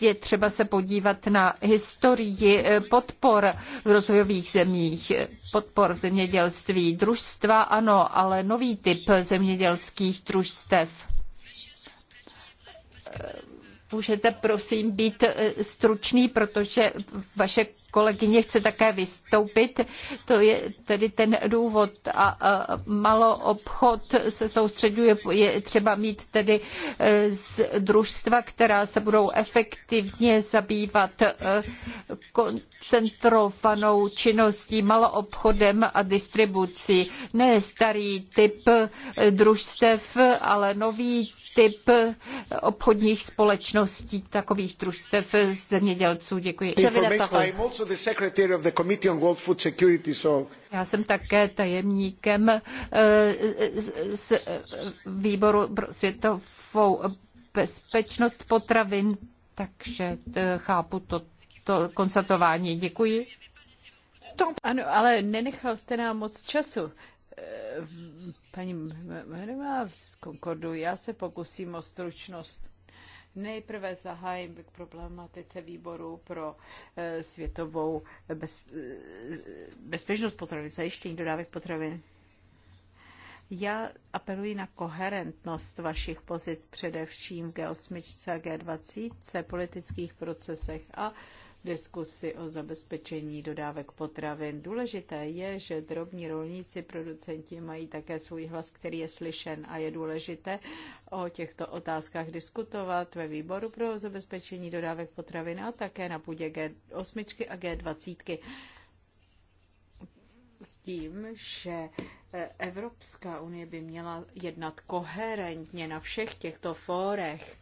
je třeba se podívat na historii eh, podpor v rozvojových zemích, eh, podpor v zemědělství. Družstva ano, ale nový typ zemědělských družstev eh, můžete prosím být e, stručný, protože vaše kolegyně chce také vystoupit. To je tedy ten důvod. A e, malo obchod se soustředuje, je třeba mít tedy e, z družstva, která se budou efektivně zabývat koncentrovanou činností maloobchodem a distribucí. Ne starý typ družstev, ale nový typ obchodních společností, takových družstev zemědělců. Děkuji. Já jsem také tajemníkem eh, z výboru pro světovou bezpečnost potravin, takže eh, chápu to, to konstatování. Děkuji. Ano, ale nenechal jste nám moc času. Eh, paní Mehrová z Concordu, já se pokusím o stručnost. Nejprve zahájím k problematice výboru pro eh, světovou bez, eh, bezpečnost potravin, zajištění dodávek potravin. Já apeluji na koherentnost vašich pozic především v G8 a G20, politických procesech a diskusi o zabezpečení dodávek potravin. Důležité je, že drobní rolníci, producenti mají také svůj hlas, který je slyšen a je důležité o těchto otázkách diskutovat ve výboru pro zabezpečení dodávek potravin a také na půdě G8 a G20 s tím, že e, Evropská unie by měla jednat koherentně na všech těchto fórech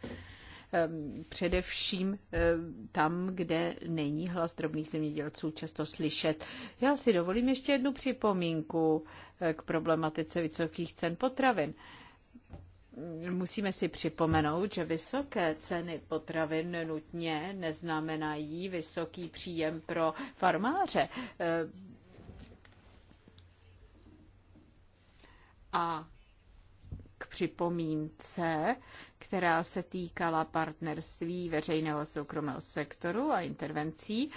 Ehm, především ehm, tam, kde není hlas drobných zemědělců často slyšet. Já si dovolím ještě jednu připomínku eh, k problematice vysokých cen potravin. Musíme si připomenout, že vysoké ceny potravin nutně neznamenají vysoký příjem pro farmáře. Ehm, a k připomínce, která se týkala partnerství veřejného soukromého sektoru a intervencí.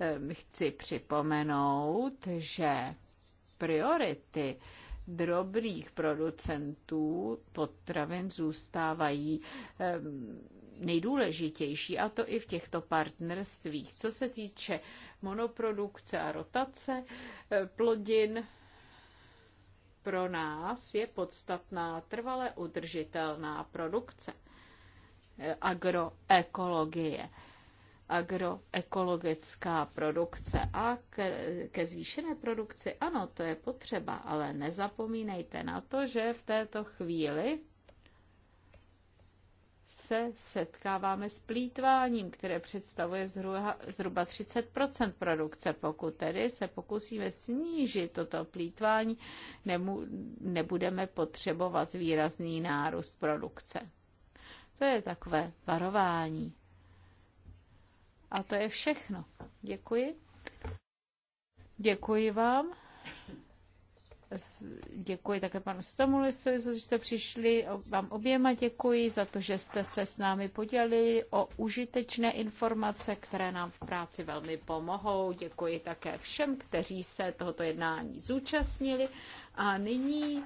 Ehm, chci připomenout, že priority drobných producentů potravin zůstávají ehm, nejdůležitější, a to i v těchto partnerstvích. Co se týče monoprodukce a rotace ehm, plodin, pro nás je podstatná trvale udržitelná produkce e, agroekologie agroekologická produkce a ke, ke zvýšené produkci, ano, to je potřeba, ale nezapomínejte na to, že v této chvíli se setkáváme s plítváním, které představuje zhruba, 30 produkce. Pokud tedy se pokusíme snížit toto plítvání, nebudeme potřebovat výrazný nárůst produkce. To je takové varování. A to je všechno. Děkuji. Děkuji vám. Děkuji také panu Stamulisovi, že jste přišli. Vám oběma děkuji za to, že jste se s námi podělili o užitečné informace, které nám v práci velmi pomohou. Děkuji také všem, kteří se tohoto jednání zúčastnili. A nyní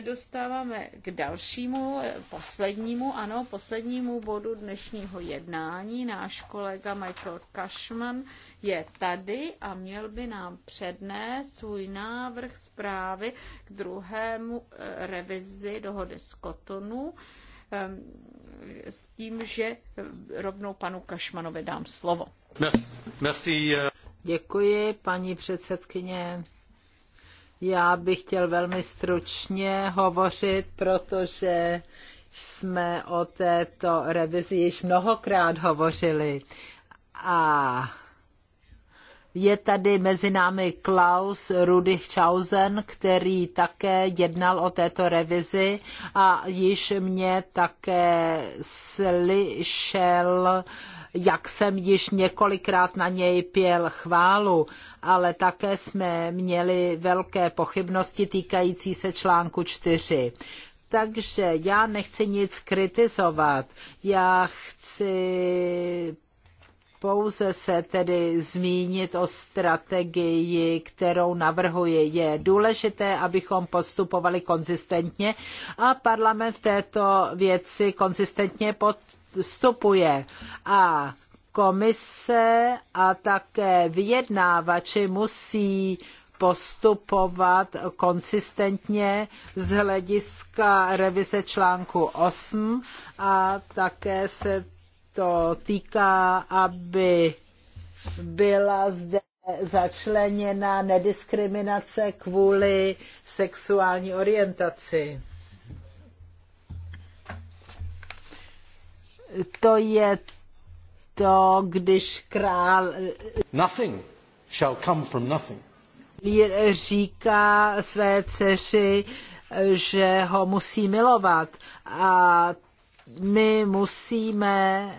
dostáváme k dalšímu, poslednímu, ano, poslednímu bodu dnešního jednání. Náš kolega Michael Cashman je tady a měl by nám přednést svůj návrh zprávy k druhému eh, revizi dohody z Kotonu ehm, s tím, že eh, rovnou panu Kašmanovi dám slovo. Merci. Merci. Eh. Děkuji, paní předsedkyně. Já bych chtěl velmi stručně hovořit, protože jsme o této revizi již mnohokrát hovořili. A je tady mezi námi Klaus Rudichhausen, který také jednal o této revizi a již mě také slyšel uh, jak jsem již několikrát na něj pěl chválu, ale také jsme měli velké pochybnosti týkající se článku 4. Takže já nechci nic kritizovat. Já chci pouze se tedy zmínit o strategii, kterou navrhuji. Je důležité, abychom postupovali konzistentně a parlament v této věci konzistentně postupuje. A komise a také vyjednávači musí postupovat konsistentně z hlediska revize článku 8 a také se to týká, aby byla zde začleněna nediskriminace kvůli sexuální orientaci. To je to, když král nothing shall come from nothing. říká své dceři, že ho musí milovat. A my musíme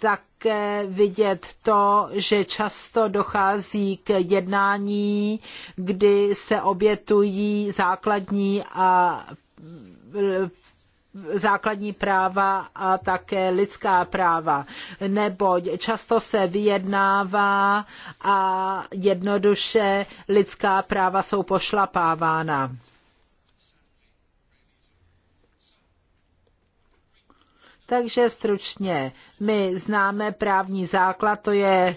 také vidět to, že často dochází k jednání, kdy se obětují základní a základní práva a také lidská práva, neboť často se vyjednává a jednoduše lidská práva jsou pošlapávána. Takže stručně, my známe právní základ, to je e,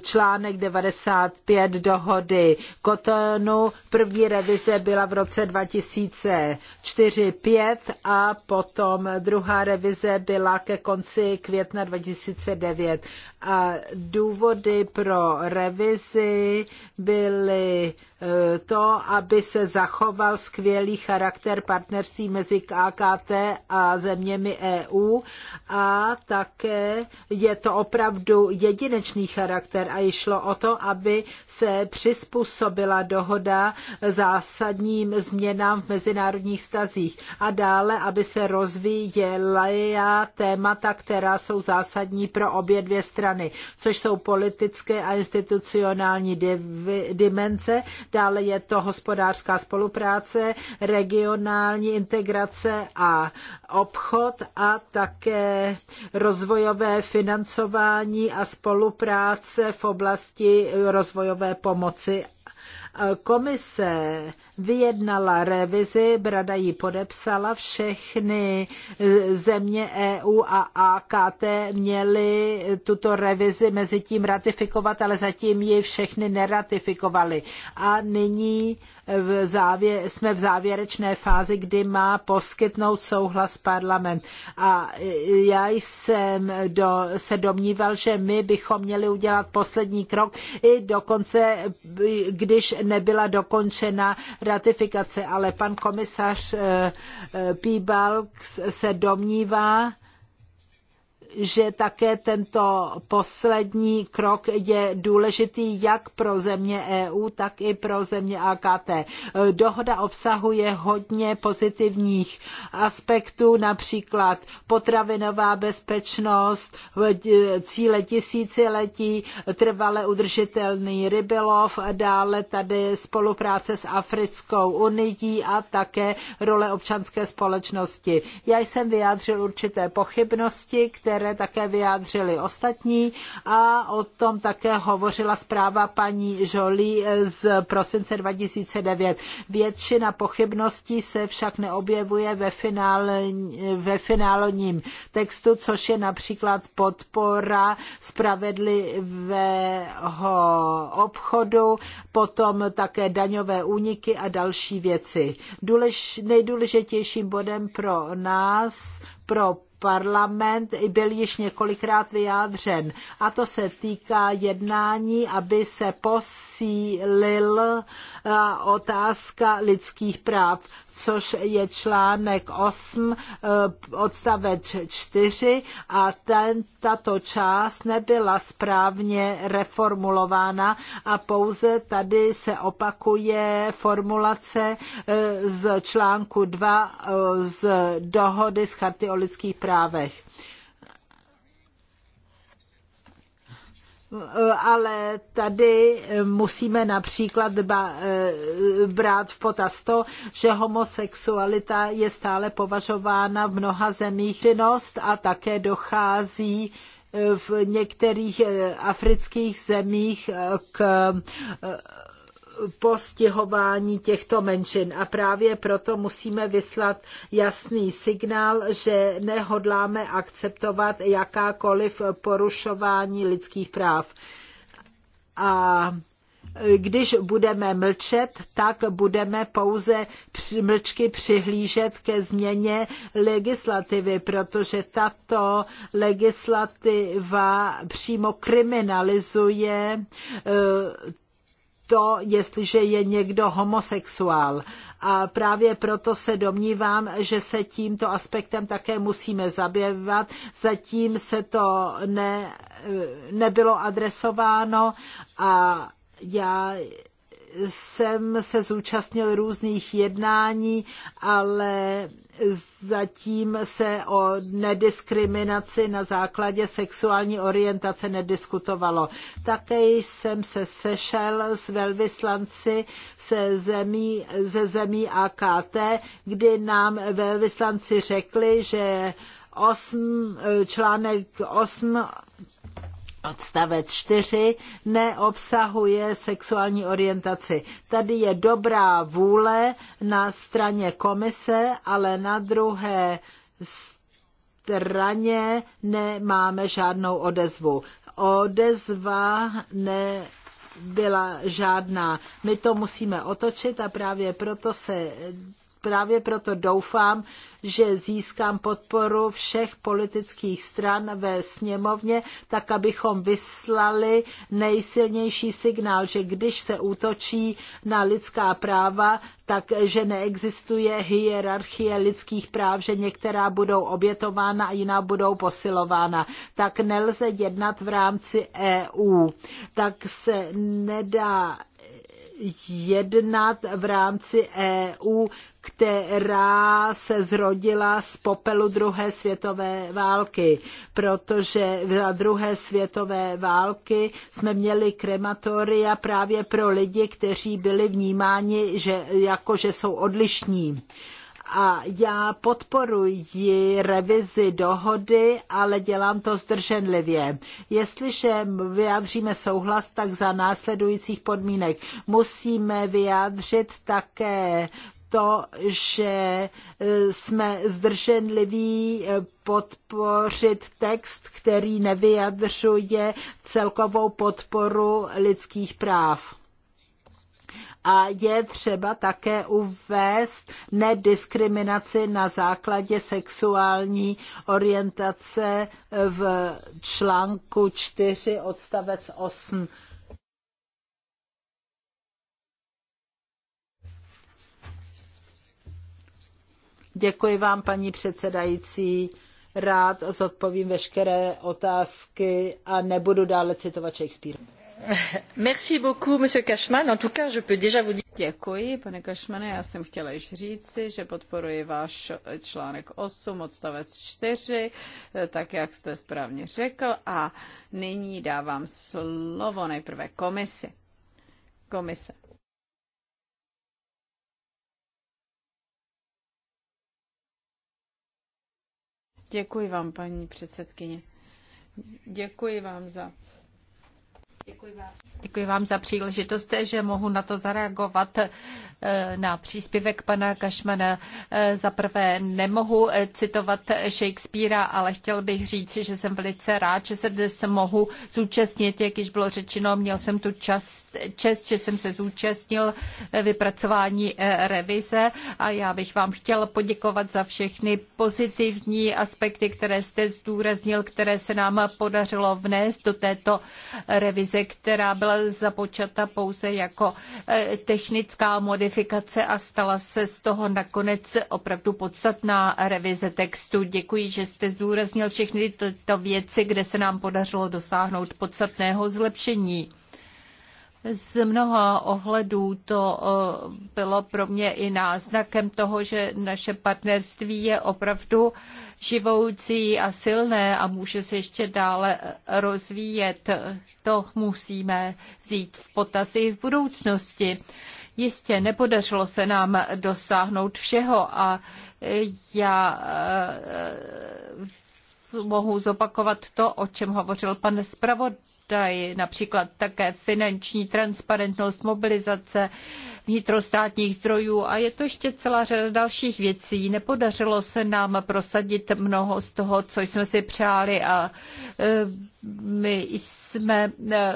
článek 95 dohody Kotonu. První revize byla v roce 2004-5 a potom druhá revize byla ke konci května 2009. A důvody pro revizi byly to, aby se zachoval skvělý charakter partnerství mezi AKT a zeměmi EU a také je to opravdu jedinečný charakter a šlo o to, aby se přizpůsobila dohoda zásadním změnám v mezinárodních vztazích a dále, aby se rozvíjela témata, která jsou zásadní pro obě dvě strany, což jsou politické a institucionální dimenze, dále je to hospodářská spolupráce, regionální integrace a obchod a také rozvojové financování a spolupráce v oblasti rozvojové pomoci Komise vyjednala revizi, Brada ji podepsala, všechny země EU a AKT měly tuto revizi mezi tím ratifikovat, ale zatím ji všechny neratifikovali. A nyní v závě, jsme v závěrečné fázi, kdy má poskytnout souhlas parlament. A já jsem do, se domníval, že my bychom měli udělat poslední krok i dokonce, když nebyla dokončena ratifikace, ale pan komisař eh, eh, Piebalgs se domnívá, že také tento poslední krok je důležitý jak pro země EU, tak i pro země AKT. Dohoda obsahuje hodně pozitivních aspektů, například potravinová bezpečnost, cíle tisíciletí, trvale udržitelný rybolov, dále tady spolupráce s Africkou unií a také role občanské společnosti. Já jsem vyjádřil určité pochybnosti, které které také vyjádřili ostatní a o tom také hovořila zpráva paní Žolí z prosince 2009. Většina pochybností se však neobjevuje ve, finále, ve finálním textu, což je například podpora spravedlivého obchodu, potom také daňové úniky a další věci. Důlež, nejdůležitějším bodem pro nás, pro parlament byl již několikrát vyjádřen. A to se týká jednání, aby se posílil eh, otázka lidských práv což je článek 8 eh, odstavec 4 a ten, tato část nebyla správně reformulována a pouze tady se opakuje formulace eh, z článku 2 eh, z dohody z Charty o lidských právech. ale tady eh, musíme například eh, brát v potaz to, že homosexualita je stále považována v mnoha zemích činnost a také dochází eh, v některých afrických zemích k postihování těchto menšin. A právě proto musíme vyslat jasný signál, že nehodláme akceptovat jakákoliv porušování lidských práv. A když budeme mlčet, tak budeme pouze mlčky přihlížet ke změně legislativy, protože tato legislativa přímo kriminalizuje eh, to, jestliže je někdo homosexuál. A právě proto se domnívám, že se tímto aspektem také musíme zabývat. Zatím se to ne, nebylo adresováno a já jsem se zúčastnil různých jednání, ale zatím se o nediskriminaci na základě sexuální orientace nediskutovalo. Také jsem se sešel s velvyslanci se zemí, ze zemí AKT, kdy nám velvyslanci řekli, že osm článek 8 Odstavec 4 neobsahuje sexuální orientaci. Tady je dobrá vůle na straně komise, ale na druhé straně nemáme žádnou odezvu. Odezva ne, byla žádná. My to musíme otočit a právě proto se právě proto doufám, že získám podporu všech politických stran ve sněmovně, tak abychom vyslali nejsilnější signál, že když se útočí na lidská práva, tak že neexistuje hierarchie lidských práv, že některá budou obětována a jiná budou posilována. Tak nelze jednat v rámci EU. Tak se nedá jednat v rámci EU, která se zrodila z popelu druhé světové války, protože za druhé světové války jsme měli krematoria právě pro lidi, kteří byli vnímáni že, jako, že jsou odlišní a já podporuji revizi dohody, ale dělám to zdrženlivě. Jestliže vyjádříme souhlas, tak za následujících podmínek musíme vyjádřit také to, že eh, jsme zdrženliví eh, podpořit text, který nevyjadřuje celkovou podporu lidských práv a je třeba také uvést nediskriminaci na základě sexuální orientace v článku 4 odstavec 8 Děkuji vám, paní předsedající. Rád zodpovím veškeré otázky a nebudu dále citovat Shakespeare monsieur Cashman. En tout cas, je peux déjà vous dire... Děkuji, pane Cashmane. Já jsem chtěla již říci, že podporuji váš článek 8, odstavec 4, eh, tak jak jste správně řekl. A nyní dávám slovo nejprve komisi. Komise. Děkuji vám, paní předsedkyně. Děkuji vám za Děkuji vám. Děkuji vám za příležitost, že mohu na to zareagovat eh, na příspěvek pana Kašmana. Eh, za prvé nemohu eh, citovat Shakespearea, ale chtěl bych říct, že jsem velice rád, že se dnes mohu zúčastnit, jak již bylo řečeno, měl jsem tu čas, čest, že jsem se zúčastnil vypracování revize a já bych vám chtěl poděkovat za všechny pozitivní aspekty, které jste zdůraznil, které se nám podařilo vnést do této revize krize, která byla započata pouze jako eh, technická modifikace a stala se z toho nakonec opravdu podstatná revize textu. Děkuji, že jste zdůraznil všechny tyto věci, kde se nám podařilo dosáhnout podstatného zlepšení. Z mnoha ohledů to eh, bylo pro mě i náznakem toho, že naše partnerství je opravdu živoucí a silné a může se ještě dále eh, rozvíjet. To musíme vzít v potaz i v budoucnosti. Jistě nepodařilo se nám dosáhnout všeho a eh, já mohu zopakovat to, o čem hovořil pan zpravodaj, například také finanční transparentnost, mobilizace vnitrostátních zdrojů a je to ještě celá řada dalších věcí. Nepodařilo se nám prosadit mnoho z toho, co jsme si přáli a e, my jsme e,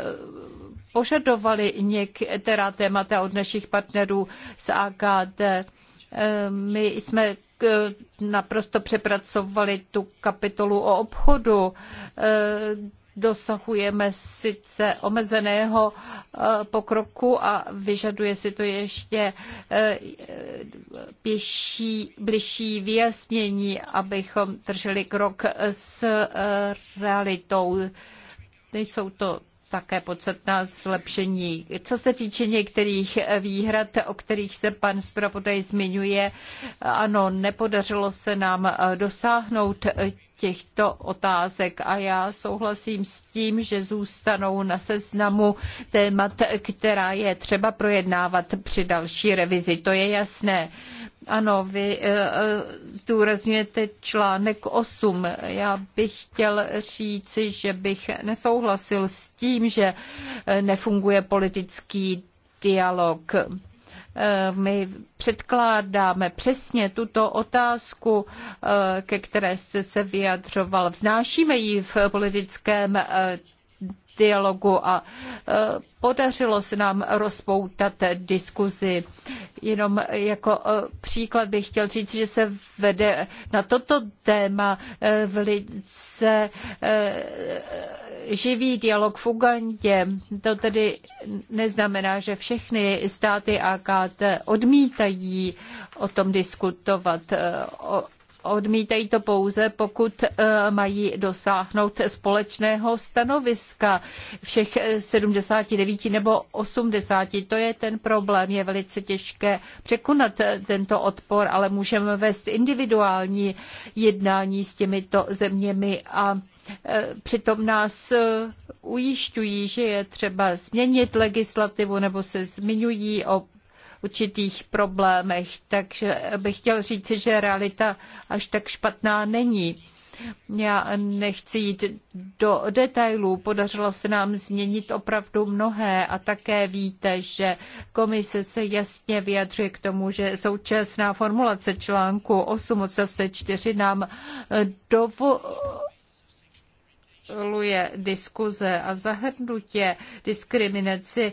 požadovali některá témata od našich partnerů z AKT. E, my jsme Eh, naprosto přepracovali tu kapitolu o obchodu. Eh, dosahujeme sice omezeného eh, pokroku a vyžaduje si to ještě pěší, bližší vyjasnění, abychom drželi krok s realitou. Nejsou to také podstatná zlepšení. Co se týče některých výhrad, o kterých se pan zpravodaj zmiňuje, ano, nepodařilo se nám eh, dosáhnout eh, těchto otázek a já souhlasím s tím, že zůstanou na seznamu témat, která je třeba projednávat při další revizi. To je jasné. Ano, vy eh, eh, zdůrazňujete článek 8. Já bych chtěl říci, že bych nesouhlasil s tím, že eh, nefunguje politický dialog. My předkládáme přesně tuto otázku, ke které jste se vyjadřoval. Vznášíme ji v politickém dialogu a e, podařilo se nám rozpoutat diskuzi. Jenom jako e, příklad bych chtěl říct, že se vede na toto téma e, velice živý dialog v Ugandě. To tedy neznamená, že všechny státy AKT odmítají o tom diskutovat. Odmítají to pouze, pokud eh, mají dosáhnout společného stanoviska všech 79 nebo 80. To je ten problém. Je velice těžké překonat eh, tento odpor, ale můžeme vést individuální jednání s těmito zeměmi a eh, Přitom nás ujišťují, že je třeba změnit legislativu nebo se zmiňují o určitých problémech, takže bych chtěl říct, že realita až tak špatná není. Já nechci jít do detailů, podařilo se nám změnit opravdu mnohé a také víte, že komise se jasně vyjadřuje k tomu, že současná formulace článku 8 odstavce 4 nám dovoluje diskuze a zahrnutě diskriminaci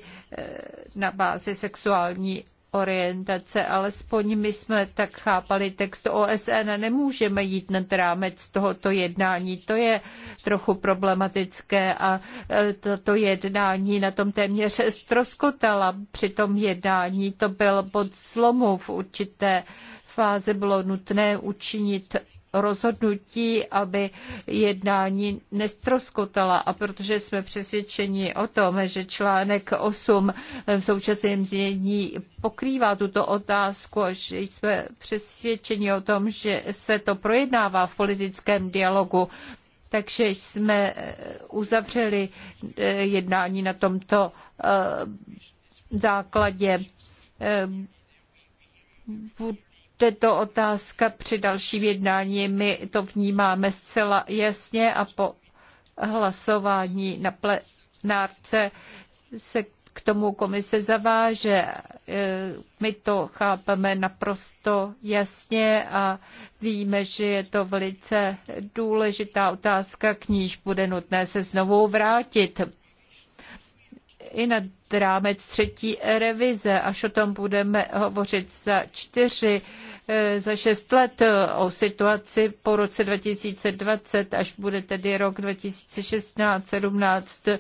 na bázi sexuální orientace, alespoň my jsme tak chápali text OSN a nemůžeme jít nad rámec tohoto jednání. To je trochu problematické a e, toto jednání na tom téměř ztroskotala. Při tom jednání to byl pod slomu v určité fáze bylo nutné učinit rozhodnutí, aby jednání nestroskotala. A protože jsme přesvědčeni o tom, že článek 8 v současném znění pokrývá tuto otázku, a že jsme přesvědčeni o tom, že se to projednává v politickém dialogu, takže jsme eh, uzavřeli eh, jednání na tomto eh, základě. Budu této otázka při dalším jednání. My to vnímáme zcela jasně a po hlasování na plenárce se k tomu komise zaváže. E, my to chápeme naprosto jasně a víme, že je to velice důležitá otázka, k níž bude nutné se znovu vrátit. I nad rámec třetí revize, až o tom budeme hovořit za čtyři Eh, za šest let eh, o situaci po roce 2020, až bude tedy rok 2016-17. Eh,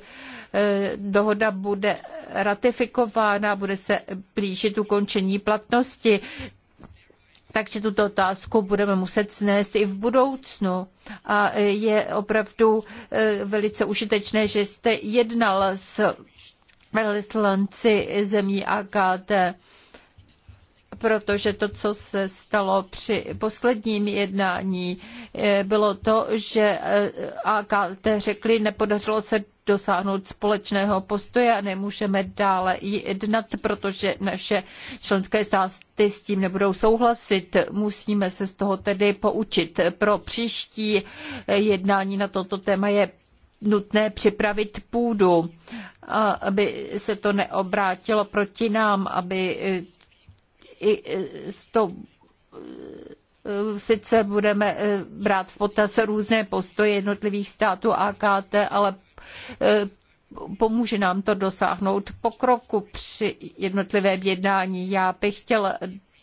dohoda bude ratifikována, bude se blížit ukončení platnosti. Takže tuto otázku budeme muset snést i v budoucnu. A je opravdu velice užitečné, že jste jednal s velislanci zemí AKT protože to, co se stalo při posledním jednání, eh, bylo to, že eh, AKT řekli, nepodařilo se dosáhnout společného postoje a nemůžeme dále jednat, protože naše členské státy s tím nebudou souhlasit. Musíme se z toho tedy poučit. Pro příští eh, jednání na toto téma je nutné připravit půdu, aby se to neobrátilo proti nám, aby i to e, sice budeme e, brát v potaz různé postoje jednotlivých států AKT, ale e, pomůže nám to dosáhnout pokroku při jednotlivém jednání. Já bych chtěla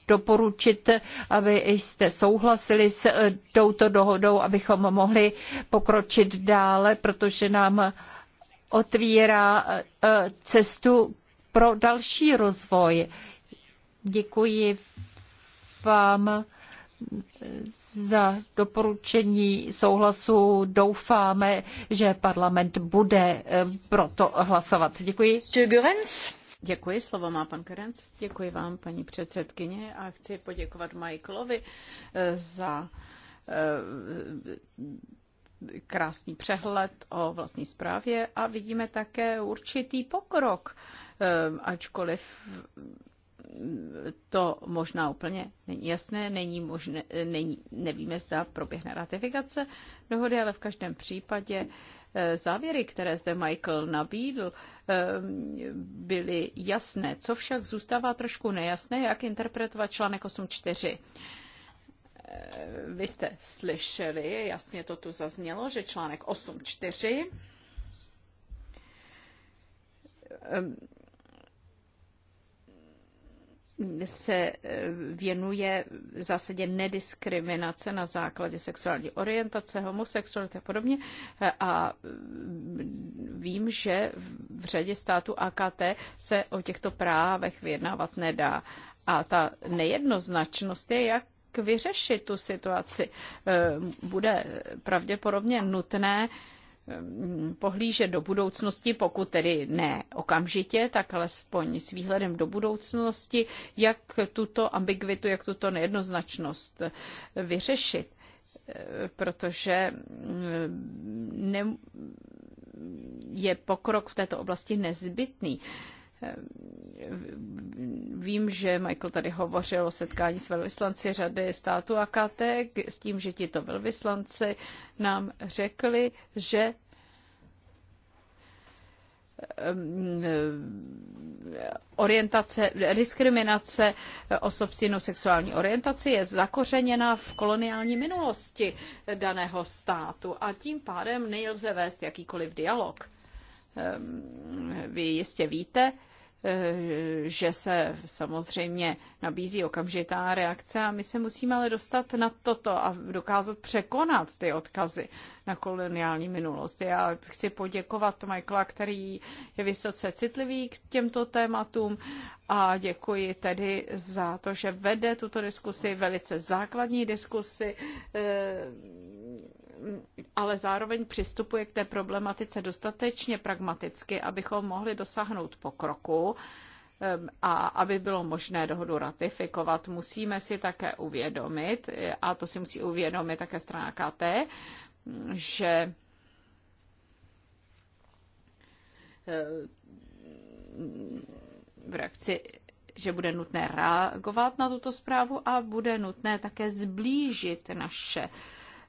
doporučit, aby jste souhlasili s touto dohodou, abychom mohli pokročit dále, protože nám otvírá cestu pro další rozvoj. Děkuji vám za doporučení souhlasu. Doufáme, že parlament bude eh, proto hlasovat. Děkuji. Děkuji, slovo má pan Kerenc. Děkuji vám, paní předsedkyně, a chci poděkovat Michaelovi eh, za eh, krásný přehled o vlastní zprávě a vidíme také určitý pokrok, ačkoliv to možná úplně není jasné, není možné, není, nevíme, zda proběhne ratifikace dohody, ale v každém případě eh, závěry, které zde Michael nabídl, eh, byly jasné. Co však zůstává trošku nejasné, jak interpretovat článek 8.4 eh, vy jste slyšeli, jasně to tu zaznělo, že článek 8.4 se eh, věnuje v zásadě nediskriminace na základě sexuální orientace, homosexuality a podobně. Eh, a mm, vím, že v řadě států AKT se o těchto právech vyjednávat nedá. A ta nejednoznačnost je, jak vyřešit tu situaci. Eh, bude pravděpodobně nutné Ehm, pohlížet do budoucnosti, pokud tedy ne okamžitě, tak alespoň s výhledem do budoucnosti, jak tuto ambiguitu, jak tuto nejednoznačnost eh, vyřešit. Eh, protože ehm, ne, je pokrok v této oblasti nezbytný. Ehm, vím, že Michael tady hovořil o setkání s velvyslanci řady států AKT s tím, že tito velvyslanci nám řekli, že ehm, orientace, diskriminace osob s jinou sexuální orientací je zakořeněna v koloniální minulosti daného státu a tím pádem nejlze vést jakýkoliv dialog. Ehm, vy jistě víte, Eh, že se samozřejmě nabízí okamžitá reakce a my se musíme ale dostat na toto a dokázat překonat ty odkazy na koloniální minulost. Já chci poděkovat Michaela, který je vysoce citlivý k těmto tématům a děkuji tedy za to, že vede tuto diskusi, velice základní diskusi eh, ale zároveň přistupuje k té problematice dostatečně pragmaticky, abychom mohli dosáhnout pokroku a aby bylo možné dohodu ratifikovat, musíme si také uvědomit, a to si musí uvědomit také strana KT, že v reakci že bude nutné reagovat na tuto zprávu a bude nutné také zblížit naše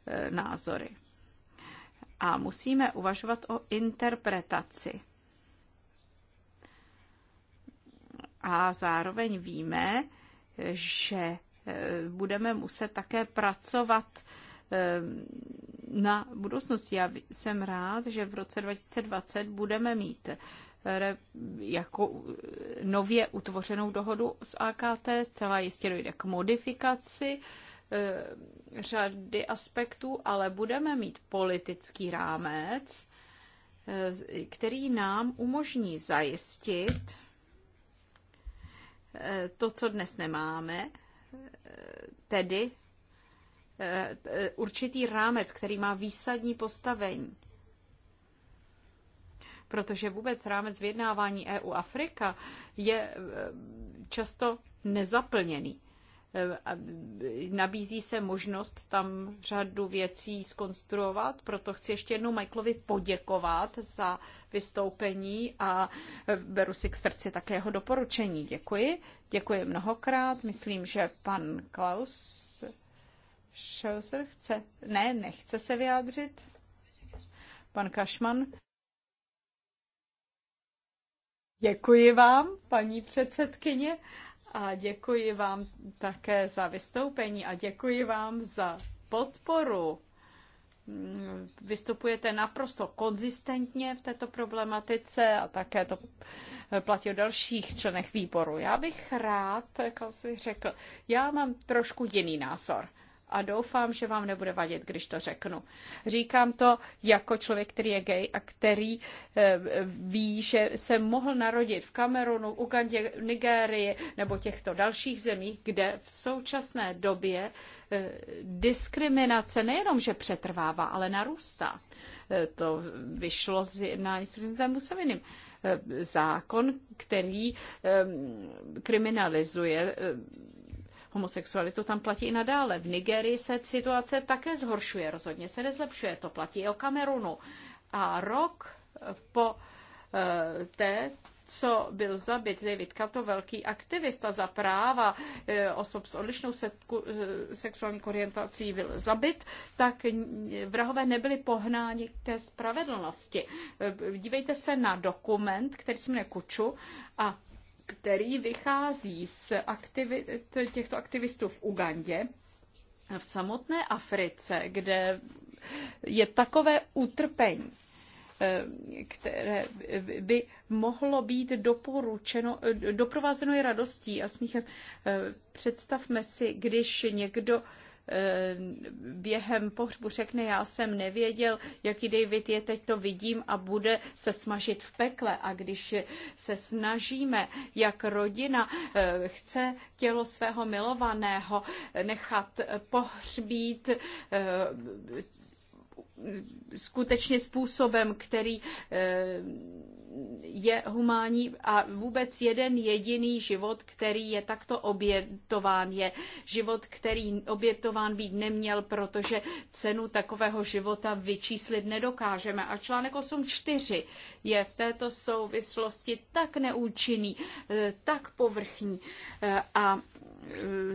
E, názory. A musíme uvažovat o interpretaci. A zároveň víme, že e, budeme muset také pracovat e, na budoucnosti. Já jsem rád, že v roce 2020 budeme mít jako nově utvořenou dohodu s AKT. Zcela jistě dojde k modifikaci Eh, řady aspektů, ale budeme mít politický rámec, eh, který nám umožní zajistit eh, to, co dnes nemáme, tedy určitý rámec, který má výsadní postavení. Protože vůbec rámec vyjednávání EU-Afrika je často nezaplněný nabízí se možnost tam řadu věcí skonstruovat, proto chci ještě jednou Michaelovi poděkovat za vystoupení a beru si k srdci také jeho doporučení. Děkuji. Děkuji mnohokrát. Myslím, že pan Klaus Schauser chce, ne, nechce se vyjádřit. Pan Kašman. Děkuji vám, paní předsedkyně. A děkuji vám také za vystoupení a děkuji vám za podporu. Vystupujete naprosto konzistentně v této problematice a také to platí o dalších členech výboru. Já bych rád, jak si řekl, já mám trošku jiný názor a doufám, že vám nebude vadit, když to řeknu. Říkám to jako člověk, který je gay a který eh, ví, že se mohl narodit v Kamerunu, Ugandě, Nigérii nebo těchto dalších zemích, kde v současné době eh, diskriminace nejenom, že přetrvává, ale narůstá. Eh, to vyšlo z jednání s prezidentem Musevinim. Zákon, který kriminalizuje homosexualitu tam platí i nadále. V Nigerii se situace také zhoršuje, rozhodně se nezlepšuje. To platí i o Kamerunu. A rok po eh, té, co byl zabit David Kato, velký aktivista za práva eh, osob s odlišnou eh, sexuální orientací, byl zabit, tak vrahové nebyli pohnáni ke spravedlnosti. Dívejte se na dokument, který se jmenuje Kuču a který vychází z aktivit, těchto aktivistů v Ugandě, v samotné Africe, kde je takové utrpení, eh, které by mohlo být doporučeno, eh, doprovázeno je radostí a smíchem. Eh, představme si, když někdo Eh, během pohřbu řekne, já jsem nevěděl, jaký David je, teď to vidím a bude se smažit v pekle. A když se snažíme, jak rodina eh, chce tělo svého milovaného nechat pohřbít, eh, skutečně způsobem, který je humánní a vůbec jeden jediný život, který je takto obětován, je život, který obětován být neměl, protože cenu takového života vyčíslit nedokážeme. A článek 8.4 je v této souvislosti tak neúčinný, eh, tak povrchní eh, a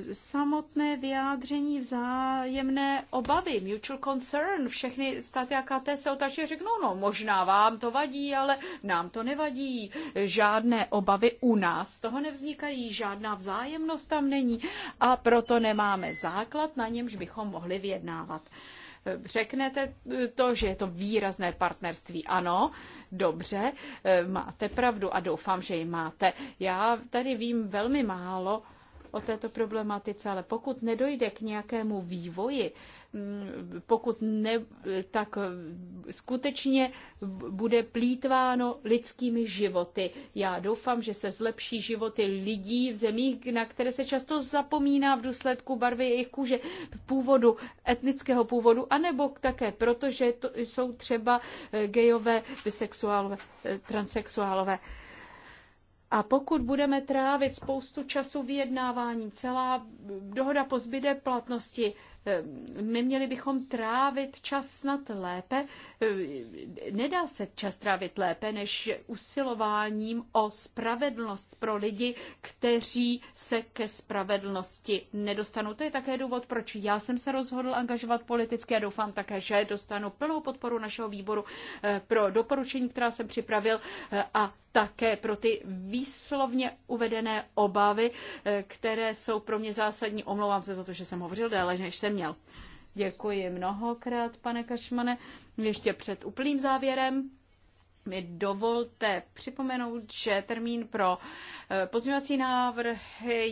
E, samotné vyjádření vzájemné obavy, mutual concern, všechny státy a KT se otačí řeknou, no možná vám to vadí, ale nám to nevadí, žádné obavy u nás z toho nevznikají, žádná vzájemnost tam není a proto nemáme základ, na němž bychom mohli vyjednávat e, řeknete to, že je to výrazné partnerství. Ano, dobře, e, máte pravdu a doufám, že ji máte. Já tady vím velmi málo o této problematice, ale pokud nedojde k nějakému vývoji, mm, pokud ne, tak skutečně bude plítváno lidskými životy. Já doufám, že se zlepší životy lidí v zemích, na které se často zapomíná v důsledku barvy jejich kůže, původu, etnického původu, anebo také proto, že to jsou třeba gejové, bisexuálové, transsexuálové. A pokud budeme trávit spoustu času vyjednáváním, celá dohoda pozbyde platnosti, Neměli eh, bychom trávit čas snad lépe. Eh, nedá se čas trávit lépe než usilováním o spravedlnost pro lidi, kteří se ke spravedlnosti nedostanou. To je také důvod, proč já jsem se rozhodl angažovat politicky a doufám také, že dostanu plnou podporu našeho výboru eh, pro doporučení, která jsem připravil a také pro ty výslovně uvedené obavy, které jsou pro mě zásadní. Omlouvám se za to, že jsem hovořil déle, než jsem měl. Děkuji mnohokrát, pane Kašmane. Ještě před úplným závěrem mi dovolte připomenout, že termín pro eh, pozměňovací návrh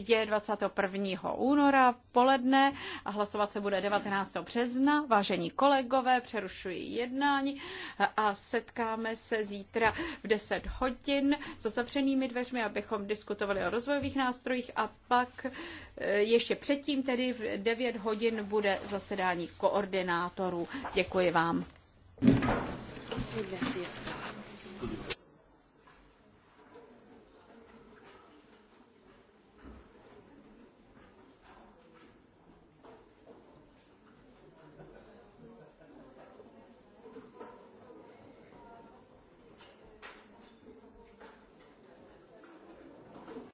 je 21. února v poledne a hlasovat se bude 19. března. Vážení kolegové, přerušuji jednání a setkáme se zítra v 10 hodin za zavřenými dveřmi, abychom diskutovali o rozvojových nástrojích a pak eh, ještě předtím, tedy v 9 hodin, bude zasedání koordinátorů. Děkuji vám. Gracias.